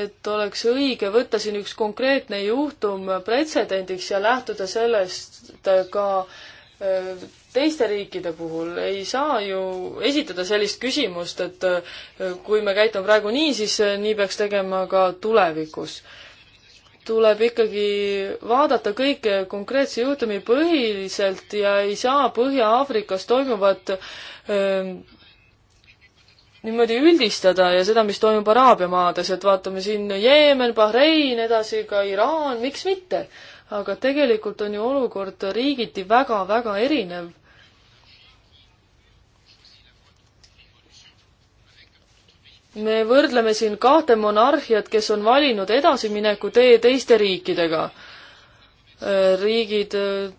et oleks õige võtta siin üks konkreetne juhtum pretsedendiks ja lähtuda sellest äh, ka äh, teiste riikide puhul ei saa ju esitada sellist küsimust, et äh, kui me käitume praegu nii, siis äh, nii peaks tegema ka tulevikus. tuleb ikkagi vaadata kõike konkreetse juhtumi põhiliselt ja ei saa Põhja-Aafrikas toimuvat öö, ähm, niimoodi üldistada ja seda, mis toimub Araabia maades, et vaatame siin Jeemen, Bahrein, edasi ka Iraan, miks mitte aga tegelikult on ju olukord riigiti väga-väga erinev. me võrdleme siin kahte monarhiat, kes on valinud edasimineku tee teiste riikidega. Äh, riigid äh,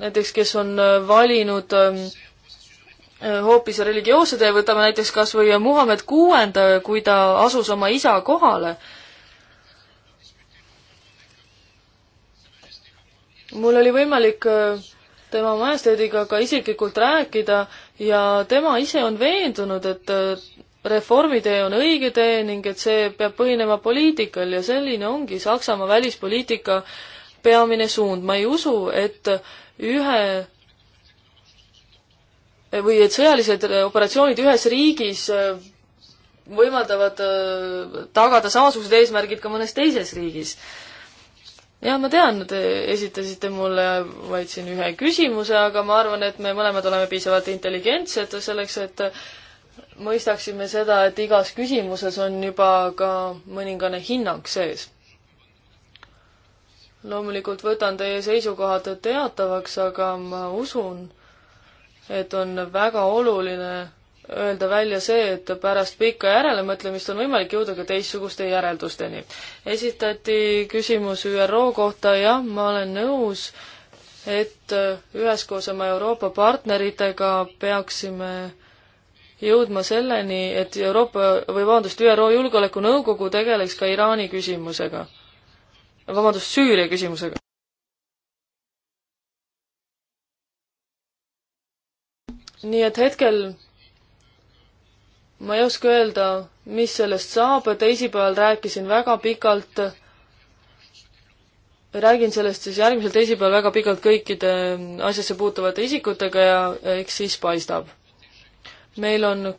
näiteks, kes on äh, valinud hoopis religioosse tee, võtame näiteks kas või Muhamed kuuenda, kui ta asus oma isa kohale. mul oli võimalik tema majesteediga ka isiklikult rääkida ja tema ise on veendunud, et äh, reformitee on õige tee ning et see peab põhinema poliitikal ja selline ongi Saksamaa välispoliitika peamine suund. ma ei usu, et ühe äh, või et sõjalised äh, operatsioonid ühes riigis võimaldavad tagada samasugused eesmärgid ka mõnes teises riigis ja ma tean, te esitasite mulle vaid siin ühe küsimuse, aga ma arvan, et me mõlemad oleme piisavalt intelligentsed selleks, et mõistaksime seda, et igas küsimuses on juba ka mõningane hinnang sees. loomulikult võtan teie seisukohad teatavaks, aga ma usun, et on väga oluline öelda välja see, et pärast pikka järelemõtlemist on võimalik jõuda ka teistsuguste järeldusteni. esitati küsimus ÜRO kohta, jah, ma olen nõus, et äh, üheskoos oma Euroopa partneritega peaksime jõudma selleni, et Euroopa, või vabandust, ÜRO Julgeolekunõukogu tegeleks ka Iraani küsimusega. vabandust, Süüria küsimusega. nii et hetkel ma ei oska öelda, mis sellest saab, teisipäeval rääkisin väga pikalt, räägin sellest siis järgmisel teisipäeval väga pikalt kõikide asjasse puutuvate isikutega ja eks siis paistab. meil on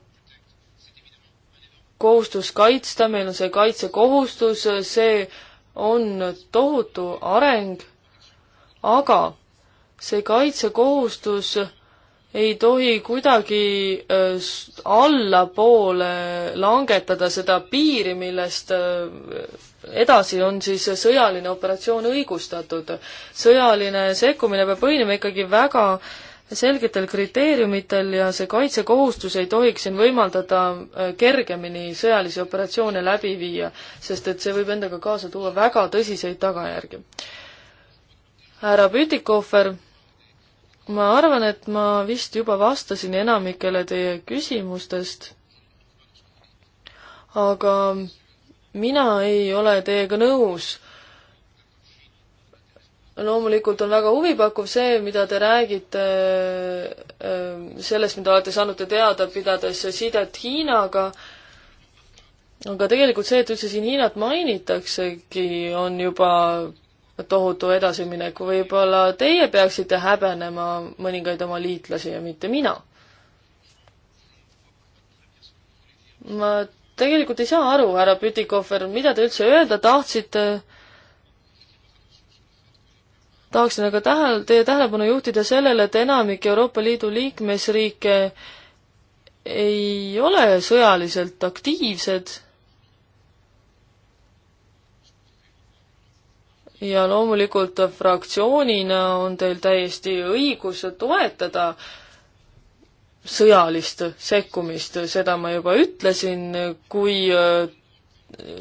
kohustus kaitsta, meil on see kaitsekohustus, see on tohutu areng, aga see kaitsekohustus ei tohi kuidagi äh, allapoole langetada seda piiri, millest äh, edasi on siis sõjaline operatsioon õigustatud. sõjaline sekkumine peab põhinema ikkagi väga selgetel kriteeriumitel ja see kaitsekohustus ei tohiks siin võimaldada äh, kergemini sõjalisi operatsioone läbi viia, sest et see võib endaga kaasa tuua väga tõsiseid tagajärgi. härra Pütikohver ma arvan, et ma vist juba vastasin enamikele teie küsimustest, aga mina ei ole teiega nõus. loomulikult on väga huvipakkuv see, mida te räägite ähm, sellest, mida olete saanud teada, pidades sidet Hiinaga, aga tegelikult see, et üldse siin Hiinat mainitaksegi, on juba tohutu edasimineku, võib-olla teie peaksite häbenema mõningaid oma liitlasi ja mitte mina. ma tegelikult ei saa aru, härra Pütikohver, mida te üldse öelda tahtsite. tahaksin aga tähel-, teie tähelepanu juhtida sellele, et enamik Euroopa Liidu liikmesriike ei ole sõjaliselt aktiivsed ja loomulikult fraktsioonina on teil täiesti õigus toetada sõjalist sekkumist, seda ma juba ütlesin, kui äh,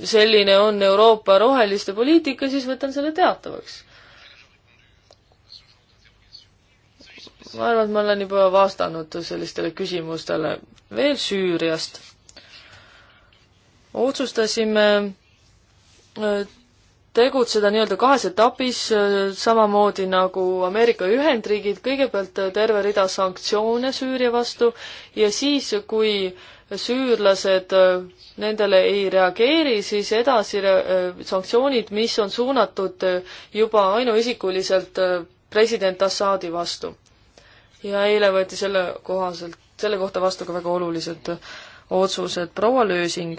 selline on Euroopa roheliste poliitika, siis võtan selle teatavaks. ma arvan, et ma olen juba vastanud sellistele küsimustele. veel Süüriast. otsustasime äh, tegutseda nii-öelda kahes etapis, äh, samamoodi nagu Ameerika Ühendriigid, kõigepealt äh, terve rida sanktsioone Süüria vastu ja siis, kui süürlased äh, nendele ei reageeri, siis edasi sanktsioonid, mis on suunatud juba ainuisikuliselt president Assadi vastu. ja eile võeti selle kohaselt, selle kohta vastu ka väga olulised otsused. proua Lösing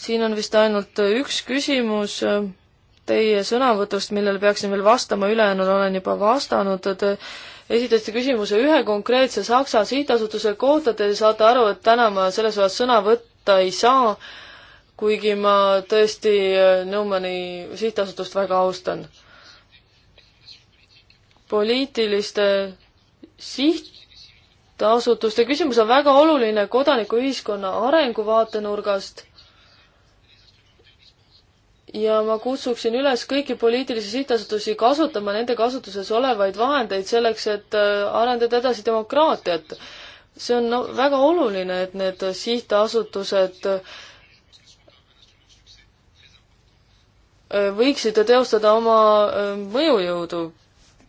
siin on vist ainult üks küsimus äh, teie sõnavõtust, millele peaksin veel vastama, ülejäänud olen juba vastanud, te esitasite küsimuse ühe konkreetse Saksa sihtasutuse kohta, te saate aru, et täna ma selles osas sõna võtta ei saa, kuigi ma tõesti äh, Neumanni sihtasutust väga austan. poliitiliste sihtasutuste küsimus on väga oluline kodanikuühiskonna arengu vaatenurgast ja ma kutsuksin üles kõiki poliitilisi sihtasutusi kasutama nende kasutuses olevaid vahendeid selleks, et äh, arendada edasi demokraatiat. see on no, väga oluline, et need sihtasutused äh, võiksid teostada oma äh, mõjujõudu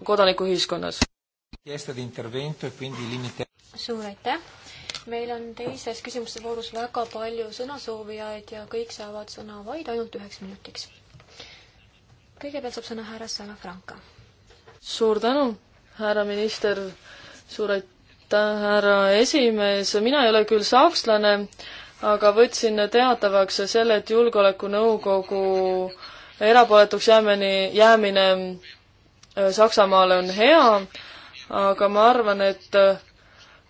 kodanikuühiskonnas. E suur aitäh! meil on teises küsimuste voorus väga palju sõnasoovijaid ja kõik saavad sõna vaid ainult üheks minutiks. kõigepealt saab sõna härra Salafranca. suur tänu, härra minister, suur aitäh, härra esimees, mina ei ole küll sakslane, aga võtsin teatavaks selle, et Julgeolekunõukogu erapooletuks jäämine, jäämine äh, Saksamaale on hea, aga ma arvan, et äh,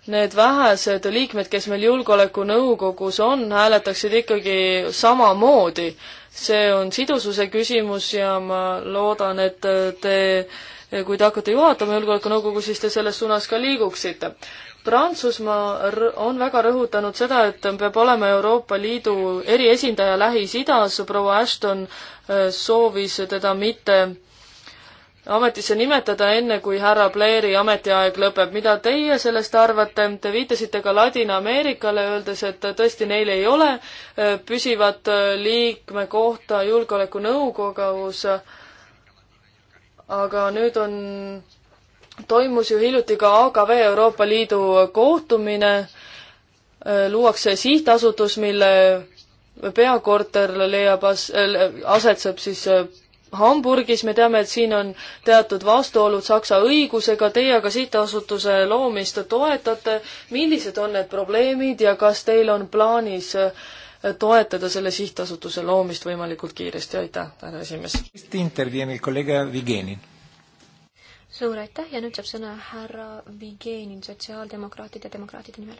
need vähesed liikmed, kes meil Julgeolekunõukogus on, hääletaksid ikkagi samamoodi. see on sidususe küsimus ja ma loodan, et te, kui te hakkate juhatama Julgeolekunõukogu, siis te selles suunas ka liiguksite. Prantsusmaa on väga rõhutanud seda, et peab olema Euroopa Liidu eriesindaja Lähis-Idas, proua Ashton äh, soovis teda mitte ametisse nimetada, enne kui härra Blairi ametiaeg lõpeb. mida teie sellest arvate? Te viitasite ka Ladina-Ameerikale, öeldes, et tõesti neil ei ole äh, püsivat äh, liikme kohta julgeolekunõukogus. aga nüüd on, toimus ju hiljuti ka AKV Euroopa Liidu kohtumine, äh, luuakse sihtasutus, mille peakorter leiab as-, asetseb siis Hamburgis me teame, et siin on teatud vastuolud Saksa õigusega, teie aga sihtasutuse loomist toetate. millised on need probleemid ja kas teil on plaanis äh, toetada selle sihtasutuse loomist võimalikult kiiresti? aitäh, härra esimees. suur aitäh ja nüüd saab sõna härra Vigenin sotsiaaldemokraatide ja demokraatide nimel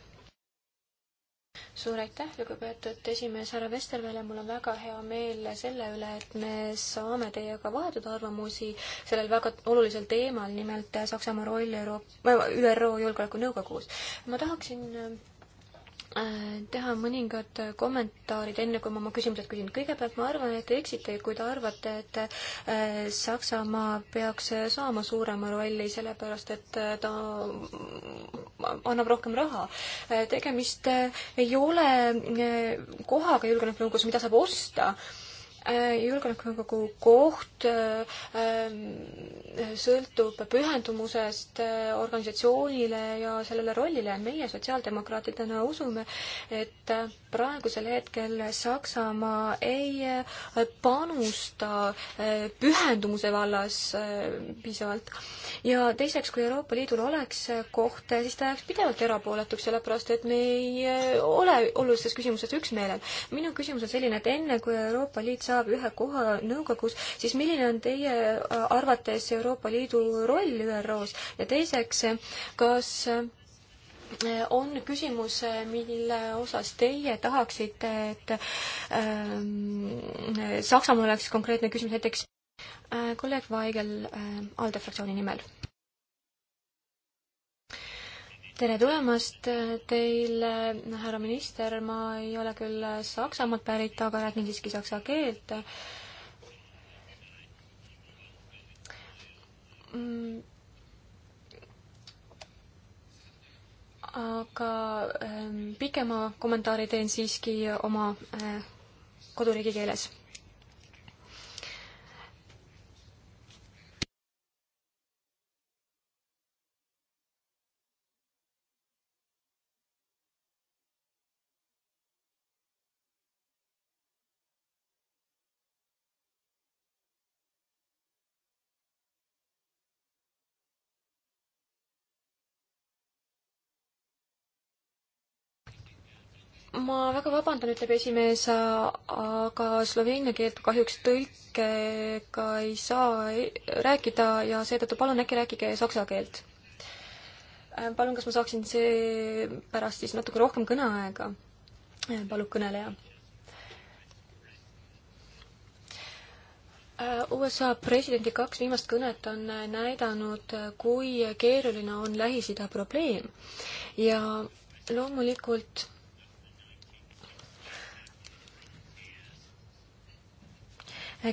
suur aitäh, lugupeetud esimees härra Vesterväele, mul on väga hea meel selle üle, et me saame teiega vahetada arvamusi sellel väga olulisel teemal, nimelt Saksamaa roll Euro-, ÜRO Julgeolekunõukogus. ma tahaksin Äh, teha mõningad kommentaarid, enne kui ma oma küsimused küsin. kõigepealt ma arvan, et te eksite, kui te arvate, et äh, Saksamaa peaks saama suurema rolli, sellepärast et äh, ta annab rohkem raha. tegemist ei ole kohaga julgeolekunõukogus, mida saab osta Äh, julgeolekunõukogu koht äh, äh, sõltub pühendumusest organisatsioonile ja sellele rollile. meie sotsiaaldemokraatidena usume, et praegusel hetkel Saksamaa ei äh, panusta äh, pühendumuse vallas äh, piisavalt. ja teiseks, kui Euroopa Liidul oleks koht, siis ta jääks pidevalt erapooletuks, sellepärast et me ei ole olulistes küsimustes üksmeelel. minu küsimus on selline, et enne kui Euroopa Liit saab ühe koha nõukogus, siis milline on teie arvates Euroopa Liidu roll ÜRO-s ja teiseks, kas on küsimus, mille osas teie tahaksite, et ähm, Saksamaal oleks konkreetne küsimus näiteks äh, kolleeg Vaigel äh, ALDE fraktsiooni nimel. tere tulemast äh, teile, äh, härra minister, ma ei ole küll Saksamaalt pärit, aga räägin siiski saksa keelt mm aga ähm, pikema kommentaari teen siiski oma äh, koduriigi keeles ma väga vabandan, ütleb esimees, aga sloveenia keelt kahjuks tõlkega ei saa e-, rääkida ja seetõttu palun äkki rääkige saksa keelt. Äh, palun, kas ma saaksin seepärast siis natuke rohkem kõneaega? Äh, palub kõneleja äh, USA presidendi kaks viimast kõnet on näidanud, kui keeruline on Lähis-Ida probleem ja loomulikult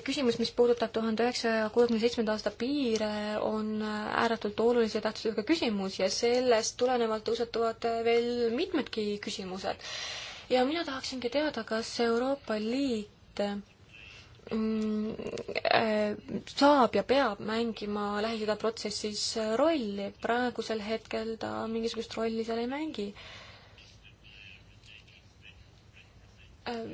küsimus, mis puudutab tuhande üheksasaja kuuekümne seitsmenda aasta piire, on ääretult olulise tähtsusega küsimus ja sellest tulenevalt tõusetuvad veel mitmedki küsimused. ja mina tahaksingi teada, kas Euroopa Liit mm, äh, saab ja peab mängima Lähis-Ida protsessis rolli. praegusel hetkel ta mingisugust rolli seal ei mängi ähm,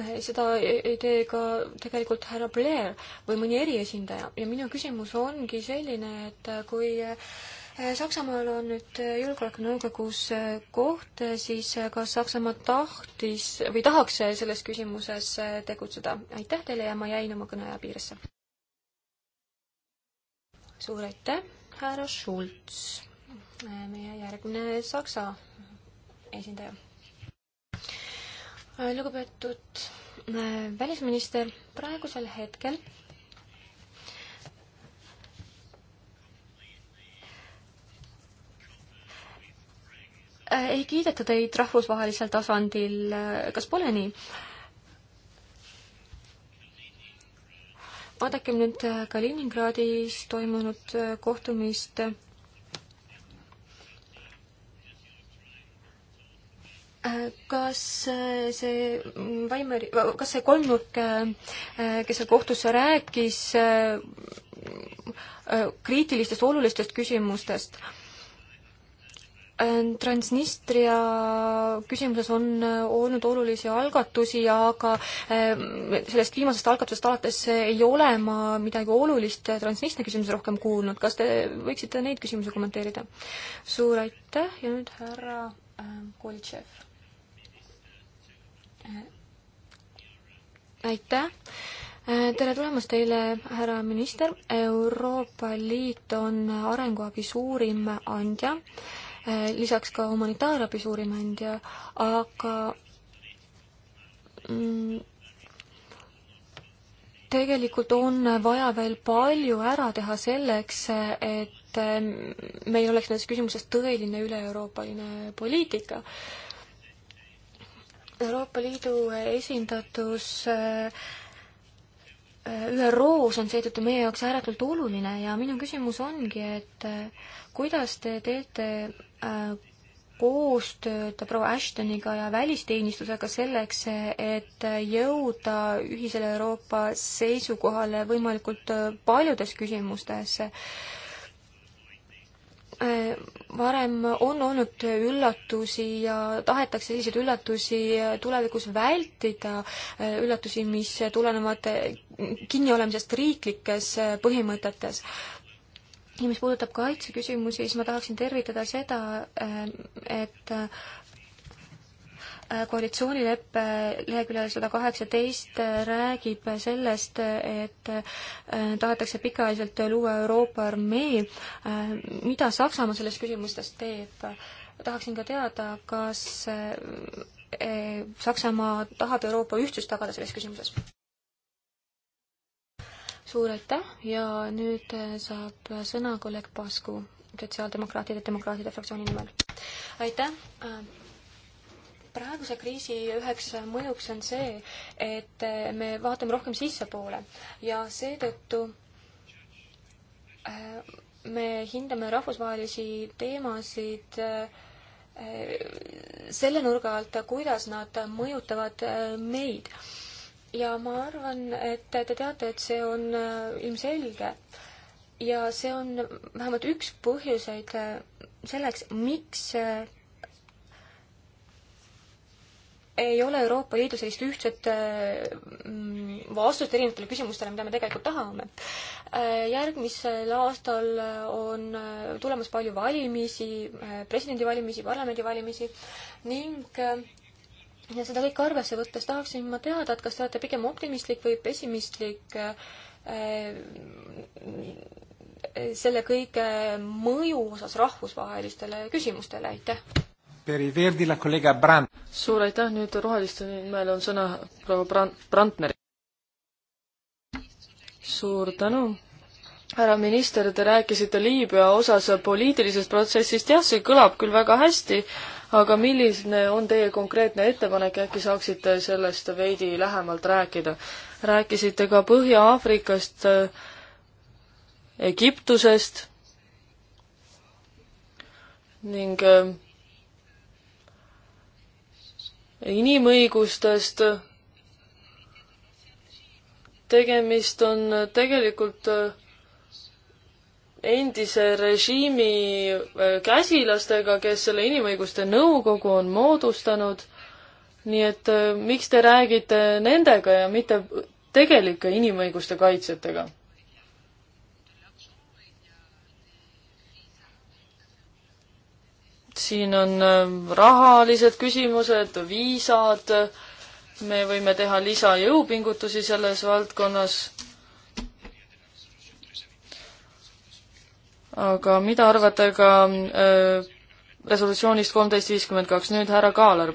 seda ei tee ka tegelikult härra Blair või mõni eriesindaja ja minu küsimus ongi selline, et kui eh, Saksamaal on nüüd eh, Julgeolekunõukogus eh, koht, siis kas Saksamaa tahtis või tahaks selles küsimuses tegutseda? aitäh teile ja ma jäin oma kõneaja piiresse. suur aitäh, härra Schulz, meie järgmine Saksa esindaja Äh, lugupeetud äh, välisminister, praegusel hetkel äh, ei kiideta teid rahvusvahelisel tasandil, kas pole nii? vaadakem nüüd Kaliningradis toimunud kohtumist Äh, kas äh, see mm, Vaimari, kas see kolmnurk, äh, kes seal kohtus rääkis kriitilistest olulistest küsimustest, Transnistria küsimuses on olnud olulisi algatusi, aga sellest viimasest algatusest alates ei ole ma midagi olulist Transnistria küsimuses rohkem kuulnud. kas te võiksite neid küsimusi kommenteerida? suur aitäh ja nüüd härra Koltšev aitäh. Äh, tere tulemast teile, härra minister. Euroopa Liit on arenguabi suurim andja, äh, lisaks ka humanitaarabi suurim andja, aga mm, tegelikult on vaja veel palju ära teha selleks, et äh, meil oleks nendes küsimustes tõeline üle-euroopaline poliitika Euroopa Liidu esindatus äh, äh, ÜRO-s on seetõttu meie jaoks ääretult oluline ja minu küsimus ongi, et äh, kuidas te teete koostööd proua Ashtoniga ja välisteenistusega selleks, et jõuda ühisele Euroopa seisukohale võimalikult paljudes küsimustes Äh, varem on olnud üllatusi ja tahetakse selliseid üllatusi tulevikus vältida, äh, üllatusi, mis tulenevad äh, kinniolemisest riiklikes põhimõtetes ja mis puudutab kaitseküsimusi, siis ma tahaksin tervitada seda, et koalitsioonileppe leheküljel sada kaheksateist räägib sellest, et äh, tahetakse pikaajaliselt luua Euroopa armee. Äh, mida Saksamaa selles küsimustes teeb? tahaksin ka teada, kas äh, Saksamaa tahab Euroopa ühtsust tagada selles küsimuses? suur aitäh ja nüüd saab sõna kolleeg Pasku sotsiaaldemokraatide, demokraatide fraktsiooni nimel. aitäh, praeguse kriisi üheks mõjuks on see, et me vaatame rohkem sissepoole ja seetõttu äh, me hindame rahvusvahelisi teemasid äh, selle nurga alt, kuidas nad mõjutavad äh, meid. ja ma arvan, et te teate, et see on ilmselge ja see on vähemalt üks põhjuseid selleks, miks ei ole Euroopa Liidu sellist ühtset mm, vastust erinevatele küsimustele, mida me tegelikult tahame. Äh, järgmisel aastal on äh, tulemas palju valimisi, äh, presidendivalimisi, parlamendivalimisi ning ja seda kõike arvesse võttes tahaksin ma teada, et kas te olete pigem optimistlik või pessimistlik selle kõige mõju osas rahvusvahelistele küsimustele, aitäh! suur aitäh, nüüd roheliste nimel on sõna proua Brand-, Brandneri. suur tänu härra minister, te rääkisite Liibüa osas poliitilisest protsessist, jah, see kõlab küll väga hästi, aga milline on teie konkreetne ettepanek, äkki saaksite sellest veidi lähemalt rääkida? rääkisite ka Põhja-Aafrikast, Egiptusest ning äh, inimõigustest. tegemist on tegelikult äh, endise režiimi äh, käsilastega, kes selle inimõiguste nõukogu on moodustanud. nii et äh, miks te räägite nendega ja mitte tegelike inimõiguste kaitsjatega? siin on äh, rahalised küsimused, viisad, me võime teha lisajõupingutusi selles valdkonnas. aga mida arvate ka äh, resolutsioonist kolmteist viiskümmend kaks, nüüd härra Kaalar.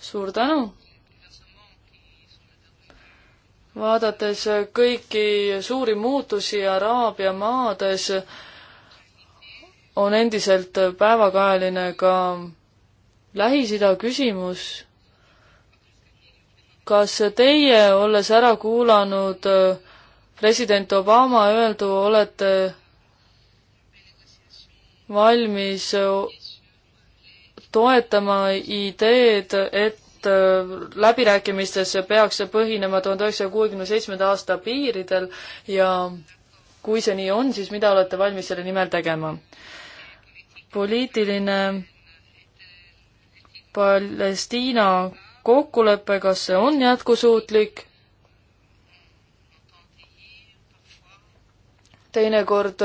suur tänu! vaadates kõiki suuri muutusi Araabia maades äh,, on endiselt päevakajaline ka Lähis-Ida küsimus. kas teie, olles ära kuulanud äh, president Obama öeldu, olete valmis äh, toetama ideed, et äh, läbirääkimistes peaks see põhinema tuhande üheksasaja kuuekümne seitsmenda aasta piiridel ja kui see nii on, siis mida olete valmis selle nimel tegema? poliitiline Palestiina kokkulepe, kas see on jätkusuutlik? teinekord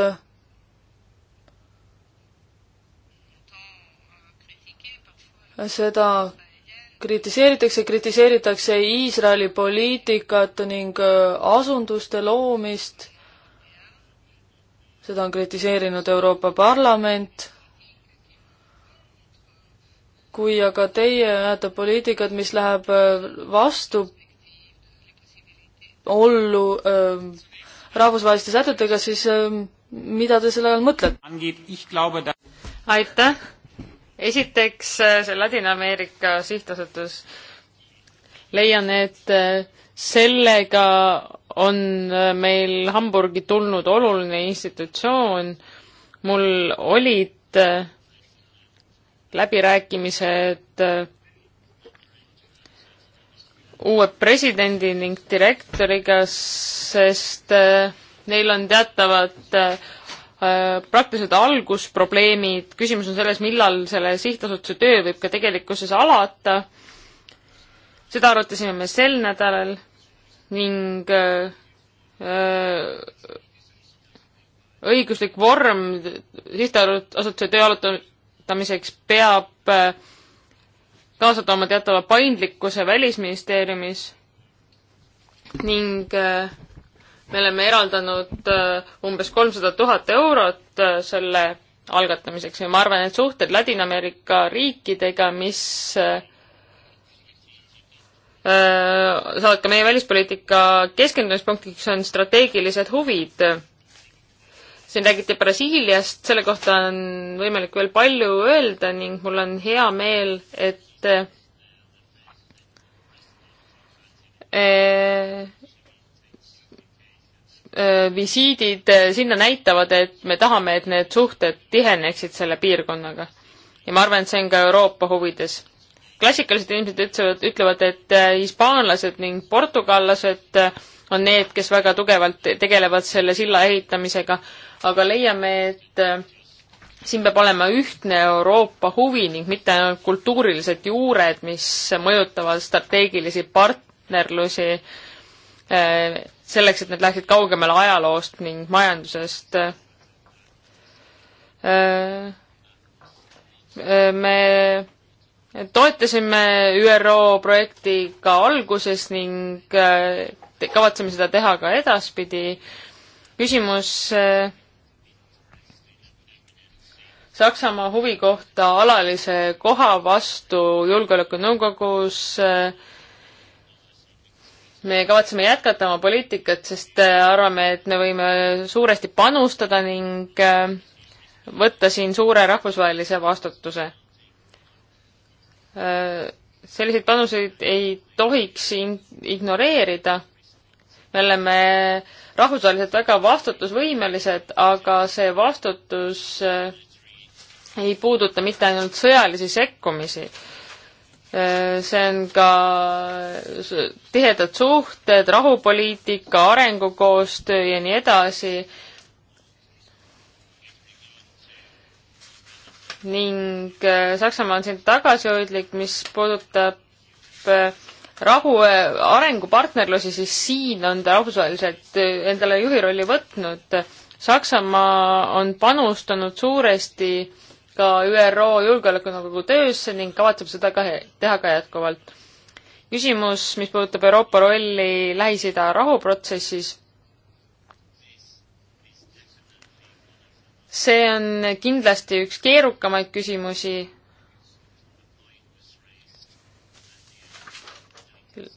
seda kritiseeritakse, kritiseeritakse Iisraeli poliitikat ning äh, asunduste loomist, seda on kritiseerinud Euroopa Parlament kui aga teie ajate poliitikat, mis läheb äh, vastu ollu ähm, rahvusvaheliste sätetega, siis ähm, mida te selle all mõtlete? aitäh! esiteks, äh, see Ladina-Ameerika sihtasutus, leian, et äh, sellega on meil Hamburgi tulnud oluline institutsioon, mul olid äh, läbirääkimised uue presidendi ning direktoriga, sest äh, neil on teatavad äh, praktiliselt algusprobleemid, küsimus on selles, millal selle sihtasutuse töö võib ka tegelikkuses alata. seda arutasime me sel nädalal ning öö, äh, õiguslik vorm sihtasutuse töö saavutamiseks peab eh, kaasa tooma teatava paindlikkuse Välisministeeriumis ning eh, me oleme eraldanud eh, umbes kolmsada tuhat eurot selle algatamiseks ja ma arvan, et suhted Ladina-Ameerika riikidega, mis saavad ka meie välispoliitika keskendumispunktiks, on strateegilised huvid siin räägiti Brasiiliast, selle kohta on võimalik veel palju öelda ning mul on hea meel, et eh, eh, visiidid sinna näitavad, et me tahame, et need suhted tiheneksid selle piirkonnaga. ja ma arvan, et see on ka Euroopa huvides. klassikalised inimesed ütlevad, ütlevad, et eh, hispaanlased ning portugallased on need, kes väga tugevalt tegelevad selle silla ehitamisega, aga leiame, et äh, siin peab olema ühtne Euroopa huvi ning mitte ainult kultuurilised juured, mis mõjutavad strateegilisi partnerlusi äh, selleks, et need läheksid kaugemale ajaloost ning majandusest. Äh, me toetasime ÜRO projekti ka alguses ning kavatseme seda teha ka edaspidi. küsimus äh, Saksamaa huvi kohta alalise koha vastu Julgeolekunõukogus. Äh, me kavatseme jätkata oma poliitikat, sest äh, arvame, et me võime suuresti panustada ning võtta siin suure rahvusvahelise vastutuse. selliseid panuseid ei tohiks ignoreerida me oleme rahvusvaheliselt väga vastutusvõimelised, aga see vastutus eh, ei puuduta mitte ainult sõjalisi sekkumisi. Eh, see on ka tihedad suhted, rahupoliitika, arengukoostöö ja nii edasi. ning eh, Saksamaa on siin tagasihoidlik, mis puudutab rahu, äh, arengupartnerlusi, siis siin on ta rahvusvaheliselt äh, endale juhi rolli võtnud. Saksamaa on panustanud suuresti ka ÜRO Julgeolekunõukogu töösse ning kavatseb seda ka teha ka jätkuvalt. küsimus, mis puudutab Euroopa rolli Lähis-Ida rahuprotsessis, see on kindlasti üks keerukamaid küsimusi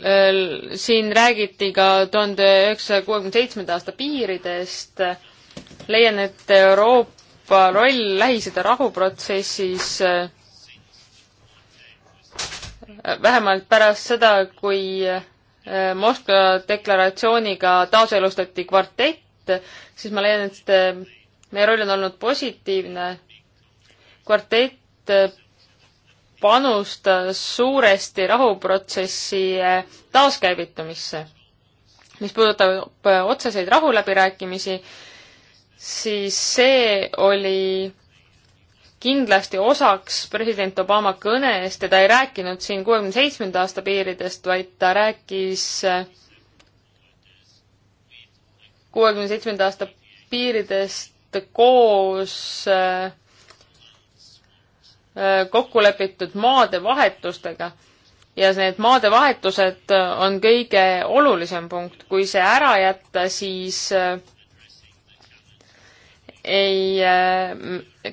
Äh, siin räägiti ka tuhande üheksasaja kuuekümne seitsmenda aasta piiridest. leian, et Euroopa roll Lähis-Ida rahuprotsessis äh, vähemalt pärast seda, kui äh, Moskva deklaratsiooniga taaselustati kvartett, siis ma leian, et meie roll on olnud positiivne. kvartett panustas suuresti rahuprotsessi eh, taaskäivitumisse. mis puudutab eh, otseseid rahuläbirääkimisi, siis see oli kindlasti osaks president Obama kõnest ja ta ei rääkinud siin kuuekümne seitsmenda aasta piiridest, vaid ta rääkis eh, kuuekümne seitsmenda aasta piiridest koos äh, Äh, kokku lepitud maadevahetustega ja need maadevahetused äh, on kõige olulisem punkt. kui see ära jätta, siis äh, ei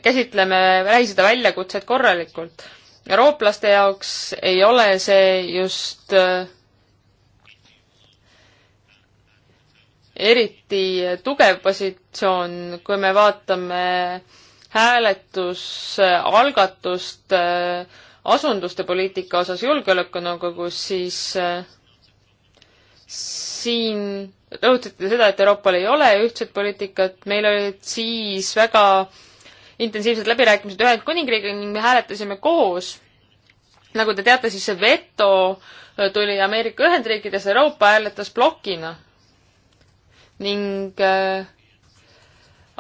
käsitle me väliseda väljakutset korralikult. eurooplaste jaoks ei ole see just eriti tugev positsioon, kui me vaatame äh, hääletusalgatust äh, asunduste poliitika osas Julgeolekunõukogus, siis äh, siin rõhutati seda, et Euroopal ei ole ühtset poliitikat, meil olid siis väga intensiivsed läbirääkimised Ühendkuningriigiga ning me hääletasime koos. nagu te teate, siis see veto äh, tuli Ameerika Ühendriikides, Euroopa hääletas plokina. ning äh,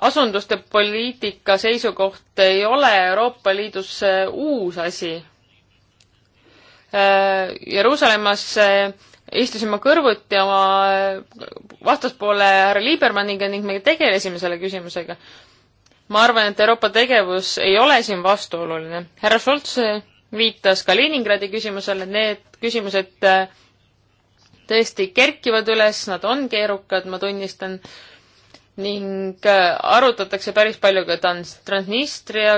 asunduste poliitika seisukoht ei ole Euroopa Liidus äh, uus asi. Äh, Jeruusalemmas äh, istusime kõrvuti oma vastaspoole härra Liibermanniga ning me tegelesime selle küsimusega. ma arvan, et Euroopa tegevus ei ole siin vastuoluline. härra Scholz viitas Kaliningradi küsimusele, need küsimused tõesti kerkivad üles, nad on keerukad, ma tunnistan äh, ning äh, arutatakse päris palju ka Transnistria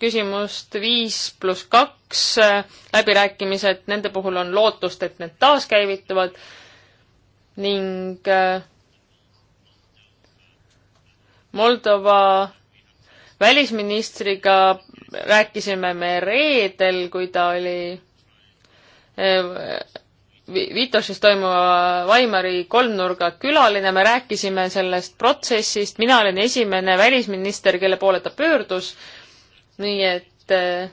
küsimust, viis pluss kaks äh, läbirääkimised, nende puhul on lootust, et need taaskäivituvad ning äh, Moldova välisministriga rääkisime me reedel, kui ta oli Vitošis toimuva Vaimari kolmnurga külaline, me rääkisime sellest protsessist, mina olin esimene välisminister, kelle poole ta pöördus, nii et eh,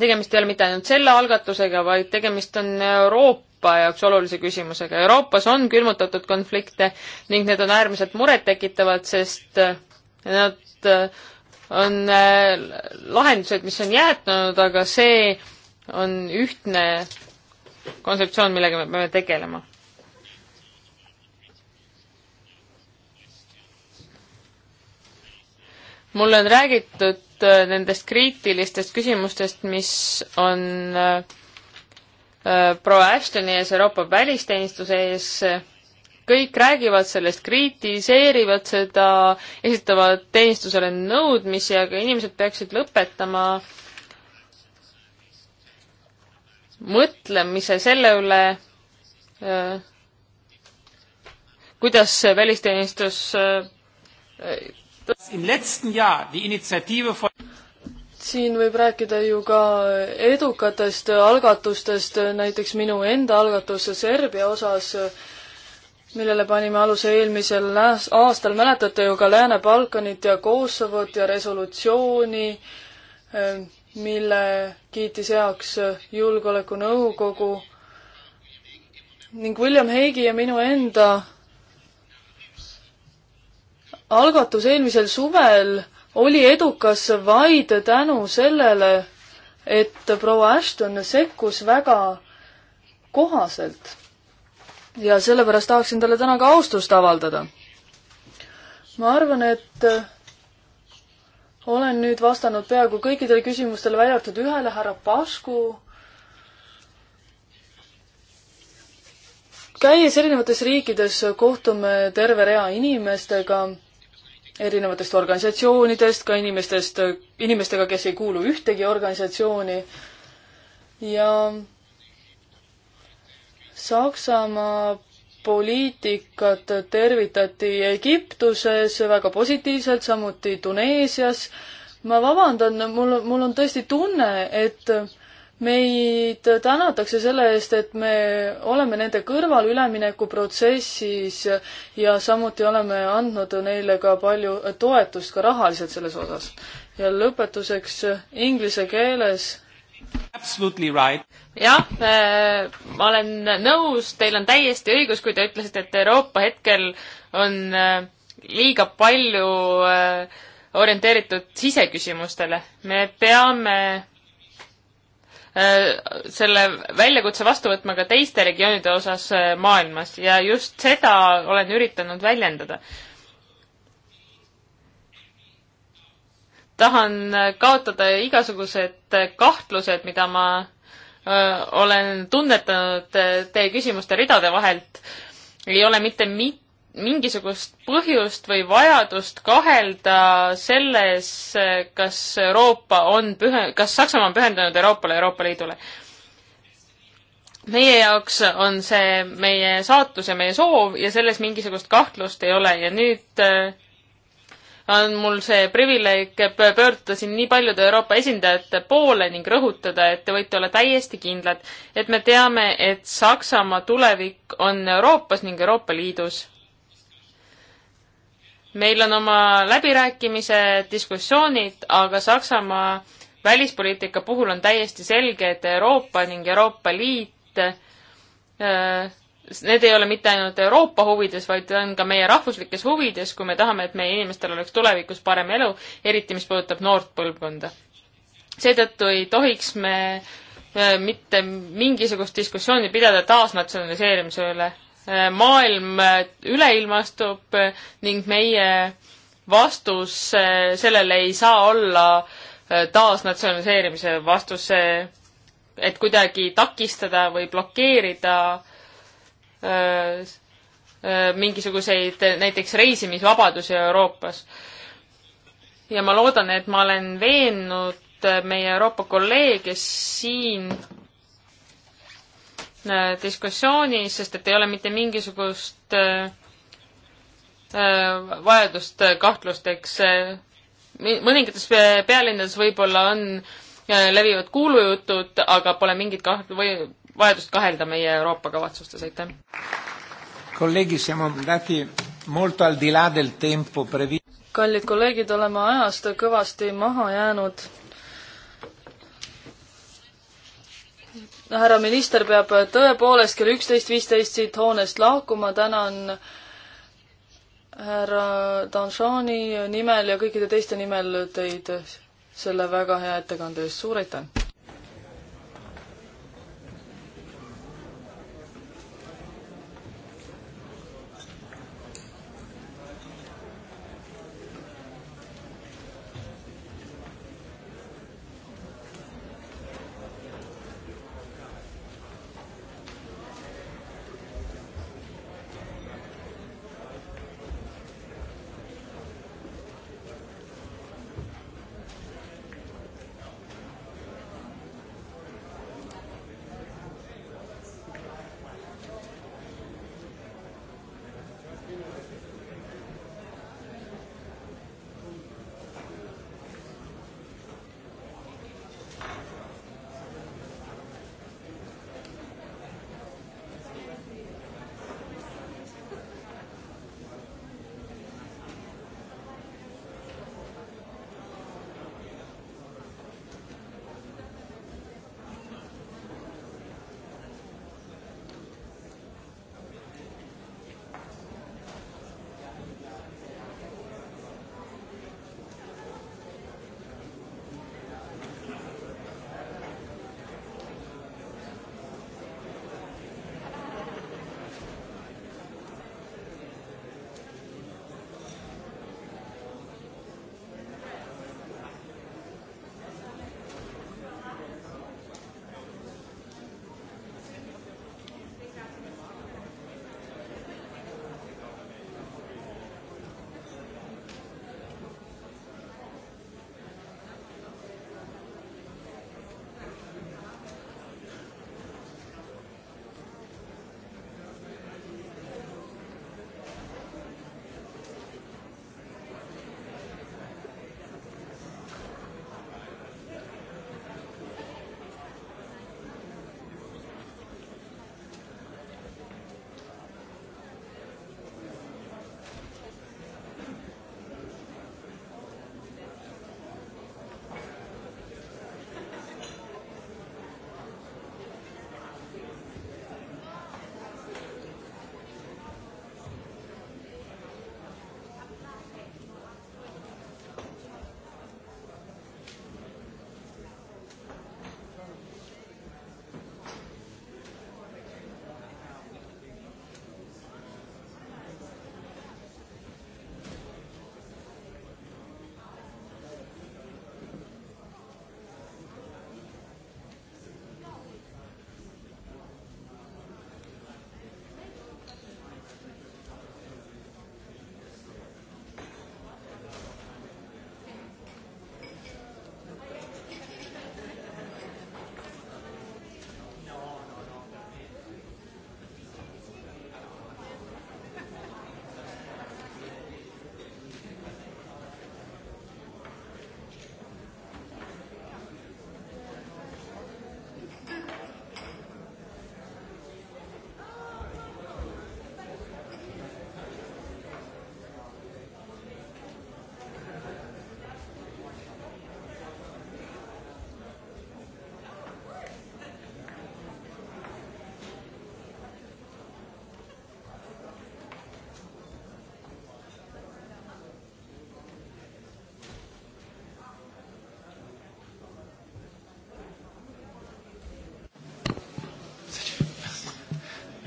tegemist ei ole mitte ainult selle algatusega, vaid tegemist on Euroopa jaoks olulise küsimusega. Euroopas on külmutatud konflikte ning need on äärmiselt murettekitavad, sest eh, nad eh, on lahendused, mis on jäetunud, aga see on ühtne kontseptsioon, millega me peame tegelema. mulle on räägitud äh, nendest kriitilistest küsimustest, mis on äh, äh, proua Ashtoni ees, Euroopa välisteenistuse ees, kõik räägivad sellest, kritiseerivad seda, esitavad teenistusele nõudmisi, aga inimesed peaksid lõpetama äh, mõtlemise selle üle, äh, kuidas välisteenistus äh, siin võib rääkida ju ka edukatest algatustest, näiteks minu enda algatus Serbia osas, millele panime aluse eelmisel aastal, mäletate ju ka Lääne-Balkanit ja Kosovot ja resolutsiooni, ähm, mille kiitis heaks Julgeolekunõukogu ning William Hague'i ja minu enda algatus eelmisel suvel oli edukas vaid tänu sellele, et proua Ashton sekkus väga kohaselt. ja sellepärast tahaksin talle täna ka austust avaldada. ma arvan, et olen nüüd vastanud peaaegu kõikidele küsimustele, välja arvatud ühele, härra Pasku. käies erinevates riikides, kohtume terve rea inimestega erinevatest organisatsioonidest, ka inimestest, inimestega, kes ei kuulu ühtegi organisatsiooni. ja Saksamaa poliitikat tervitati Egiptuses väga positiivselt, samuti Tuneesias. ma vabandan, mul, mul on tõesti tunne, et meid tänatakse selle eest, et me oleme nende kõrval üleminekuprotsessis ja samuti oleme andnud neile ka palju toetust ka rahaliselt selles osas. ja lõpetuseks inglise keeles Right. jah, äh, ma olen nõus, teil on täiesti õigus, kui te ütlesite, et Euroopa hetkel on äh, liiga palju äh, orienteeritud siseküsimustele. me peame selle väljakutse vastu võtma ka teiste regioonide osas maailmas ja just seda olen üritanud väljendada. tahan kaotada igasugused kahtlused, mida ma öö, olen tunnetanud äh, teie küsimuste ridade vahelt. ei ole mitte mi-, mingisugust põhjust või vajadust kahelda selles, äh, kas Euroopa on pühe-, kas Saksamaa on pühendunud Euroopale, Euroopa Liidule. meie jaoks on see meie saatus ja meie soov ja selles mingisugust kahtlust ei ole ja nüüd öö, äh, on mul see privileeg pöörduda siin nii paljude Euroopa esindajate poole ning rõhutada, et te võite olla täiesti kindlad, et me teame, et Saksamaa tulevik on Euroopas ning Euroopa Liidus. meil on oma läbirääkimise diskussioonid, aga Saksamaa välispoliitika puhul on täiesti selge, et Euroopa ning Euroopa Liit äh, need ei ole mitte ainult Euroopa huvides, vaid on ka meie rahvuslikes huvides, kui me tahame, et meie inimestel oleks tulevikus parem elu, eriti mis puudutab noort põlvkonda. seetõttu ei tohiks me äh, mitte mingisugust diskussiooni pidada taasnatsionaliseerimise üle. Äh, maailm äh, üleilmastub ning meie vastus sellele ei saa olla taasnatsionaliseerimise vastus, et kuidagi takistada või blokeerida äh, Äh, äh, mingisuguseid näiteks reisimisvabadusi Euroopas. ja ma loodan, et ma olen veennud meie Euroopa kolleege siin äh, diskussioonis, sest et ei ole mitte mingisugust vajadust kahtlusteks. mõningates pealinnades võib-olla on levivad kuulujutud, aga pole mingit kaht- või vajadust kahelda meie Euroopa kavatsustes, aitäh! kolleegid, siamo andati molto al di là del tempo previ-. kallid kolleegid, oleme ajast kõvasti maha jäänud. härra minister peab tõepoolest kell üksteist viisteist siit hoonest lahkuma, tänan härra Danšani nimel ja kõikide teiste nimel teid selle väga hea ettekande eest, suur aitäh!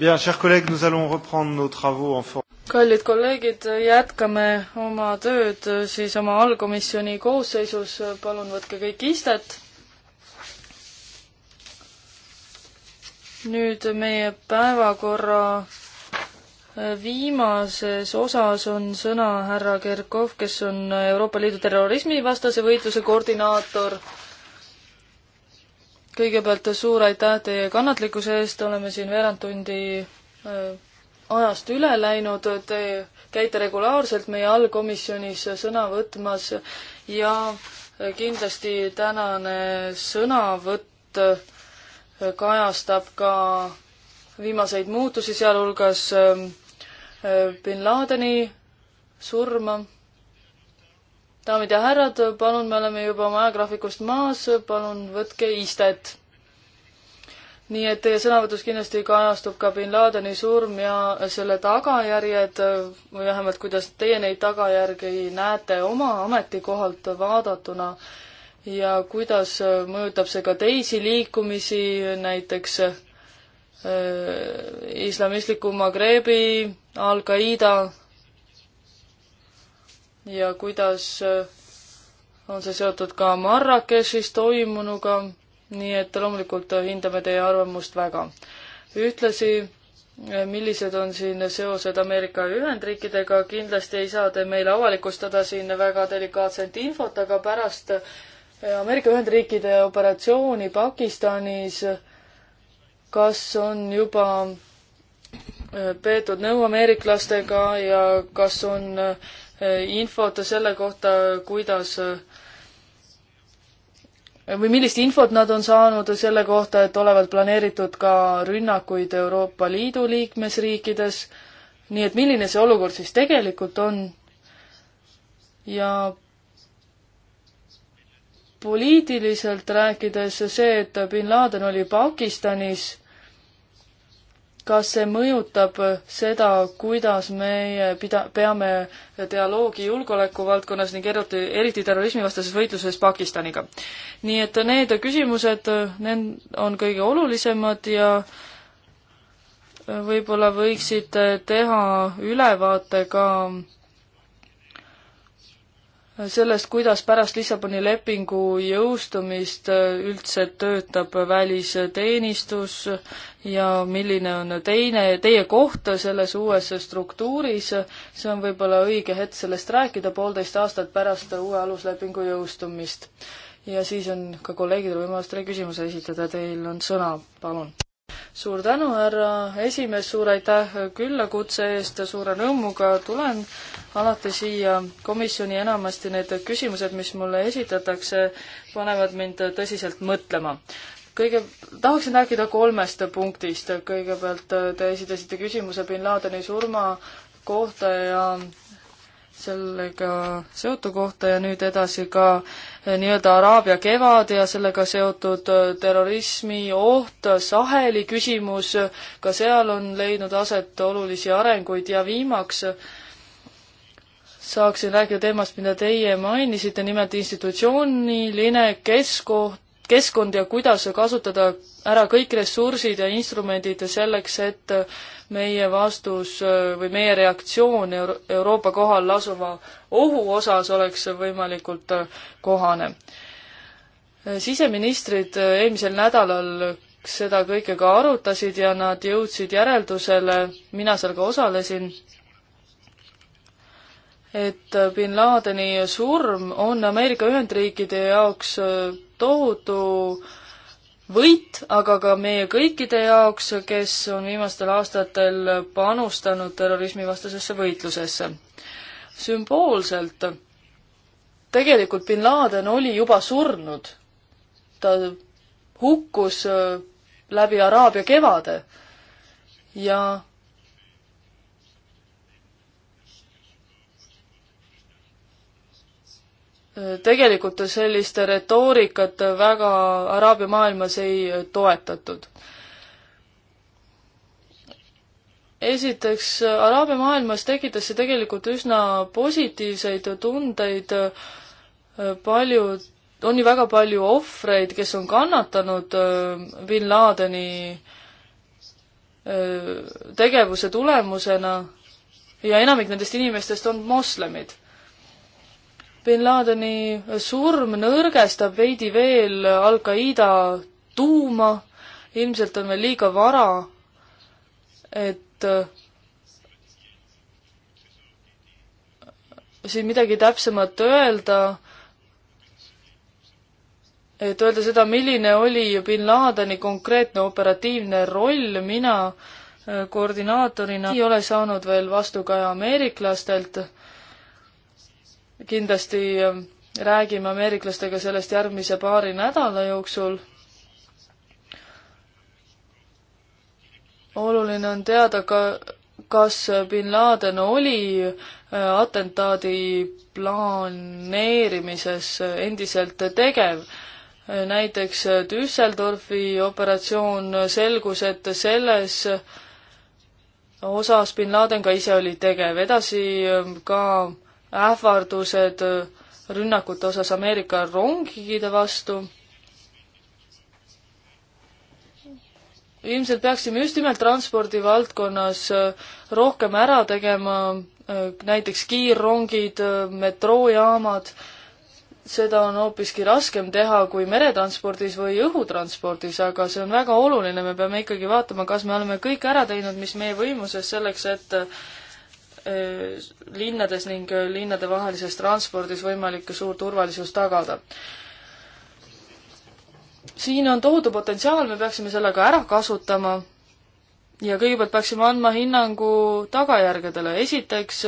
Bien, chers collègues, nous allons reprendre nos travaux en forme. kallid kolleegid, jätkame oma tööd siis oma allkomisjoni koosseisus, palun võtke kõik istet. nüüd meie päevakorra viimases osas on sõna härra Kerkov, kes on Euroopa Liidu terrorismivastase võitluse koordinaator kõigepealt suur aitäh teie kannatlikkuse eest, oleme siin veerand tundi äh, ajast üle läinud, te käite regulaarselt meie allkomisjonis sõna võtmas ja kindlasti tänane sõnavõtt kajastab ka viimaseid muutusi, sealhulgas äh, äh, bin Ladeni surma daamid ja härrad, palun, me oleme juba oma ajagraafikust maas, palun võtke istet. nii et teie sõnavõtus kindlasti kajastub ka bin Ladeni surm ja selle tagajärjed või vähemalt, kuidas teie neid tagajärgi näete oma ametikohalt vaadatuna ja kuidas mõjutab see ka teisi liikumisi, näiteks äh, islamistliku Magrebi, Al-Qaeda ja kuidas äh, on see seotud ka Marrakechis toimunuga, nii et loomulikult äh, hindame teie arvamust väga. ühtlasi, äh, millised on siin seosed Ameerika Ühendriikidega, kindlasti ei saa te meile avalikustada siin väga delikaatset infot, aga pärast Ameerika Ühendriikide operatsiooni Pakistanis, kas on juba peetud nõu ameeriklastega ja kas on Äh, infot selle kohta, kuidas äh, või millist infot nad on saanud selle kohta, et olevat planeeritud ka rünnakuid Euroopa Liidu liikmesriikides. nii et milline see olukord siis tegelikult on? ja poliitiliselt rääkides see, et bin Laden oli Pakistanis kas see mõjutab seda, kuidas meie pida-, peame dialoogi julgeolekuvaldkonnas ning eriti, eriti terrorismivastases võitluses Pakistaniga. nii et need küsimused, need on kõige olulisemad ja võib-olla võiksite teha ülevaate ka sellest, kuidas pärast Lissaboni lepingu jõustumist üldse töötab välisteenistus ja milline on teine, teie koht selles uues struktuuris, see on võib-olla õige hetk sellest rääkida, poolteist aastat pärast uue aluslepingu jõustumist. ja siis on ka kolleegidel võimalus teile küsimuse esitada, teil on sõna, palun suur tänu, härra esimees, suur aitäh küllakutse eest, suure rõõmuga tulen alati siia komisjoni, enamasti need küsimused, mis mulle esitatakse, panevad mind tõsiselt mõtlema. kõige, tahaksin rääkida kolmest punktist, kõigepealt te esitasite küsimuse bin Ladeni surma kohta ja sellega seotu kohta ja nüüd edasi ka eh, nii-öelda Araabia kevad ja sellega seotud eh, terrorismi oht, Saheli küsimus, ka seal on leidnud aset olulisi arenguid ja viimaks eh, saaksin rääkida teemast, mida teie mainisite, nimelt institutsiooniline keskkoht, keskkond ja kuidas kasutada ära kõik ressursid ja instrumendid selleks, et meie vastus või meie reaktsioon Euro Euroopa kohal lasuva ohu osas oleks võimalikult kohane. siseministrid eelmisel nädalal seda kõike ka arutasid ja nad jõudsid järeldusele, mina seal ka osalesin, et bin Ladeni surm on Ameerika Ühendriikide jaoks tohutu äh, võit, aga ka meie kõikide jaoks, kes on viimastel aastatel panustanud terrorismivastasesse võitlusesse. sümboolselt tegelikult bin Laden oli juba surnud. ta hukkus äh, läbi Araabia kevade ja tegelikult sellist retoorikat väga Araabia maailmas ei toetatud. esiteks, Araabia maailmas tekitas see tegelikult üsna positiivseid tundeid, paljud, on ju väga palju ohvreid, kes on kannatanud äh, bin Ladeni äh, tegevuse tulemusena ja enamik nendest inimestest on moslemid bin Ladeni surm nõrgestab veidi veel Al-Qaeda tuuma, ilmselt on veel liiga vara, et äh, siin midagi täpsemat öelda, et öelda seda, milline oli bin Ladeni konkreetne operatiivne roll, mina äh, koordinaatorina ei ole saanud veel vastukaja ameeriklastelt kindlasti ähm, räägime ameeriklastega sellest järgmise paari nädala jooksul. oluline on teada ka, kas bin Laden oli äh, atentaadi planeerimises endiselt tegev. Äh, näiteks Düsseldorfi operatsioon selgus, et selles osas bin Laden ka ise oli tegev, edasi ähm, ka ähvardused äh, rünnakute osas Ameerika rongide vastu. ilmselt peaksime just nimelt transpordivaldkonnas äh, rohkem ära tegema, äh, näiteks kiirrongid, metroojaamad, seda on hoopiski raskem teha kui meretranspordis või õhutranspordis, aga see on väga oluline, me peame ikkagi vaatama, kas me oleme kõik ära teinud, mis meie võimuses selleks, et linnades ning linnadevahelises transpordis võimalik suur turvalisus tagada. siin on tohutu potentsiaal, me peaksime selle ka ära kasutama ja kõigepealt peaksime andma hinnangu tagajärgedele. esiteks,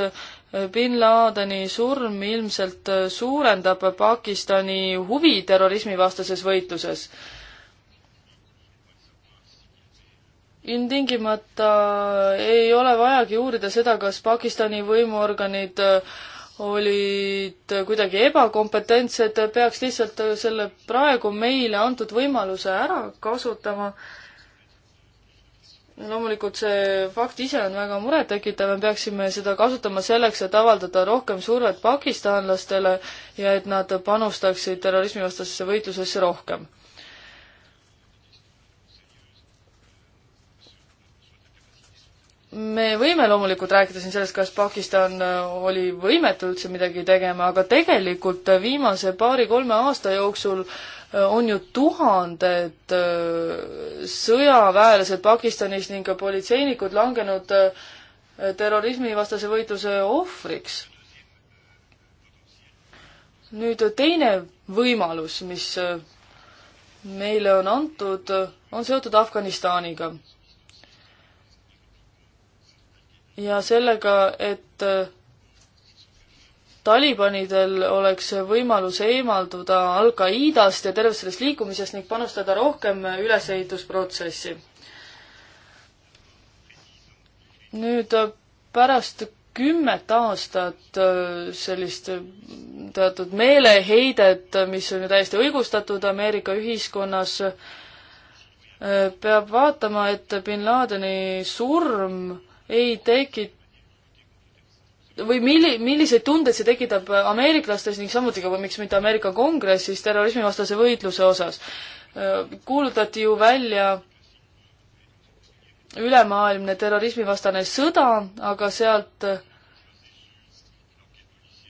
bin Ladeni surm ilmselt suurendab Pakistani huvi terrorismivastases võitluses ilmtingimata ei ole vajagi uurida seda, kas Pakistani võimuorganid äh, olid äh, kuidagi ebakompetentsed, peaks lihtsalt äh, selle praegu meile antud võimaluse ära kasutama. loomulikult see fakt ise on väga murettekitav, me peaksime seda kasutama selleks, et avaldada rohkem survet pakistanlastele ja et nad panustaksid terrorismivastasesse võitlusesse rohkem me võime loomulikult rääkida siin sellest, kas Pakistan äh, oli võimetu üldse midagi tegema, aga tegelikult äh, viimase paari-kolme aasta jooksul äh, on ju tuhanded sõjaväelased Pakistanis ning ka politseinikud langenud terrorismivastase võitluse ohvriks. nüüd teine võimalus, mis meile on antud, on seotud Afganistaniga ja sellega, et äh, talibanidel oleks võimalus eemalduda Al-Qaidast ja tervest sellest liikumisest ning panustada rohkem ülesehitusprotsessi. nüüd äh, pärast kümmet aastat äh, sellist teatud meeleheidet, mis on ju täiesti õigustatud Ameerika ühiskonnas, peab vaatama, et bin Ladeni surm ei tekita või milli-, milliseid tundeid see tekitab ameeriklastes ning samuti ka, miks mitte Ameerika Kongressis terrorismivastase võitluse osas. kuulutati ju välja ülemaailmne terrorismivastane sõda, aga sealt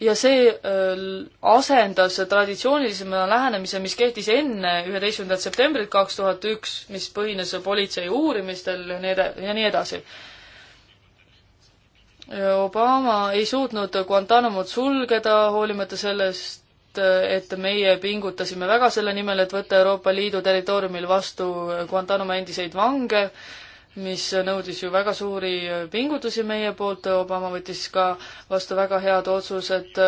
ja see äh, asendas traditsioonilisema lähenemise, mis kehtis enne üheteistkümnendat septembrit kaks tuhat üks, mis põhines politsei uurimistel ja nii edasi ja nii edasi Obama ei suutnud Guantanamot sulgeda, hoolimata sellest, et meie pingutasime väga selle nimel, et võtta Euroopa Liidu territooriumil vastu Guantanamo endiseid vange, mis nõudis ju väga suuri pingutusi meie poolt, Obama võttis ka vastu väga head otsused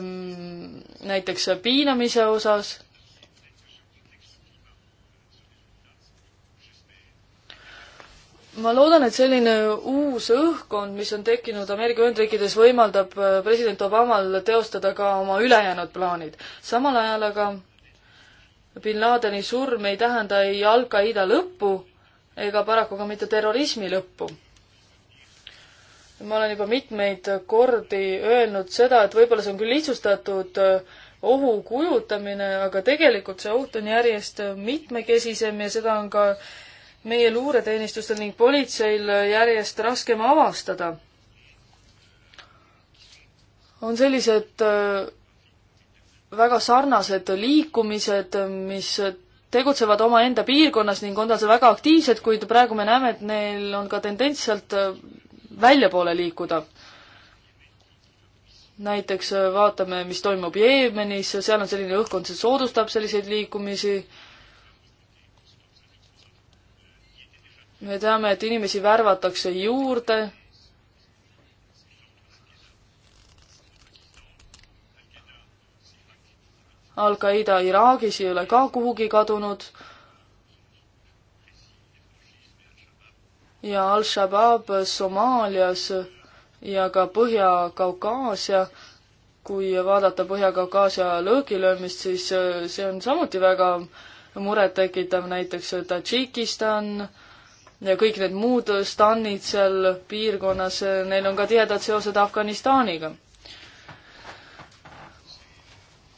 mm, näiteks piinamise osas ma loodan, et selline uus õhkkond, mis on tekkinud Ameerika Ühendriikides, võimaldab äh, president Obamal teostada ka oma ülejäänud plaanid. samal ajal aga bin Ladeni surm ei tähenda ei Al-Qaeda lõppu ega paraku ka mitte terrorismi lõppu. ma olen juba mitmeid kordi öelnud seda, et võib-olla see on küll lihtsustatud äh, ohu kujutamine, aga tegelikult see oht on järjest mitmekesisem ja seda on ka äh, meie luureteenistustel ning politseil järjest raskem avastada. on sellised äh, väga sarnased liikumised, mis tegutsevad omaenda piirkonnas ning on tal seal väga aktiivsed, kuid praegu me näeme, et neil on ka tendents sealt äh, väljapoole liikuda. näiteks äh, vaatame, mis toimub Jeemenis, seal on selline õhkkond, see soodustab selliseid liikumisi me teame, et inimesi värvatakse juurde. Al-Qaeda Iraagis ei ole ka kuhugi kadunud. ja Al-Shabaab Somaalias ja ka Põhja-Kaukaasia, kui vaadata Põhja-Kaukaasia löögilöömist, siis eh, see on samuti väga murettekitav, näiteks Tadžikistan äh,, ja kõik need muud stannid seal piirkonnas, neil on ka tihedad seosed Afganistaniga.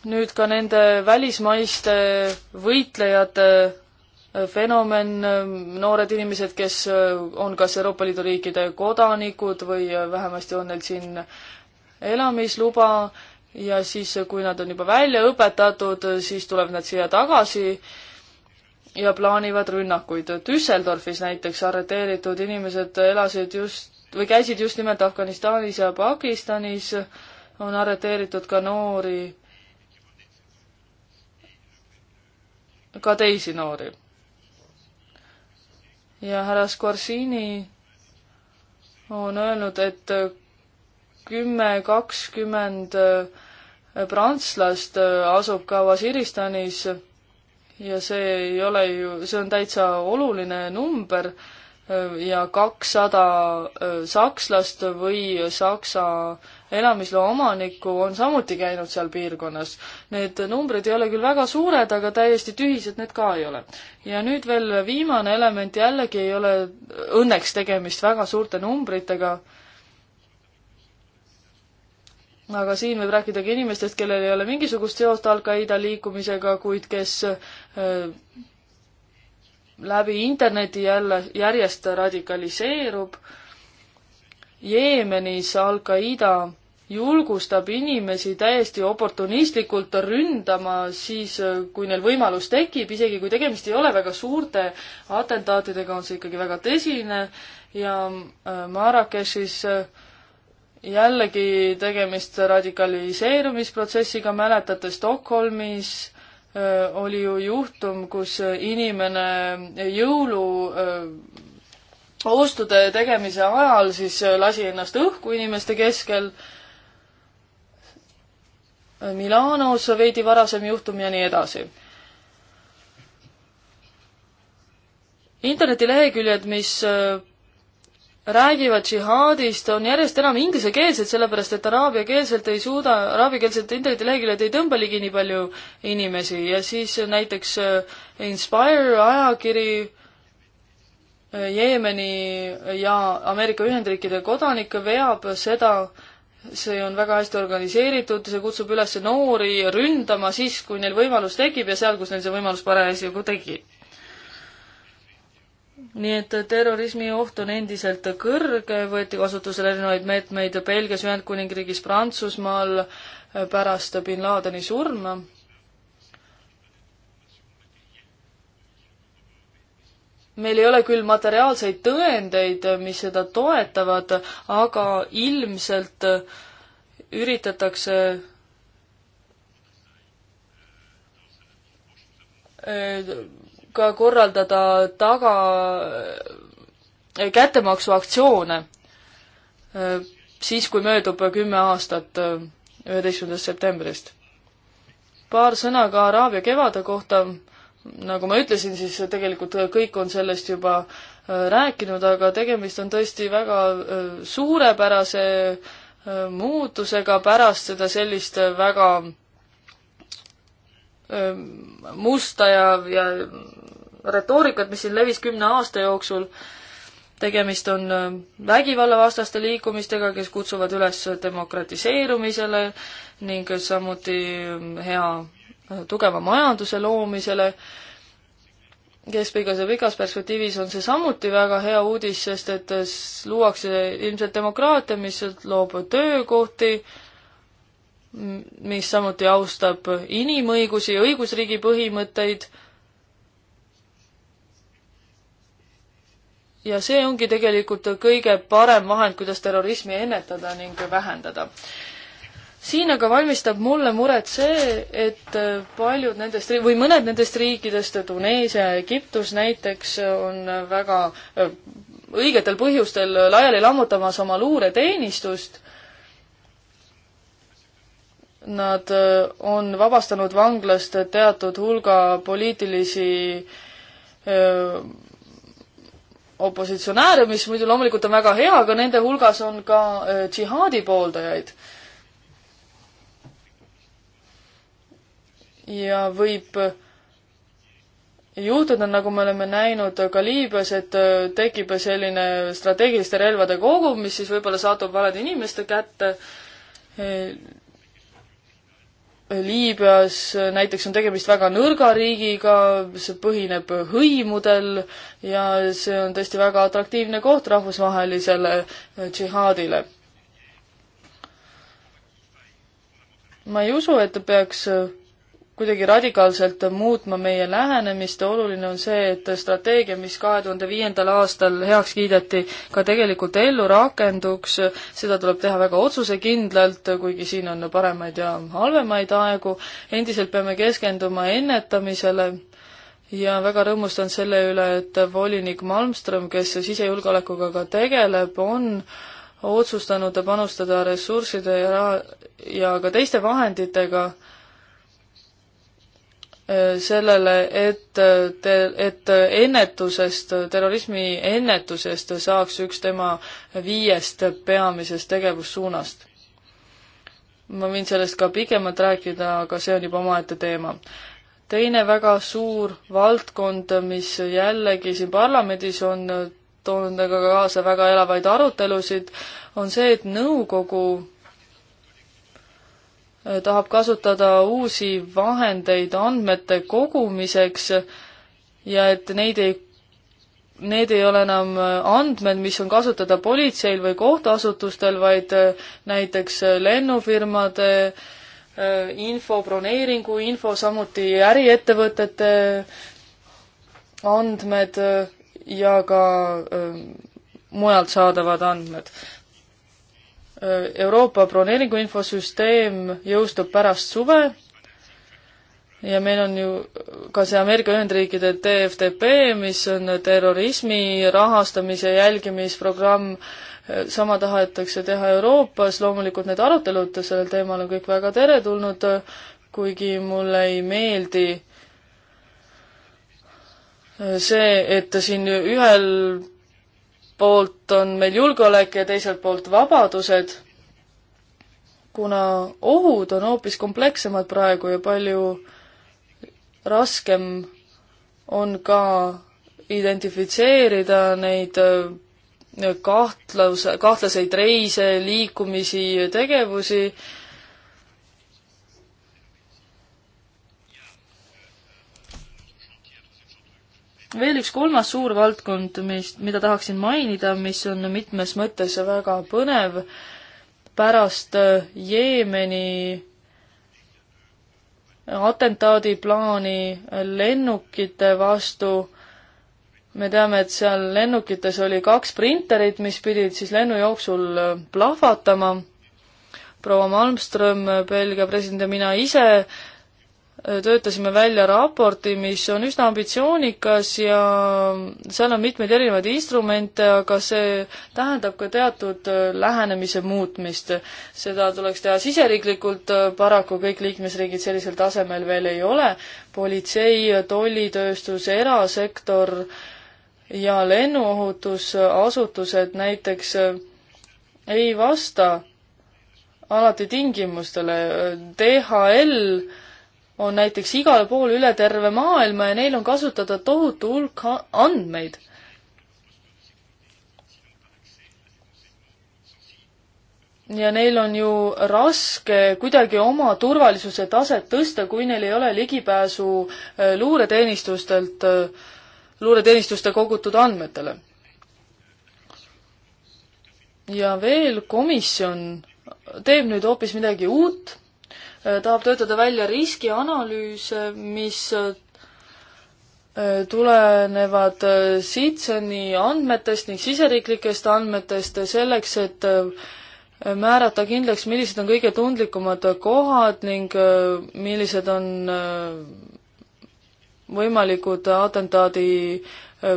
nüüd ka nende välismaiste võitlejate fenomen, noored inimesed, kes on kas Euroopa Liidu riikide kodanikud või vähemasti on neil siin elamisluba ja siis, kui nad on juba välja õpetatud, siis tulevad nad siia tagasi ja plaanivad rünnakuid. Düsseldorfis näiteks arreteeritud inimesed elasid just või käisid just nimelt Afganistanis ja Pakistanis, on arreteeritud ka noori, ka teisi noori. ja härra Skorsini on öelnud, et kümme, kakskümmend äh, prantslast äh, asub ka Vasiristanis ja see ei ole ju, see on täitsa oluline number äh, ja kakssada äh, sakslast või Saksa elamisloa omanikku on samuti käinud seal piirkonnas. Need numbrid ei ole küll väga suured, aga täiesti tühised need ka ei ole. ja nüüd veel viimane element, jällegi ei ole õnneks tegemist väga suurte numbritega aga siin võib rääkida ka inimestest, kellel ei ole mingisugust seost Al-Qaeda liikumisega, kuid kes äh, läbi interneti jälle järjest radikaliseerub. Jeemenis Al-Qaeda julgustab inimesi täiesti oportunistlikult ründama siis, äh, kui neil võimalus tekib, isegi kui tegemist ei ole väga suurte atentaatidega, on see ikkagi väga tõsine ja äh, Marrakechis äh, jällegi tegemist radikaliseerumisprotsessiga, mäletate, Stockholmis öö, oli ju juhtum, kus inimene jõulu öö, ostude tegemise ajal siis lasi ennast õhku inimeste keskel. Milanos veidi varasem juhtum ja nii edasi internetileheküljed, mis räägivad džihaadist, on järjest enam inglisekeelsed, sellepärast et araabiakeelselt ei suuda, araabiakeelset internetileheküljed ei tõmba ligi nii palju inimesi ja siis näiteks äh, Inspire ajakiri äh, Jeemeni ja Ameerika Ühendriikide kodanikke veab seda, see on väga hästi organiseeritud, see kutsub üles noori ründama siis, kui neil võimalus tekib ja seal, kus neil see võimalus parajasti nagu tegi nii et terrorismi oht on endiselt kõrge, võeti kasutusele erinevaid meetmeid Belgias, Ühendkuningriigis, Prantsusmaal pärast bin Ladeni surma. meil ei ole küll materiaalseid tõendeid, mis seda toetavad, aga ilmselt üritatakse äh, ka korraldada taga kättemaksuaktsioone siis, kui möödub kümme aastat üheteistkümnendast septembrist. paar sõna ka Araabia kevade kohta, nagu ma ütlesin, siis tegelikult kõik on sellest juba äh, rääkinud, aga tegemist on tõesti väga äh, suurepärase äh, muutusega pärast seda sellist väga musta ja, ja retoorikat, mis siin levis kümne aasta jooksul. tegemist on vägivallavastaste liikumistega, kes kutsuvad üles demokratiseerumisele ning samuti hea tugeva majanduse loomisele keskpikas ja pikas perspektiivis on see samuti väga hea uudis, sest et luuakse ilmselt demokraatia, mis loob töökohti, mis samuti austab inimõigusi ja õigusriigi põhimõtteid. ja see ongi tegelikult kõige parem vahend, kuidas terrorismi ennetada ning vähendada. siin aga valmistab mulle muret see, et paljud nendest või mõned nendest riikidest, Tuneesia ja Egiptus näiteks, on väga äh, õigetel põhjustel laiali lammutamas oma luureteenistust Nad äh, on vabastanud vanglast teatud hulga poliitilisi öö, äh, opositsionääre, mis muidu loomulikult on väga hea, aga nende hulgas on ka äh, džihaadi pooldajaid. ja võib juhtuda, nagu me oleme näinud ka Liibüas, et tekib selline strateegiliste relvade kogum, mis siis võib-olla satub valede inimeste kätte. Liibüas näiteks on tegemist väga nõrga riigiga, see põhineb hõimudel ja see on tõesti väga atraktiivne koht rahvusvahelisele äh, džihaadile. ma ei usu, et peaks äh, kuidagi radikaalselt muutma meie lähenemist, oluline on see, et strateegia, mis kahe tuhande viiendal aastal heaks kiideti, ka tegelikult ellu rakenduks, seda tuleb teha väga otsusekindlalt, kuigi siin on paremaid ja halvemaid aegu, endiselt peame keskenduma ennetamisele ja väga rõõmustan selle üle, et volinik Malmström, kes sisejulgeolekuga ka tegeleb, on otsustanud panustada ressursside ja, ja ka teiste vahenditega sellele, et te, et ennetusest, terrorismi ennetusest saaks üks tema viiest peamisest tegevussuunast. ma võin sellest ka pikemalt rääkida, aga see on juba omaette teema. teine väga suur valdkond, mis jällegi siin parlamendis on toonud ka kaasa väga elavaid arutelusid, on see, et nõukogu tahab kasutada uusi vahendeid andmete kogumiseks ja et neid ei, need ei ole enam andmed, mis on kasutada politseil või kohtuasutustel, vaid äh, näiteks äh, lennufirmade äh, info, broneeringu info, samuti äriettevõtete andmed ja ka mujalt saadavad andmed. Äh, Euroopa broneeringu infosüsteem jõustub pärast suve ja meil on ju ka see Ameerika Ühendriikide TFTP, mis on terrorismi rahastamise jälgimisprogramm, äh, sama tahetakse teha Euroopas, loomulikult need arutelud sellel teemal on kõik väga teretulnud, kuigi mulle ei meeldi see, et siin ühel poolt on meil julgeolek ja teiselt poolt vabadused, kuna ohud on hoopis komplekssemad praegu ja palju raskem on ka identifitseerida neid äh, kahtlus, kahtlaseid reise, liikumisi, tegevusi veel üks kolmas suur valdkond, mis, mida tahaksin mainida, mis on mitmes mõttes väga põnev, pärast äh, Jeemeni atentaadiplaani lennukite vastu. me teame, et seal lennukites oli kaks printerit, mis pidid siis lennu jooksul äh, plahvatama. proua Malmström, Belgia president ja mina ise töötasime välja raporti, mis on üsna ambitsioonikas ja seal on mitmeid erinevaid instrumente, aga see tähendab ka teatud äh, lähenemise muutmist. seda tuleks teha siseriiklikult, äh, paraku kõik liikmesriigid sellisel tasemel veel ei ole. politsei, tollitööstus, erasektor ja lennuohutusasutused näiteks äh, ei vasta alati tingimustele. DHL on näiteks igal pool üle terve maailma ja neil on kasutada tohutu hulk andmeid. ja neil on ju raske kuidagi oma turvalisuse taset tõsta, kui neil ei ole ligipääsu äh, luureteenistustelt, äh, luureteenistuste kogutud andmetele. ja veel komisjon teeb nüüd hoopis midagi uut Äh, tahab töötada välja riskianalüüse, mis äh, tulenevad äh, Sitseni andmetest ning siseriiklikest andmetest selleks, et määrata kindlaks, millised on kõige tundlikumad kohad ning millised on võimalikud atentaadi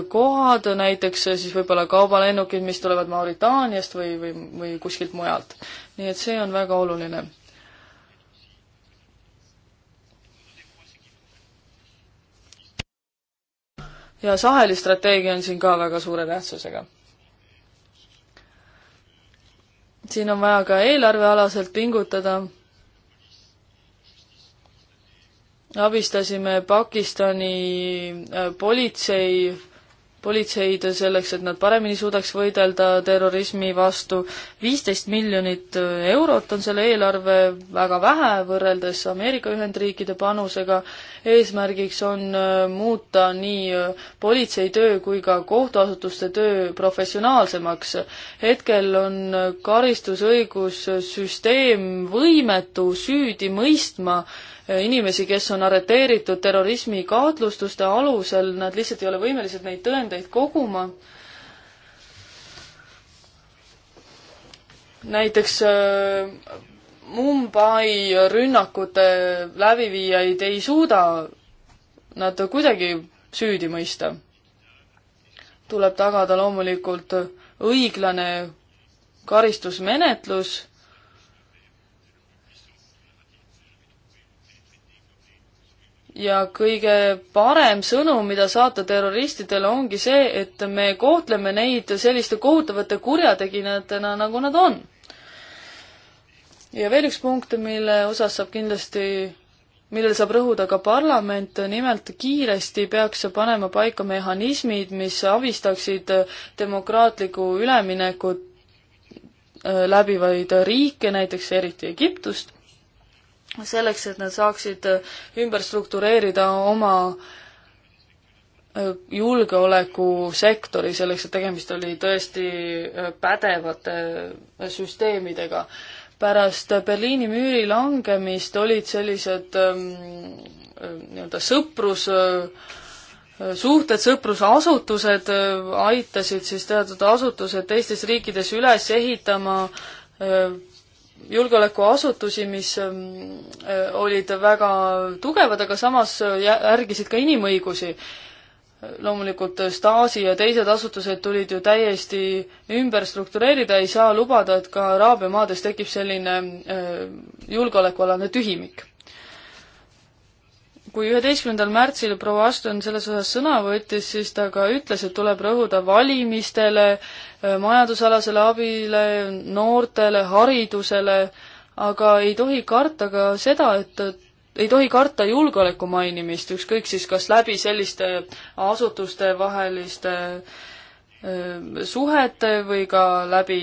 kohad, näiteks siis võib-olla kaubalennukid, mis tulevad Mauritaaniast või, või, või kuskilt mujalt. nii et see on väga oluline ja Saheli strateegia on siin ka väga suure tähtsusega. siin on vaja ka eelarvealaselt pingutada. abistasime Pakistani äh, politsei politseid selleks, et nad paremini suudaks võidelda terrorismi vastu. viisteist miljonit äh, eurot on selle eelarve väga vähe võrreldes Ameerika Ühendriikide panusega. eesmärgiks on äh, muuta nii äh, politsei töö kui ka kohtuasutuste töö professionaalsemaks. hetkel on karistusõigussüsteem võimetu süüdi mõistma inimesi, kes on arreteeritud terrorismikaotlustuste alusel, nad lihtsalt ei ole võimelised neid tõendeid koguma. näiteks äh, Mumbai rünnakute läbiviijaid ei suuda nad kuidagi süüdi mõista. tuleb tagada loomulikult õiglane karistusmenetlus ja kõige parem sõnum, mida saata terroristidele, ongi see, et me kohtleme neid selliste kohutavate kurjategijatena, nagu nad on. ja veel üks punkt, mille osas saab kindlasti, millele saab rõhuda ka parlament, nimelt kiiresti peaks panema paika mehhanismid, mis abistaksid demokraatlikku üleminekut äh, läbivaid riike, näiteks eriti Egiptust selleks, et nad saaksid äh, ümber struktureerida oma äh, julgeolekusektori, selleks et tegemist oli tõesti äh, pädevate süsteemidega. pärast Berliini müüri langemist olid sellised ähm, nii-öelda sõprus, suhted, sõprusasutused aitasid siis teatud asutused teistes riikides üles ehitama julgeolekuasutusi, mis ähm, äh, olid väga tugevad, aga samas äh, järgisid ka inimõigusi. loomulikult äh, Stasi ja teised asutused tulid ju täiesti ümber struktureerida, ei saa lubada, et ka Araabia maades tekib selline julgeolekualane tühimik kui üheteistkümnendal märtsil proua Ashton selles osas sõna võttis, siis ta ka ütles, et tuleb rõhuda valimistele, äh, majandusalasele abile, noortele, haridusele, aga ei tohi karta ka seda, et ei tohi karta julgeoleku mainimist, ükskõik siis kas läbi selliste asutuste vaheliste äh, suhete või ka läbi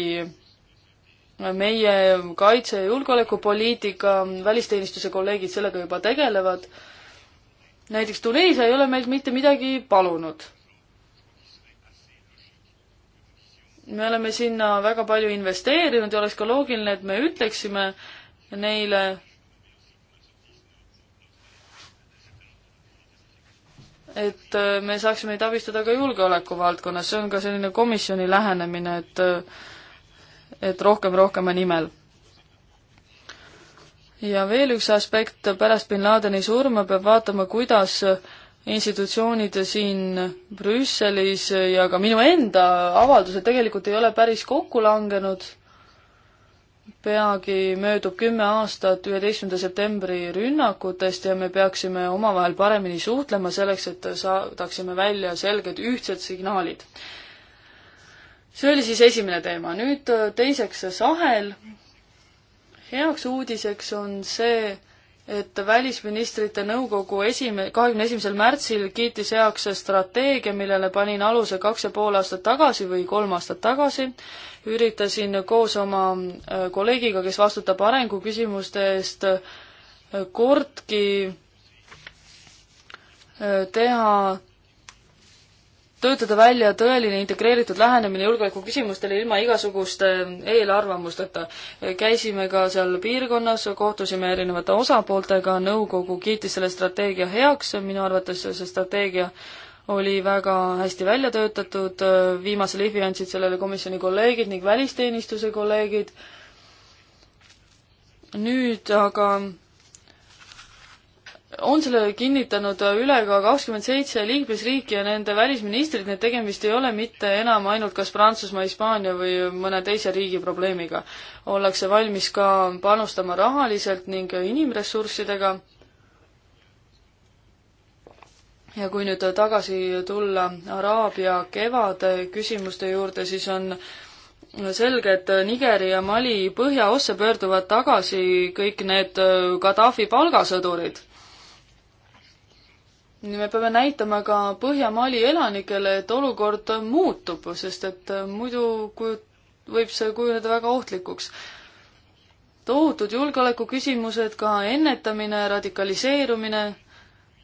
meie kaitse- ja julgeolekupoliitika, välisteenistuse kolleegid sellega juba tegelevad näiteks Tuneesia ei ole meilt mitte midagi palunud. me oleme sinna väga palju investeerinud ja oleks ka loogiline, et me ütleksime neile, et äh, me saaksime neid abistada ka julgeoleku valdkonnas, see on ka selline komisjoni lähenemine, et äh, et rohkem rohkema nimel ja veel üks aspekt, pärast bin Ladeni surma peab vaatama, kuidas institutsioonid siin Brüsselis ja ka minu enda avaldused tegelikult ei ole päris kokku langenud. peagi möödub kümme aastat üheteistkümnenda septembri rünnakutest ja me peaksime omavahel paremini suhtlema selleks, et saadaksime välja selged ühtsed signaalid. see oli siis esimene teema, nüüd teiseks Sahel heaks uudiseks on see, et välisministrite nõukogu esime-, kahekümne esimesel märtsil kiitis heaks strateegia, millele panin aluse kaks ja pool aastat tagasi või kolm aastat tagasi. üritasin koos oma äh, kolleegiga, kes vastutab arenguküsimuste eest, äh, kordki äh, teha töötada välja tõeline integreeritud lähenemine julgeolekuküsimustele ilma igasuguste äh, eelarvamusteta. käisime ka seal piirkonnas, kohtusime erinevate osapooltega, nõukogu kiitis selle strateegia heaks, minu arvates see strateegia oli väga hästi välja töötatud, äh, viimase lihvi andsid sellele komisjoni kolleegid ning välisteenistuse kolleegid, nüüd aga on selle kinnitanud üle ka kakskümmend seitse liikmesriiki ja nende välisministrid, nii et tegemist ei ole mitte enam ainult kas Prantsusmaa, Hispaania või mõne teise riigi probleemiga. ollakse valmis ka panustama rahaliselt ning inimressurssidega. ja kui nüüd tagasi tulla Araabia kevade küsimuste juurde, siis on selge, et Nigeri ja Mali põhjaosse pöörduvad tagasi kõik need Gaddafi palgasõdurid me peame näitama ka Põhja-Mali elanikele, et olukord muutub, sest et muidu kujut-, võib see kujuneda väga ohtlikuks. tohutud julgeolekuküsimused, ka ennetamine, radikaliseerumine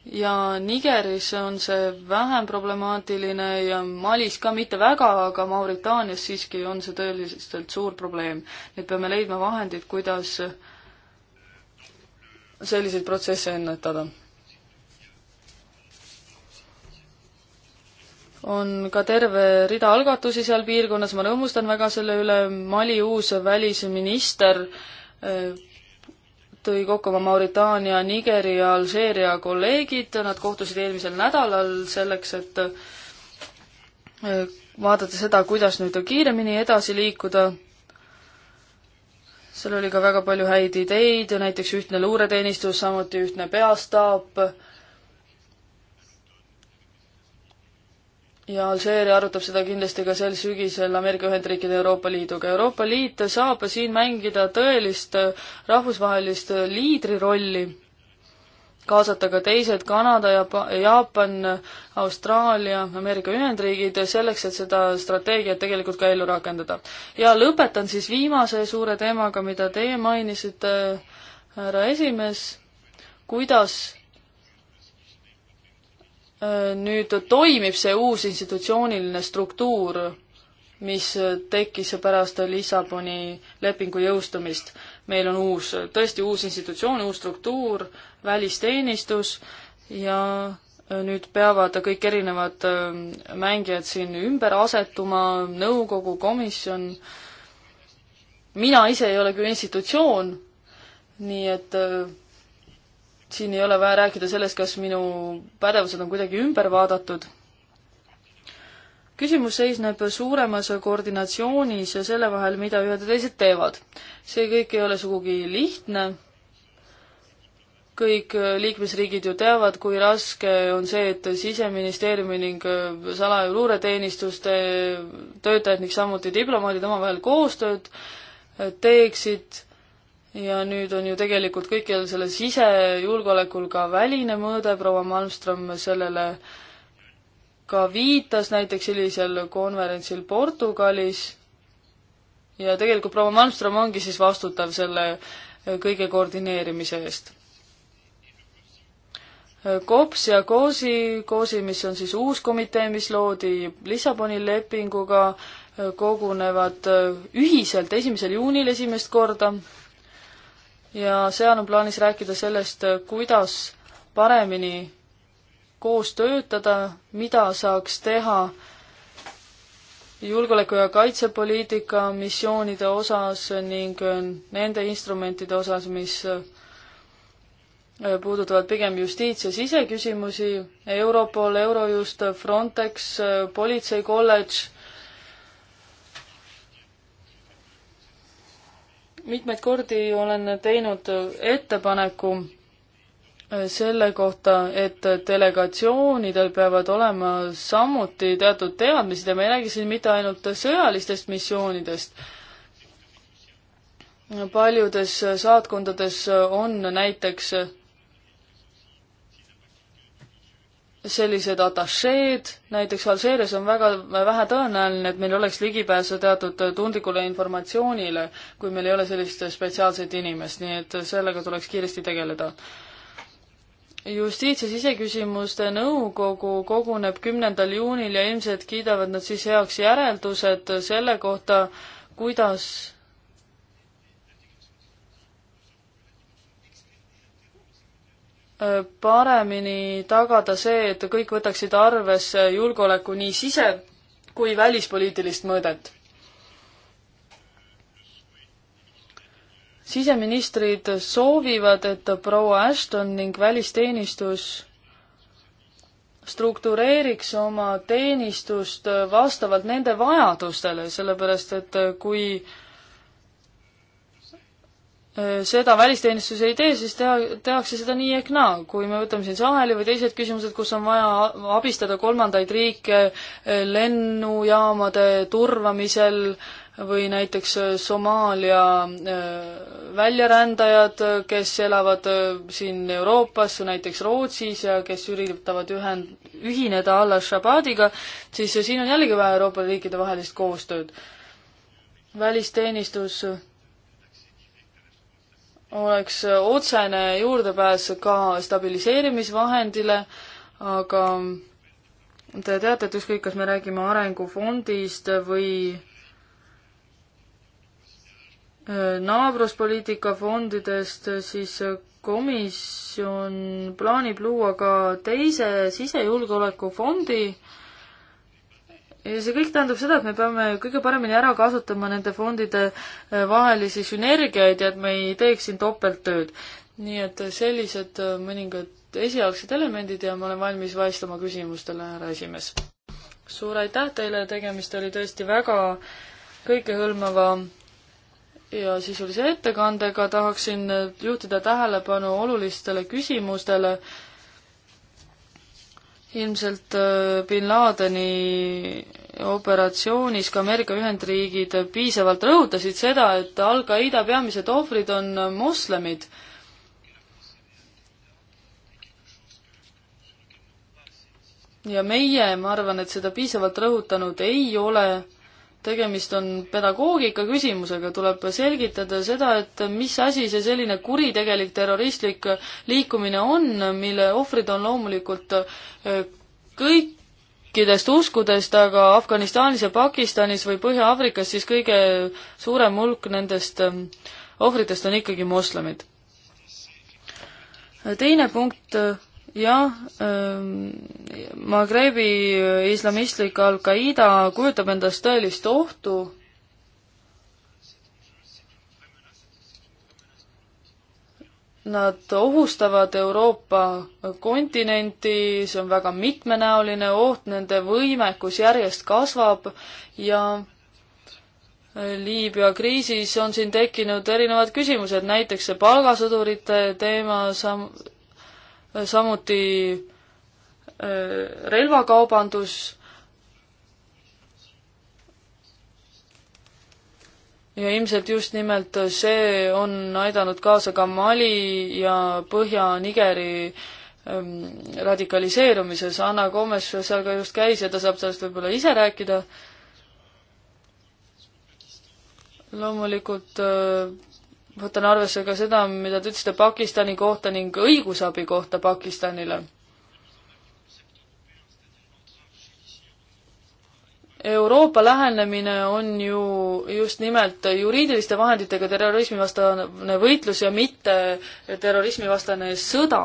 ja Nigeris on see vähem problemaatiline ja Malis ka mitte väga, aga Mauritaanias siiski on see tõeliselt suur probleem. nii et peame leidma vahendid, kuidas selliseid protsesse ennetada on ka terve rida algatusi seal piirkonnas, ma rõõmustan väga selle üle, Mali uus välisminister eh, tõi kokku oma Mauritaania, Nigeri ja Alžeeria kolleegid, nad kohtusid eelmisel nädalal selleks, et eh, vaadata seda, kuidas nüüd kiiremini edasi liikuda. seal oli ka väga palju häid ideid, näiteks ühtne luureteenistus, samuti ühtne peastaap ja Alžeeria arutab seda kindlasti ka sel sügisel Ameerika Ühendriikide Euroopa Liiduga. Euroopa Liit saab siin mängida tõelist rahvusvahelist liidrirolli, kaasata ka teised, Kanada, Jaapan, Austraalia, Ameerika Ühendriigid, selleks, et seda strateegiat tegelikult ka ellu rakendada. ja lõpetan siis viimase suure teemaga, mida teie mainisite, härra esimees, kuidas nüüd toimib see uus institutsiooniline struktuur, mis tekkis pärast Lissaboni lepingu jõustumist. meil on uus, tõesti uus institutsioon, uus struktuur, välisteenistus ja nüüd peavad kõik erinevad ähm, mängijad siin ümber asetuma, nõukogu, komisjon, mina ise ei ole küll institutsioon, nii et äh, siin ei ole vaja rääkida sellest, kas minu pädevused on kuidagi ümber vaadatud. küsimus seisneb suuremas koordinatsioonis selle vahel, mida ühed ja teised teevad. see kõik ei ole sugugi lihtne. kõik liikmesriigid ju teavad, kui raske on see, et Siseministeeriumi ning salaluureteenistuste töötajad ning samuti diplomaadid omavahel koostööd teeksid ja nüüd on ju tegelikult kõikjal sellel sisejulgeolekul ka väline mõõde, proua Malmström sellele ka viitas näiteks sellisel konverentsil Portugalis. ja tegelikult proua Malmström ongi siis vastutav selle kõige koordineerimise eest. KOPS ja KOSI, KOSI, mis on siis uus komitee, mis loodi Lissaboni lepinguga, kogunevad ühiselt esimesel juunil esimest korda ja seal on plaanis rääkida sellest, kuidas paremini koos töötada, mida saaks teha julgeoleku- ja kaitsepoliitika missioonide osas ning nende instrumentide osas, mis äh, puudutavad pigem justiits- ja siseküsimusi, Europol, Eurojust, Frontex, äh, politseikolledž mitmeid kordi olen teinud ettepaneku äh, selle kohta, et delegatsioonidel peavad olema samuti teatud teadmised ja ma ei räägi siin mitte ainult sõjalistest missioonidest. paljudes saatkondades on näiteks sellised atašeed, näiteks Alžeerias on väga vähe tõenäoline, et meil oleks ligipääsu teatud tundlikule informatsioonile, kui meil ei ole sellist spetsiaalset inimest, nii et sellega tuleks kiiresti tegeleda justiits- ja siseküsimuste nõukogu koguneb kümnendal juunil ja ilmselt kiidavad nad siis heaks järeldused selle kohta, kuidas Äh, paremini tagada see, et kõik võtaksid arvesse julgeoleku nii sise- kui välispoliitilist mõõdet. siseministrid soovivad, et proua Ashton ning välisteenistus struktureeriks oma teenistust vastavalt nende vajadustele, sellepärast et kui äh, Äh, seda välisteenistus ei tee, siis teha, tehakse seda nii ehk naa. kui me võtame siin Saheli või teised küsimused, kus on vaja abistada kolmandaid riike äh, lennujaamade turvamisel või näiteks äh, Somaalia väljarändajad, kes elavad siin Euroopas, näiteks Rootsis ja kes üritavad ühend-, ühineda Al-Shabaadiga, siis siin on jällegi vaja Euroopa riikide vahelist koostööd. välisteenistus oleks otsene juurdepääs ka stabiliseerimisvahendile, aga te teate, et ükskõik, kas me räägime arengufondist või äh, naabruspoliitika fondidest, siis komisjon plaanib luua ka teise sisejulgeolekufondi, ja see kõik tähendab seda, et me peame kõige paremini ära kasutama nende fondide äh, vahelisi sünergiaid ja et me ei teeks siin topelttööd. nii et sellised äh, mõningad esialgsed elemendid ja ma olen valmis vastama küsimustele, härra esimees. suur aitäh teile, tegemist oli tõesti väga kõikehõlmava ja sisulise ettekandega, tahaksin äh, juhtida tähelepanu olulistele küsimustele ilmselt äh, bin Ladeni operatsioonis ka Ameerika Ühendriigid piisavalt rõhutasid seda, et Al-Qaeda peamised ohvrid on äh, moslemid. ja meie, ma arvan, et seda piisavalt rõhutanud ei ole tegemist on pedagoogika küsimusega, tuleb selgitada seda, et mis asi see selline kuritegelik terroristlik liikumine on, mille ohvrid on loomulikult äh, kõikidest uskudest, aga Afganistanis ja Pakistanis või Põhja-Aafrikas siis kõige suurem hulk nendest äh, ohvritest on ikkagi moslemid. teine punkt äh, jah ähm,, Magrebi äh, islamistlik Al-Qaeda kujutab endast tõelist ohtu. Nad ohustavad Euroopa kontinenti, see on väga mitmenäoline oht, nende võimekus järjest kasvab ja äh, Liibüa kriisis on siin tekkinud erinevad küsimused, näiteks see palgasõdurite teema, sam-, samuti äh, relvakaubandus ja ilmselt just nimelt see on aidanud kaasa ka Mali ja Põhja-Nigeri ähm, radikaliseerumises, Anna Gomes seal ka just käis ja ta saab sellest võib-olla ise rääkida. loomulikult äh, võtan arvesse ka seda, mida te ütlesite Pakistani kohta ning õigusabi kohta Pakistanile. Euroopa lähenemine on ju just nimelt juriidiliste vahenditega terrorismivastane võitlus ja mitte terrorismivastane sõda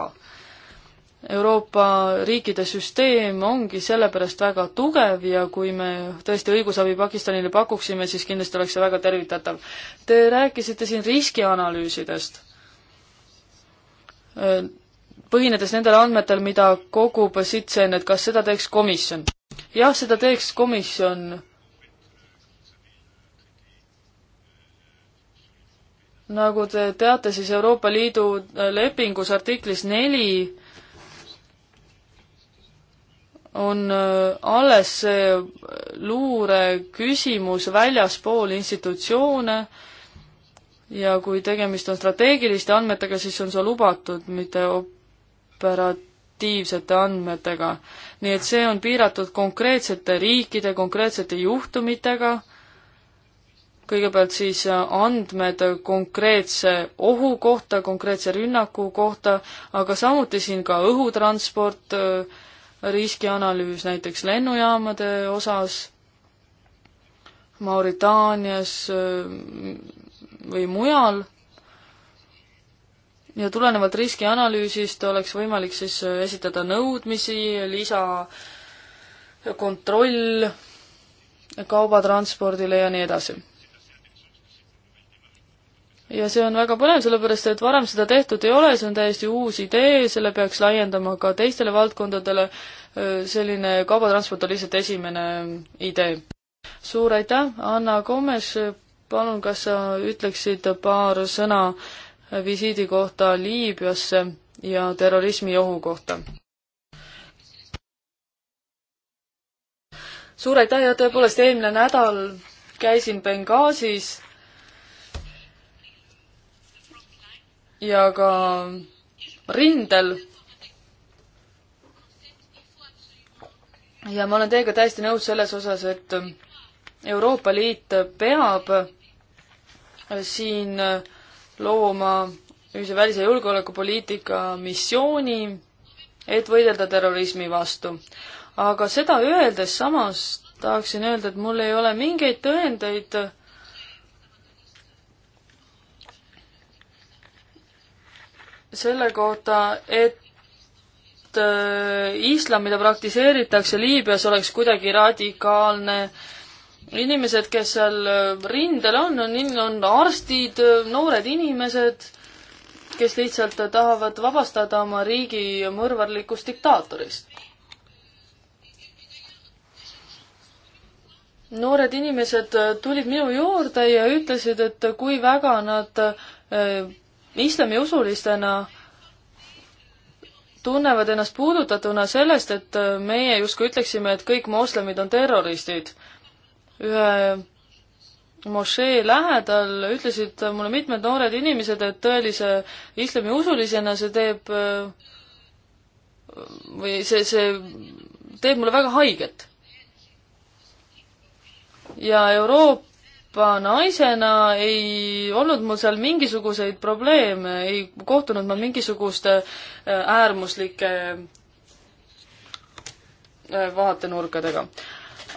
Euroopa riikide süsteem ongi sellepärast väga tugev ja kui me tõesti õigusabi Pakistanile pakuksime, siis kindlasti oleks see väga tervitatav. Te rääkisite siin riskianalüüsidest. Äh, põhinedes nendel andmetel, mida kogub Sitsen, et kas seda teeks komisjon? jah, seda teeks komisjon. nagu te teate, siis Euroopa Liidu lepingus artiklis neli on äh, alles see luure küsimus väljaspool institutsioone ja kui tegemist on strateegiliste andmetega, siis on see lubatud, mitte operatiivsete andmetega. nii et see on piiratud konkreetsete riikide, konkreetsete juhtumitega, kõigepealt siis andmed konkreetse ohu kohta, konkreetse rünnaku kohta, aga samuti siin ka õhutransport, riskianalüüs näiteks lennujaamade osas, Mauritaanias äh, või mujal ja tulenevalt riskianalüüsist oleks võimalik siis äh, esitada nõudmisi, lisakontroll kaubatranspordile ja nii edasi ja see on väga põnev, sellepärast et varem seda tehtud ei ole, see on täiesti uus idee, selle peaks laiendama ka teistele valdkondadele, selline kaubatransport on lihtsalt esimene idee. suur aitäh, Anna Komes, palun, kas sa ütleksid paar sõna visiidi kohta Liibüasse ja terrorismiohu kohta? suur aitäh ja tõepoolest eelmine nädal käisin Benghazis ja ka rindel. ja ma olen teiega täiesti nõus selles osas, et Euroopa Liit peab siin looma ühise välis- ja julgeolekupoliitika missiooni, et võidelda terrorismi vastu. aga seda öeldes samas tahaksin öelda, et mul ei ole mingeid tõendeid selle kohta, et äh, islam, mida praktiseeritakse Liibüas, oleks kuidagi radikaalne. inimesed, kes seal äh, rindel on, on, on arstid, äh, noored inimesed, kes lihtsalt tahavad vabastada oma riigi mõrvarlikust diktaatorist. noored inimesed tulid minu juurde ja ütlesid, et kui väga nad islamiusulistena tunnevad ennast puudutatuna sellest, et meie justkui ütleksime, et kõik moslemid on terroristid. ühe mošee lähedal ütlesid mulle mitmed noored inimesed, et tõelise islamiusulisena see teeb või see, see teeb mulle väga haiget. ja Euroopa Euroopa naisena ei olnud mul seal mingisuguseid probleeme, ei kohtunud ma mingisuguste äh, äärmuslike äh, vaatenurkadega.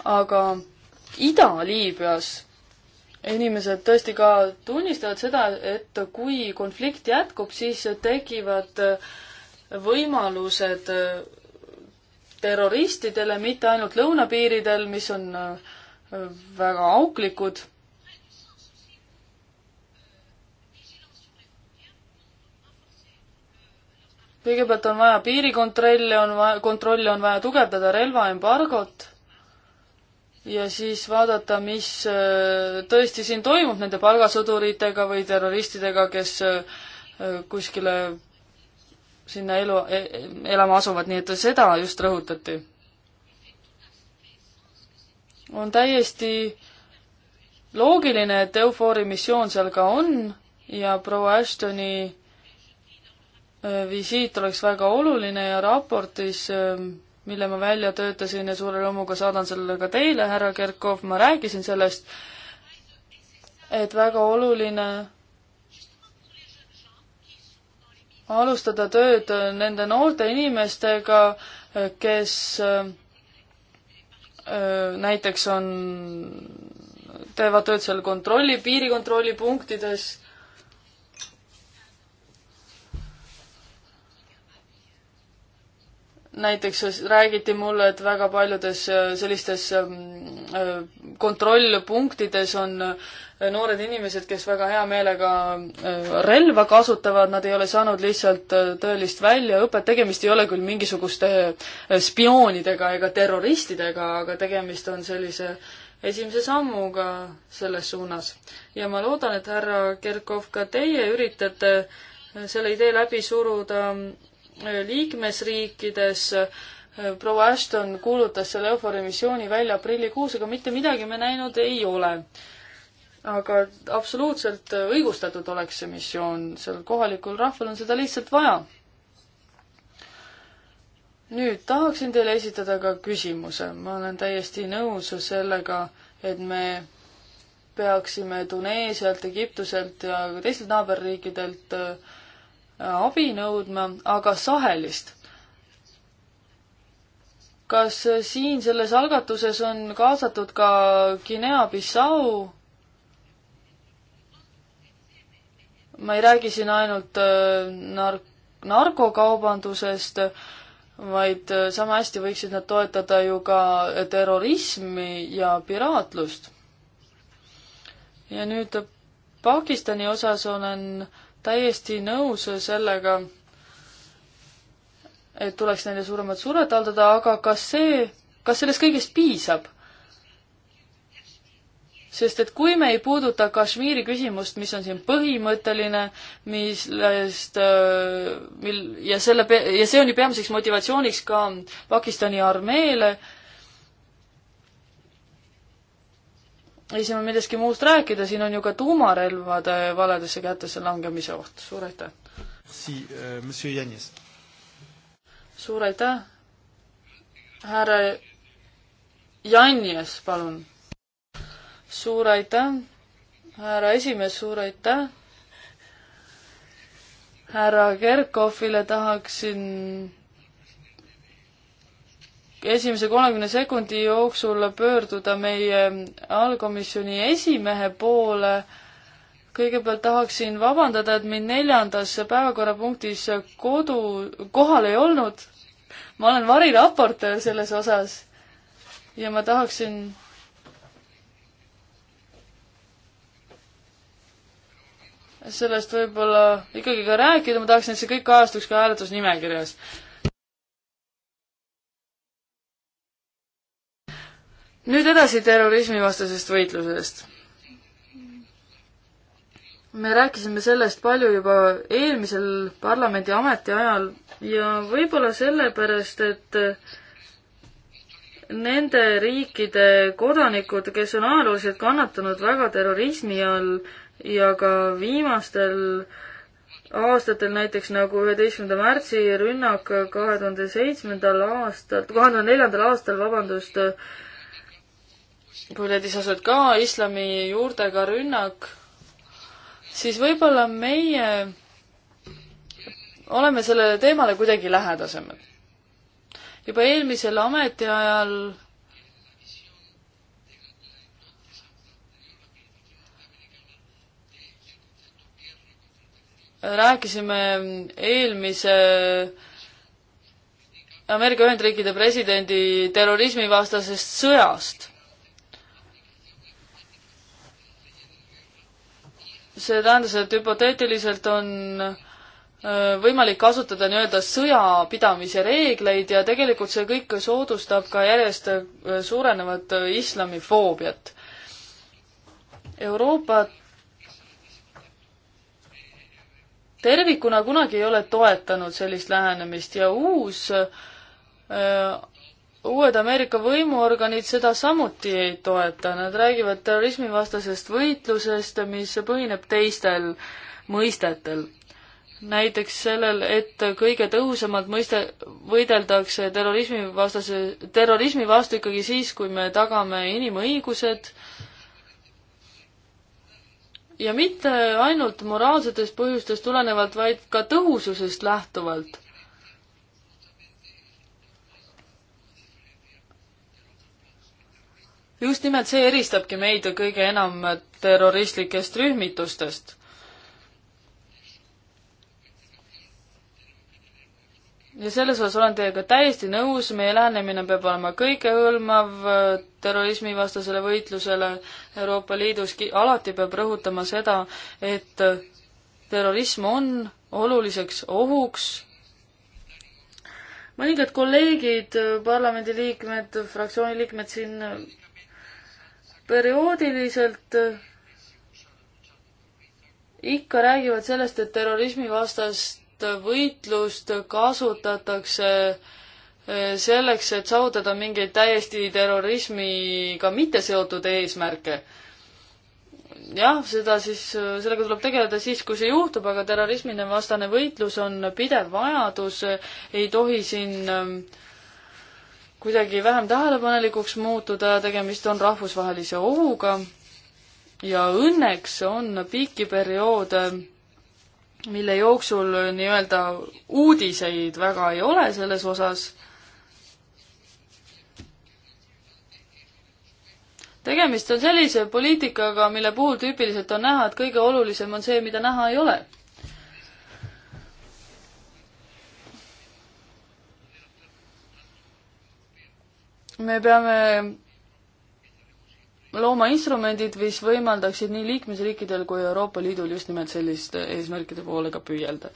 aga Ida-Liibüas inimesed tõesti ka tunnistavad seda, et kui konflikt jätkub, siis tekivad äh, võimalused terroristidele mitte ainult lõunapiiridel, mis on väga auklikud, kõigepealt on vaja piirikontrolle, on vaja, kontrolle on vaja tugevdada relvaembargot ja siis vaadata, mis äh, tõesti siin toimub nende palgasõduritega või terroristidega, kes äh, kuskile sinna elu, e, e, elama asuvad, nii et seda just rõhutati. on täiesti loogiline, et EUFOR-i missioon seal ka on ja proua Ashtoni Äh, visiit oleks väga oluline ja raportis, äh, mille ma välja töötasin ja suure rõõmuga saadan selle ka teile, härra Kerkhoff, ma rääkisin sellest, et väga oluline alustada tööd nende noorte inimestega, äh, kes näiteks on, teevad tööd seal kontrolli, piirikontrollipunktides näiteks räägiti mulle, et väga paljudes äh, sellistes ähm, äh, kontrollpunktides on äh, noored inimesed, kes väga hea meelega relva kasutavad, nad ei ole saanud lihtsalt tõelist väljaõpet, tegemist ei ole küll mingisuguste spioonidega ega terroristidega, aga tegemist on sellise esimese sammuga selles suunas. ja ma loodan, et härra Kerkov, ka teie üritate selle idee läbi suruda liikmesriikides äh, proua Ashton kuulutas selle EUFOR-i missiooni välja aprillikuus, aga mitte midagi me näinud ei ole. aga absoluutselt õigustatud oleks see missioon, seal kohalikul rahval on seda lihtsalt vaja. nüüd tahaksin teile esitada ka küsimuse, ma olen täiesti nõus sellega, et me peaksime Tuneesialt, Egiptuselt ja teistelt naaberriikidelt äh, abi nõudma, aga Sahelist. kas siin selles algatuses on kaasatud ka Guinea-Bissau? ma ei räägi siin ainult äh, nar-, narkokaubandusest, vaid äh, sama hästi võiksid nad toetada ju ka terrorismi ja piraatlust. ja nüüd Pakistani osas olen äh, täiesti nõus sellega, et tuleks neile suuremat survet avaldada, aga kas see, kas sellest kõigest piisab? sest et kui me ei puuduta Kashmiri küsimust, mis on siin põhimõtteline, millest, äh, mil- ja selle, ja see on ju peamiseks motivatsiooniks ka Pakistani armeele, ei saa millestki muust rääkida, siin on ju ka tuumarelvade valedesse kätesse langemise oht, suur aitäh! Euh, suur aitäh! härra Janjes, palun! suur aitäh, härra esimees, suur aitäh! härra Kerkhoffile tahaksin esimese kolmekümne sekundi jooksul pöörduda meie allkomisjoni esimehe poole. kõigepealt tahaksin vabandada, et mind neljandas päevakorrapunktis kodu, kohal ei olnud. ma olen variraportöör selles osas ja ma tahaksin sellest võib-olla ikkagi ka rääkida, ma tahaksin, et see kõik kajastuks ka hääletusnimekirjas. nüüd edasi terrorismivastasest võitlusest. me rääkisime sellest palju juba eelmisel parlamendi ametiajal ja võib-olla sellepärast, et nende riikide kodanikud, kes on ajalooliselt kannatanud väga terrorismi all ja ka viimastel aastatel, näiteks nagu üheteistkümnenda märtsi rünnak kahe tuhande seitsmendal aastal, kahe tuhande neljandal aastal, vabandust, kui leidis aset ka islami juurtega rünnak, siis võib-olla meie oleme sellele teemale kuidagi lähedasemad. juba eelmisel ametiajal rääkisime eelmise Ameerika Ühendriikide presidendi terrorismivastasest sõjast see tähendas, et hüpoteetiliselt on äh, võimalik kasutada nii-öelda sõjapidamise reegleid ja tegelikult see kõik soodustab ka järjest äh, suurenevat äh, islamifoobiat. Euroopa tervikuna kunagi ei ole toetanud sellist lähenemist ja uus uued Ameerika võimuorganid seda samuti ei toeta, nad räägivad terrorismivastasest võitlusest, mis põhineb teistel mõistetel. näiteks sellel, et kõige tõhusamalt mõiste, võideldakse terrorismivastase, terrorismi vastu ikkagi siis, kui me tagame inimõigused ja mitte ainult moraalsetest põhjustest tulenevalt, vaid ka tõhususest lähtuvalt just nimelt see eristabki meid kõige enam terroristlikest rühmitustest. ja selles osas olen teiega täiesti nõus, meie lähenemine peab olema kõigehõlmav terrorismivastasele võitlusele Euroopa Liidus, alati peab rõhutama seda, et terrorism on oluliseks ohuks mõningad kolleegid, parlamendiliikmed, fraktsiooni liikmed siin perioodiliselt ikka räägivad sellest, et terrorismivastast võitlust kasutatakse eh, selleks, et saavutada mingeid täiesti terrorismiga mitte seotud eesmärke jah, seda siis, sellega tuleb tegeleda siis, kui see juhtub, aga terrorismine vastane võitlus on pidev vajadus, ei tohi siin ähm, kuidagi vähem tähelepanelikuks muutuda, tegemist on rahvusvahelise ohuga ja õnneks on piikiperiood, ähm, mille jooksul nii-öelda uudiseid väga ei ole selles osas tegemist on sellise poliitikaga, mille puhul tüüpiliselt on näha, et kõige olulisem on see, mida näha ei ole. me peame looma instrumendid, mis võimaldaksid nii liikmesriikidel kui Euroopa Liidul just nimelt selliste eesmärkide poole ka püüelda.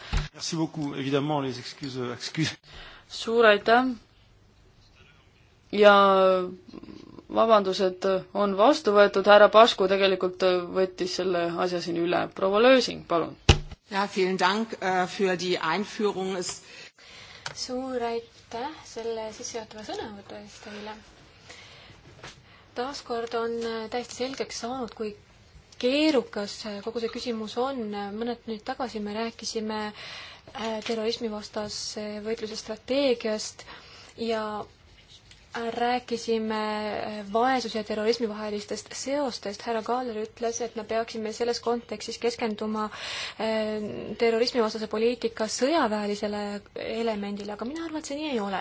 suur aitäh ja vabandused on vastu võetud, härra Pasku tegelikult võttis selle asja siin üle. proua Lösing, palun. Äh, suur aitäh selle sissejuhatava sõnavõtu eest teile. taaskord on täiesti selgeks saanud, kui keerukas kogu see küsimus on. mõned tunnid tagasi me rääkisime äh, terrorismivastase võitluse strateegiast ja rääkisime äh, vaesuse ja terrorismi vahelistest seostest. härra Kaaler ütles, et me peaksime selles kontekstis keskenduma äh, terrorismivastase poliitika sõjaväelisele elemendile, aga mina arvan, et see nii ei ole.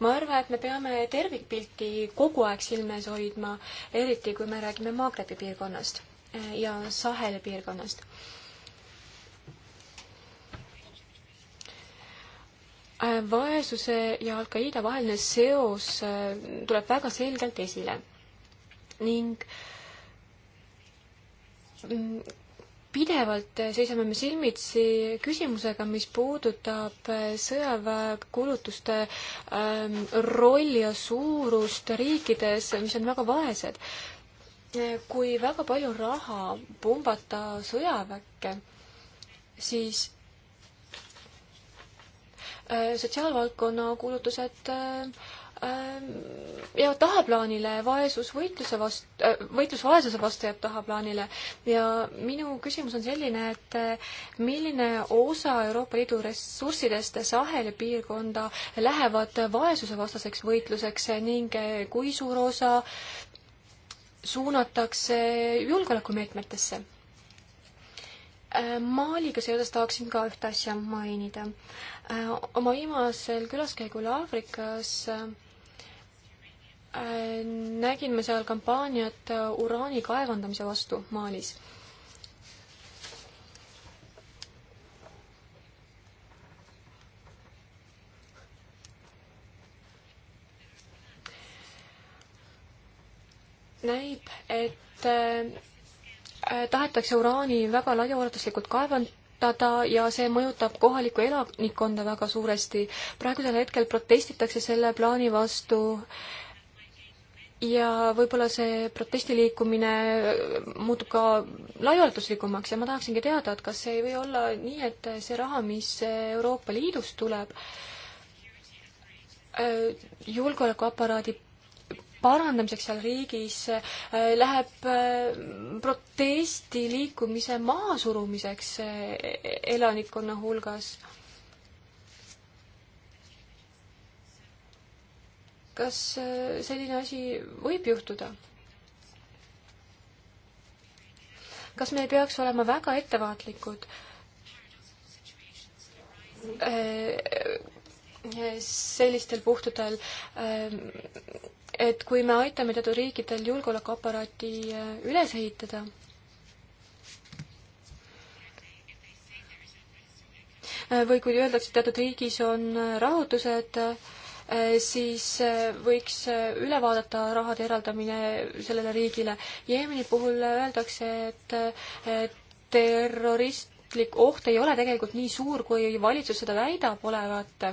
ma arvan, et me peame tervikpilti kogu aeg silme ees hoidma, eriti kui me räägime Maagrebi piirkonnast äh, ja Saheli piirkonnast Äh, vaesuse ja Al-Qaeda vaheline seos äh, tuleb väga selgelt esile ning mm, pidevalt seisame me silmitsi küsimusega, mis puudutab äh, sõjaväekulutuste ähm, rolli ja suurust riikides, mis on väga vaesed. kui väga palju raha pumbata sõjaväkke, siis Äh, sotsiaalvaldkonna kulutused äh, äh, jäävad tahaplaanile, vaesus võitluse vastu, võitlus vaesuse vastu jääb tahaplaanile ja minu küsimus on selline, et milline osa Euroopa Liidu ressurssidest Saheli piirkonda lähevad vaesusevastaseks võitluseks ning kui suur osa suunatakse julgeolekumeetmetesse? Maaliga seoses tahaksin ka ühte asja mainida. Äh, oma viimasel külaskäigul Aafrikas äh, nägime seal kampaaniat äh, uraani kaevandamise vastu Malis. näib, et tahetakse uraani väga laiaulatuslikult kaevandada mõjutada ja see mõjutab kohalikku elanikkonda väga suuresti. praegusel hetkel protestitakse selle plaani vastu ja võib-olla see protestiliikumine muutub ka laialduslikumaks ja ma tahaksingi teada, et kas ei või olla nii, et see raha, mis Euroopa Liidust tuleb, julgeolekuaparaadi parandamiseks seal riigis äh, läheb äh, protestiliikumise mahasurumiseks äh, elanikkonna hulgas. kas selline asi võib juhtuda? kas me ei peaks olema väga ettevaatlikud sellistel puhtudel et kui me aitame teatud riikidel julgeolekuaparaati äh, üles ehitada, äh, või kui öeldakse, et teatud riigis on äh, rahutused, siis võiks üle vaadata rahade eraldamine sellele riigile. Jeemeni puhul öeldakse, et terroristlik oht ei ole tegelikult nii suur, kui valitsus seda väidab olevat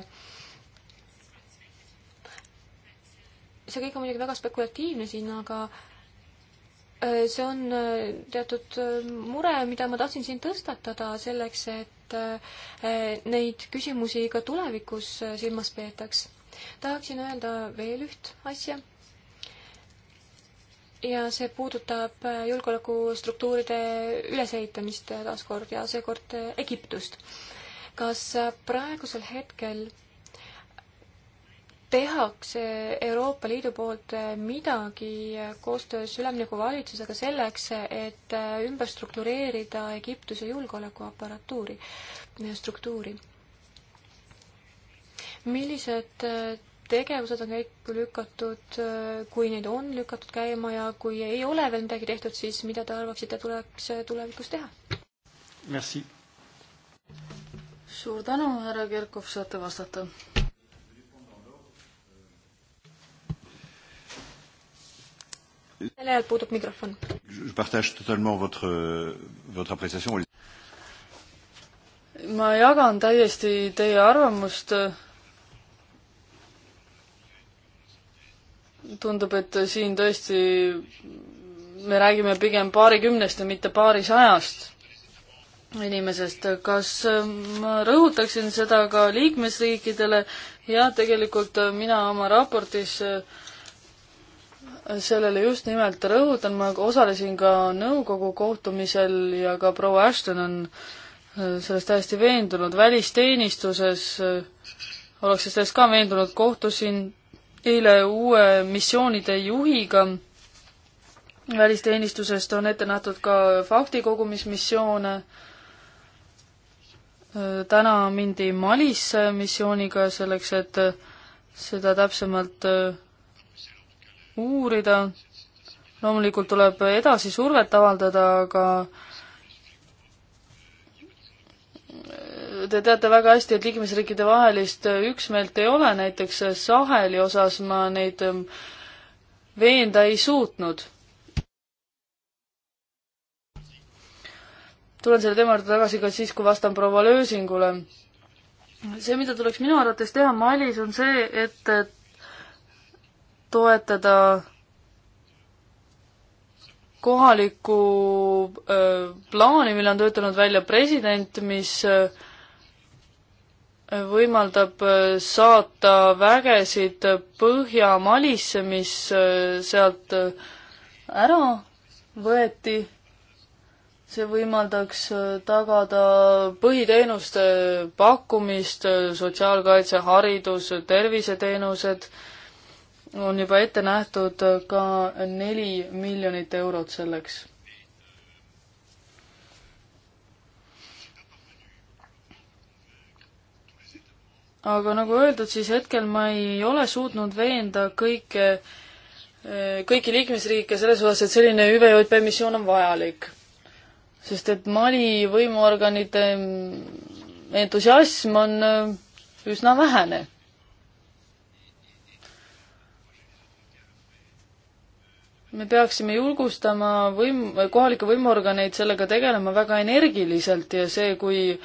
see kõik on muidugi väga spekulatiivne siin, aga äh, see on äh, teatud äh, mure, mida ma tahtsin siin tõstatada selleks, et neid küsimusi ka tulevikus silmas peetaks. tahaksin öelda veel üht asja. ja see puudutab julgeolekustruktuuride ülesehitamist taaskord ja seekord Egiptust. kas praegusel hetkel tehakse Euroopa Liidu poolt midagi koostöös üleminekuvalitsusega selleks, et ümber struktureerida Egiptuse julgeolekuaparatuuri, äh, struktuuri? millised äh, tegevused on käiku lükatud, äh, kui neid on lükatud käima ja kui ei ole veel midagi tehtud, siis mida te arvaksite, tuleks tulevikus teha? suur tänu, härra Kerkhoff, saate vastata kõnelejal puudub mikrofon. ma jagan täiesti teie arvamust. tundub, et siin tõesti me räägime pigem paarikümnest ja mitte paarisajast inimesest. kas ma rõhutaksin seda ka liikmesriikidele ja tegelikult mina oma raportis äh, sellele just nimelt rõhutan, ma osalesin ka nõukogu kohtumisel ja ka proua Ashton on äh, sellest täiesti veendunud, välisteenistuses äh, ollakse sellest ka veendunud, kohtusin eile uue missioonide juhiga, välisteenistusest on ette nähtud ka faktikogumismissioone, äh, täna mindi Malisse missiooniga selleks, et seda täpsemalt uurida. loomulikult tuleb edasi survet avaldada, aga te teate väga hästi, et liikmesriikide vahelist üksmeelt ei ole, näiteks Saheli osas ma neid ähm, veenda ei suutnud. tulen selle teema juurde tagasi ka siis, kui vastan proua Lösingule see, mida tuleks minu arvates teha Malis, on see, et, et toetada kohalikku plaani, mille on töötanud välja president, mis võimaldab saata vägesid Põhja-Malisse, mis sealt ära võeti. see võimaldaks tagada põhiteenuste pakkumist, sotsiaalkaitse, haridus, terviseteenused on juba ette nähtud ka neli miljonit eurot selleks. aga nagu öeldud, siis hetkel ma ei ole suutnud veenda kõike, kõiki liikmesriike selles osas, et selline ÜVJP missioon on vajalik. sest et Mali võimuorganite entusiasm on üsna vähene me peaksime julgustama võim-, kohalikke võimuorganeid sellega tegelema väga energiliselt ja see, kui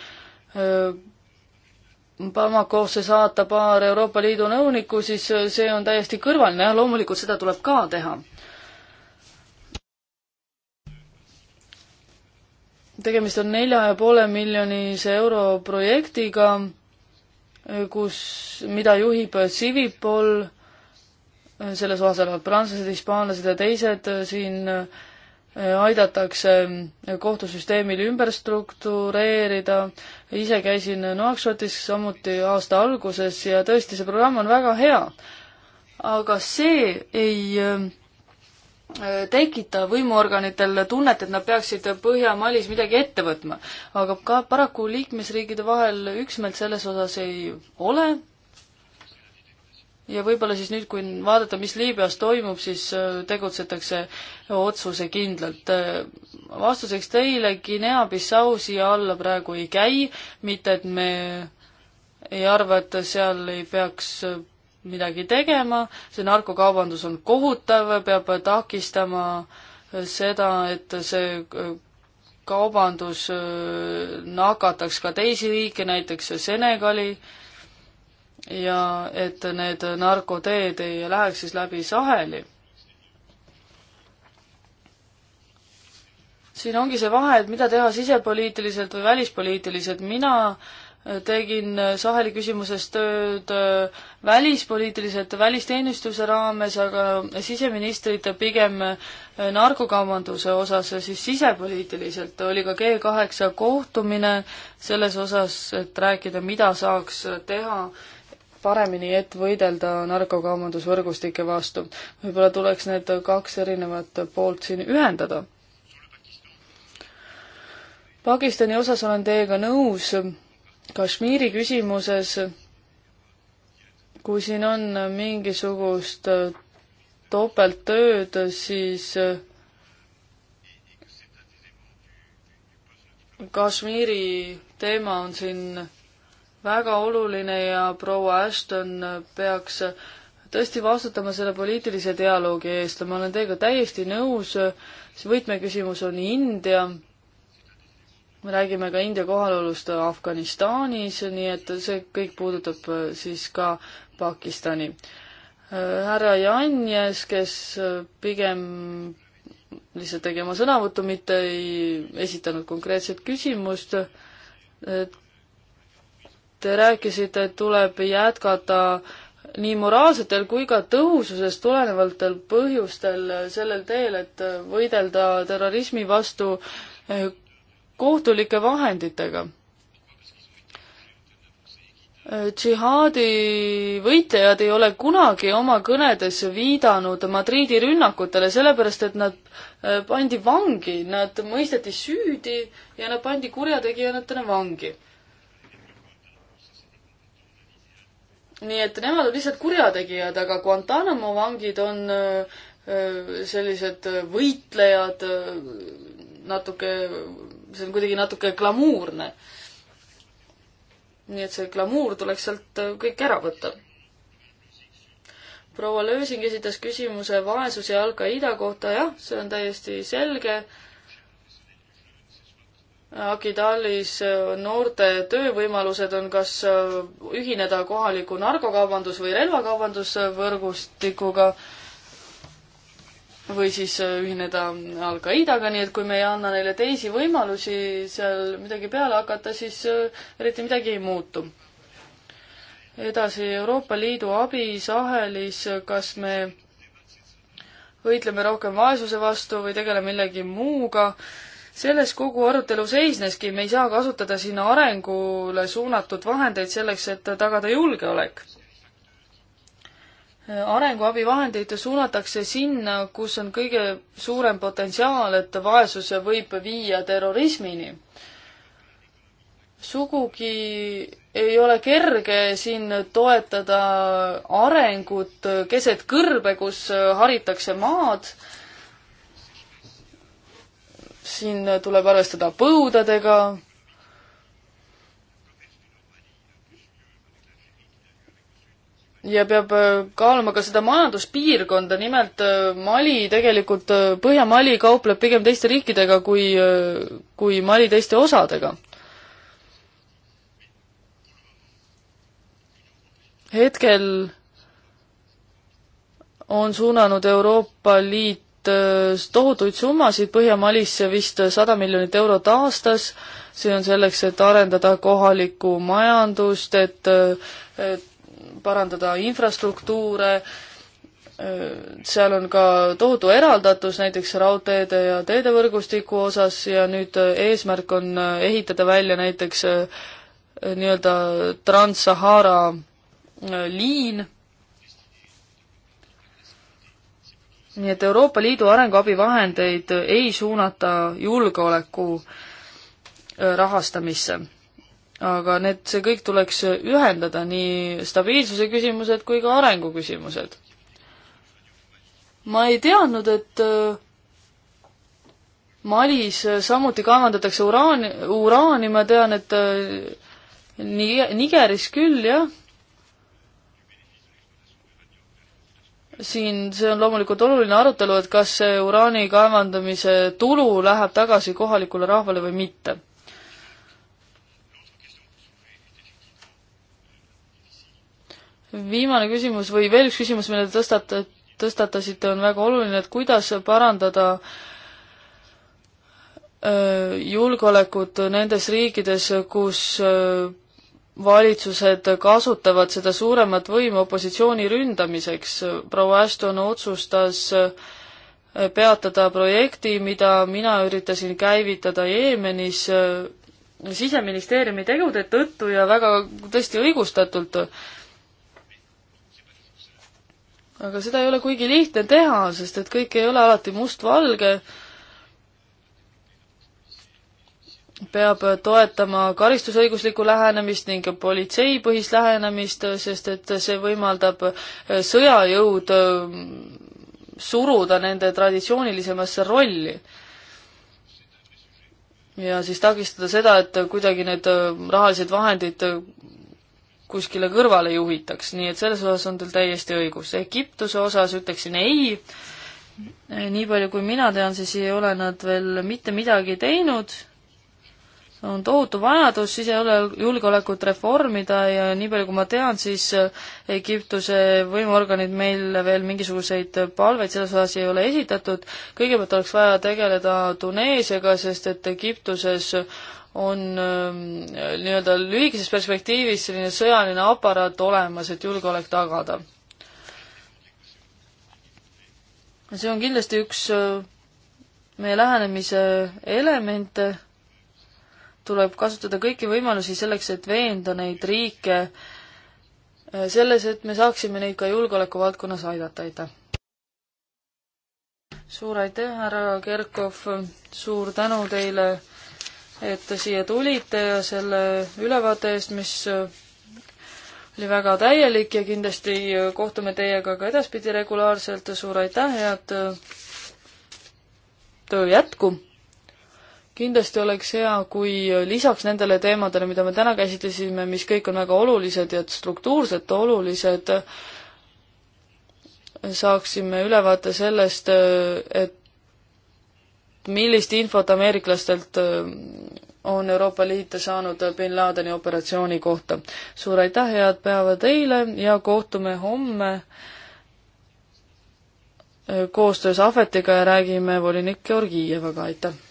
Bamakosse saata paar Euroopa Liidu nõunikku, siis see on täiesti kõrvaline, jah, loomulikult seda tuleb ka teha. tegemist on nelja ja poole miljonise euro projektiga, kus, mida juhib Civipol selles osas olevad prantslased, hispaanlased ja teised, äh, siin äh, aidatakse äh, kohtusüsteemil ümber struktureerida, ise käisin Nouakchotis samuti aasta alguses ja tõesti, see programm on väga hea. aga see ei tekita võimuorganitel tunnet, et nad peaksid Põhja-Malis midagi ette võtma. aga ka paraku liikmesriikide vahel üksmeelt selles osas ei ole, ja võib-olla siis nüüd, kui vaadata, mis Liibüas toimub, siis äh, tegutsetakse otsusekindlalt. Äh, vastuseks teile, Guinea-Bissau siia alla praegu ei käi, mitte et me ei arva, et seal ei peaks äh, midagi tegema, see narkokaubandus on kohutav, peab takistama seda, et see kaubandus nakataks ka teisi riike, näiteks Senegali äh, ja et need narkoteed ei läheks siis läbi Saheli. siin ongi see vahe, et mida teha sisepoliitiliselt või välispoliitiliselt, mina tegin Saheli küsimuses tööd välispoliitiliselt, välisteenistuse raames, aga siseministrid pigem narkokaubanduse osas ja siis sisepoliitiliselt oli ka G kaheksa kohtumine selles osas, et rääkida, mida saaks teha paremini, et võidelda narkokaubandusvõrgustike vastu. võib-olla tuleks need kaks erinevat poolt siin ühendada. Pakistani osas olen teiega nõus, Kashmiri küsimuses, kui siin on mingisugust topelttööd, siis Kashmiri teema on siin väga oluline ja proua Ashton peaks tõesti vastutama selle poliitilise dialoogi eest ja ma olen teiega täiesti nõus, see võtmeküsimus on India, me räägime ka India kohalolust Afganistanis, nii et see kõik puudutab siis ka Pakistani. härra Janjes, kes pigem lihtsalt tegi oma sõnavõttu, mitte ei esitanud konkreetset küsimust, Te rääkisite, et tuleb jätkata nii moraalsetel kui ka tõhususest tulenevatel põhjustel sellel teel, et võidelda terrorismi vastu eh, kohtulike vahenditega. Eh, džihaadi võitlejad ei ole kunagi oma kõnedes viidanud Madridi rünnakutele, sellepärast et nad eh, pandi vangi, nad mõisteti süüdi ja nad pandi kurjategijatena vangi nii et nemad on lihtsalt kurjategijad, aga Guantanamo vangid on äh, äh, sellised äh, võitlejad, natuke, see on kuidagi natuke glamuurne. nii et see glamuur tuleks sealt kõik ära võtta. proua Lösing esitas küsimuse vaesuse ja Al-Qaeda kohta, jah, see on täiesti selge Agidalis noorte töövõimalused on kas äh, ühineda kohaliku narkokaubandus- või relvakaubandusvõrgustikuga või siis äh, ühineda Al-Qaidaga, nii et kui me ei anna neile teisi võimalusi seal midagi peale hakata, siis äh, eriti midagi ei muutu. edasi, Euroopa Liidu abi Sahelis, kas me võitleme rohkem vaesuse vastu või tegeleme millegi muuga selles kogu arutelu seisneski, me ei saa kasutada sinna arengule suunatud vahendeid selleks, et tagada julgeolek. arenguabivahendeid suunatakse sinna, kus on kõige suurem potentsiaal, et vaesus võib viia terrorismini. sugugi ei ole kerge siin toetada arengut keset kõrbe, kus haritakse maad siin tuleb arvestada põudadega, ja peab äh, kaaluma ka seda majanduspiirkonda, nimelt äh, Mali tegelikult, äh, Põhja-Mali kaupleb pigem teiste riikidega kui, kui Mali teiste osadega. hetkel on suunanud Euroopa Liit Äh, tohutuid summasid, Põhja-Malisse vist äh, sada miljonit eurot aastas, see on selleks, et arendada kohalikku majandust, et, äh, et parandada infrastruktuure, seal on ka tohutu eraldatus näiteks raudteede ja teedevõrgustiku osas ja nüüd eesmärk on ehitada välja näiteks nii-öelda Trans-Sahara liin nii et Euroopa Liidu arenguabivahendeid ei suunata julgeoleku rahastamisse. aga need, see kõik tuleks ühendada, nii stabiilsuse küsimused kui ka arengu küsimused. ma ei teadnud, et Malis samuti kaevandatakse uraani, uraani ma tean, et Nigeris küll, jah siin see on loomulikult oluline arutelu, et kas see uraani kaevandamise tulu läheb tagasi kohalikule rahvale või mitte. viimane küsimus või veel üks küsimus, mille te tõstat-, tõstatasite, on väga oluline, et kuidas parandada äh, julgeolekut nendes riikides, kus öö, äh, valitsused kasutavad seda suuremat võimu opositsiooni ründamiseks. proua Ashton otsustas äh, peatada projekti, mida mina üritasin käivitada Jeemenis äh, siseministeeriumi tegude tõttu ja väga tõesti õigustatult. aga seda ei ole kuigi lihtne teha, sest et kõik ei ole alati mustvalge peab toetama karistusõiguslikku lähenemist ning politseipõhist lähenemist, sest et see võimaldab äh, sõjajõud äh, suruda nende traditsioonilisemasse rolli. ja siis takistada seda, et kuidagi need äh, rahalised vahendid kuskile kõrvale juhitaks, nii et selles osas on teil täiesti õigus. Egiptuse osas ütleksin ei, nii palju kui mina tean, siis ei ole nad veel mitte midagi teinud on tohutu vajadus sisejulgeolekut reformida ja nii palju, kui ma tean, siis äh, Egiptuse võimuorganid meil veel mingisuguseid palveid selles osas ei ole esitatud. kõigepealt oleks vaja tegeleda Tuneesiaga, sest et Egiptuses on ähm, nii-öelda lühikeses perspektiivis selline sõjaline aparaat olemas, et julgeolek tagada. see on kindlasti üks äh, meie lähenemise elemente tuleb kasutada kõiki võimalusi selleks, et veenda neid riike äh, selles, et me saaksime neid ka julgeolekuvaldkonnas aidata, aitäh! suur aitäh, härra Kerkhoff, suur tänu teile, et te siia tulite ja selle ülevaate eest, mis äh, oli väga täielik ja kindlasti äh, kohtume teiega ka edaspidi regulaarselt ja suur aitäh, head töö jätku! kindlasti oleks hea, kui lisaks nendele teemadele, mida me täna käsitlesime, mis kõik on väga olulised ja struktuurselt olulised, saaksime ülevaate sellest, et millist infot ameeriklastelt on Euroopa Liit saanud bin Ladeni operatsiooni kohta. suur aitäh, head päeva teile ja kohtume homme koostöös Ahvetiga ja räägime volinik Georgievaga, aitäh!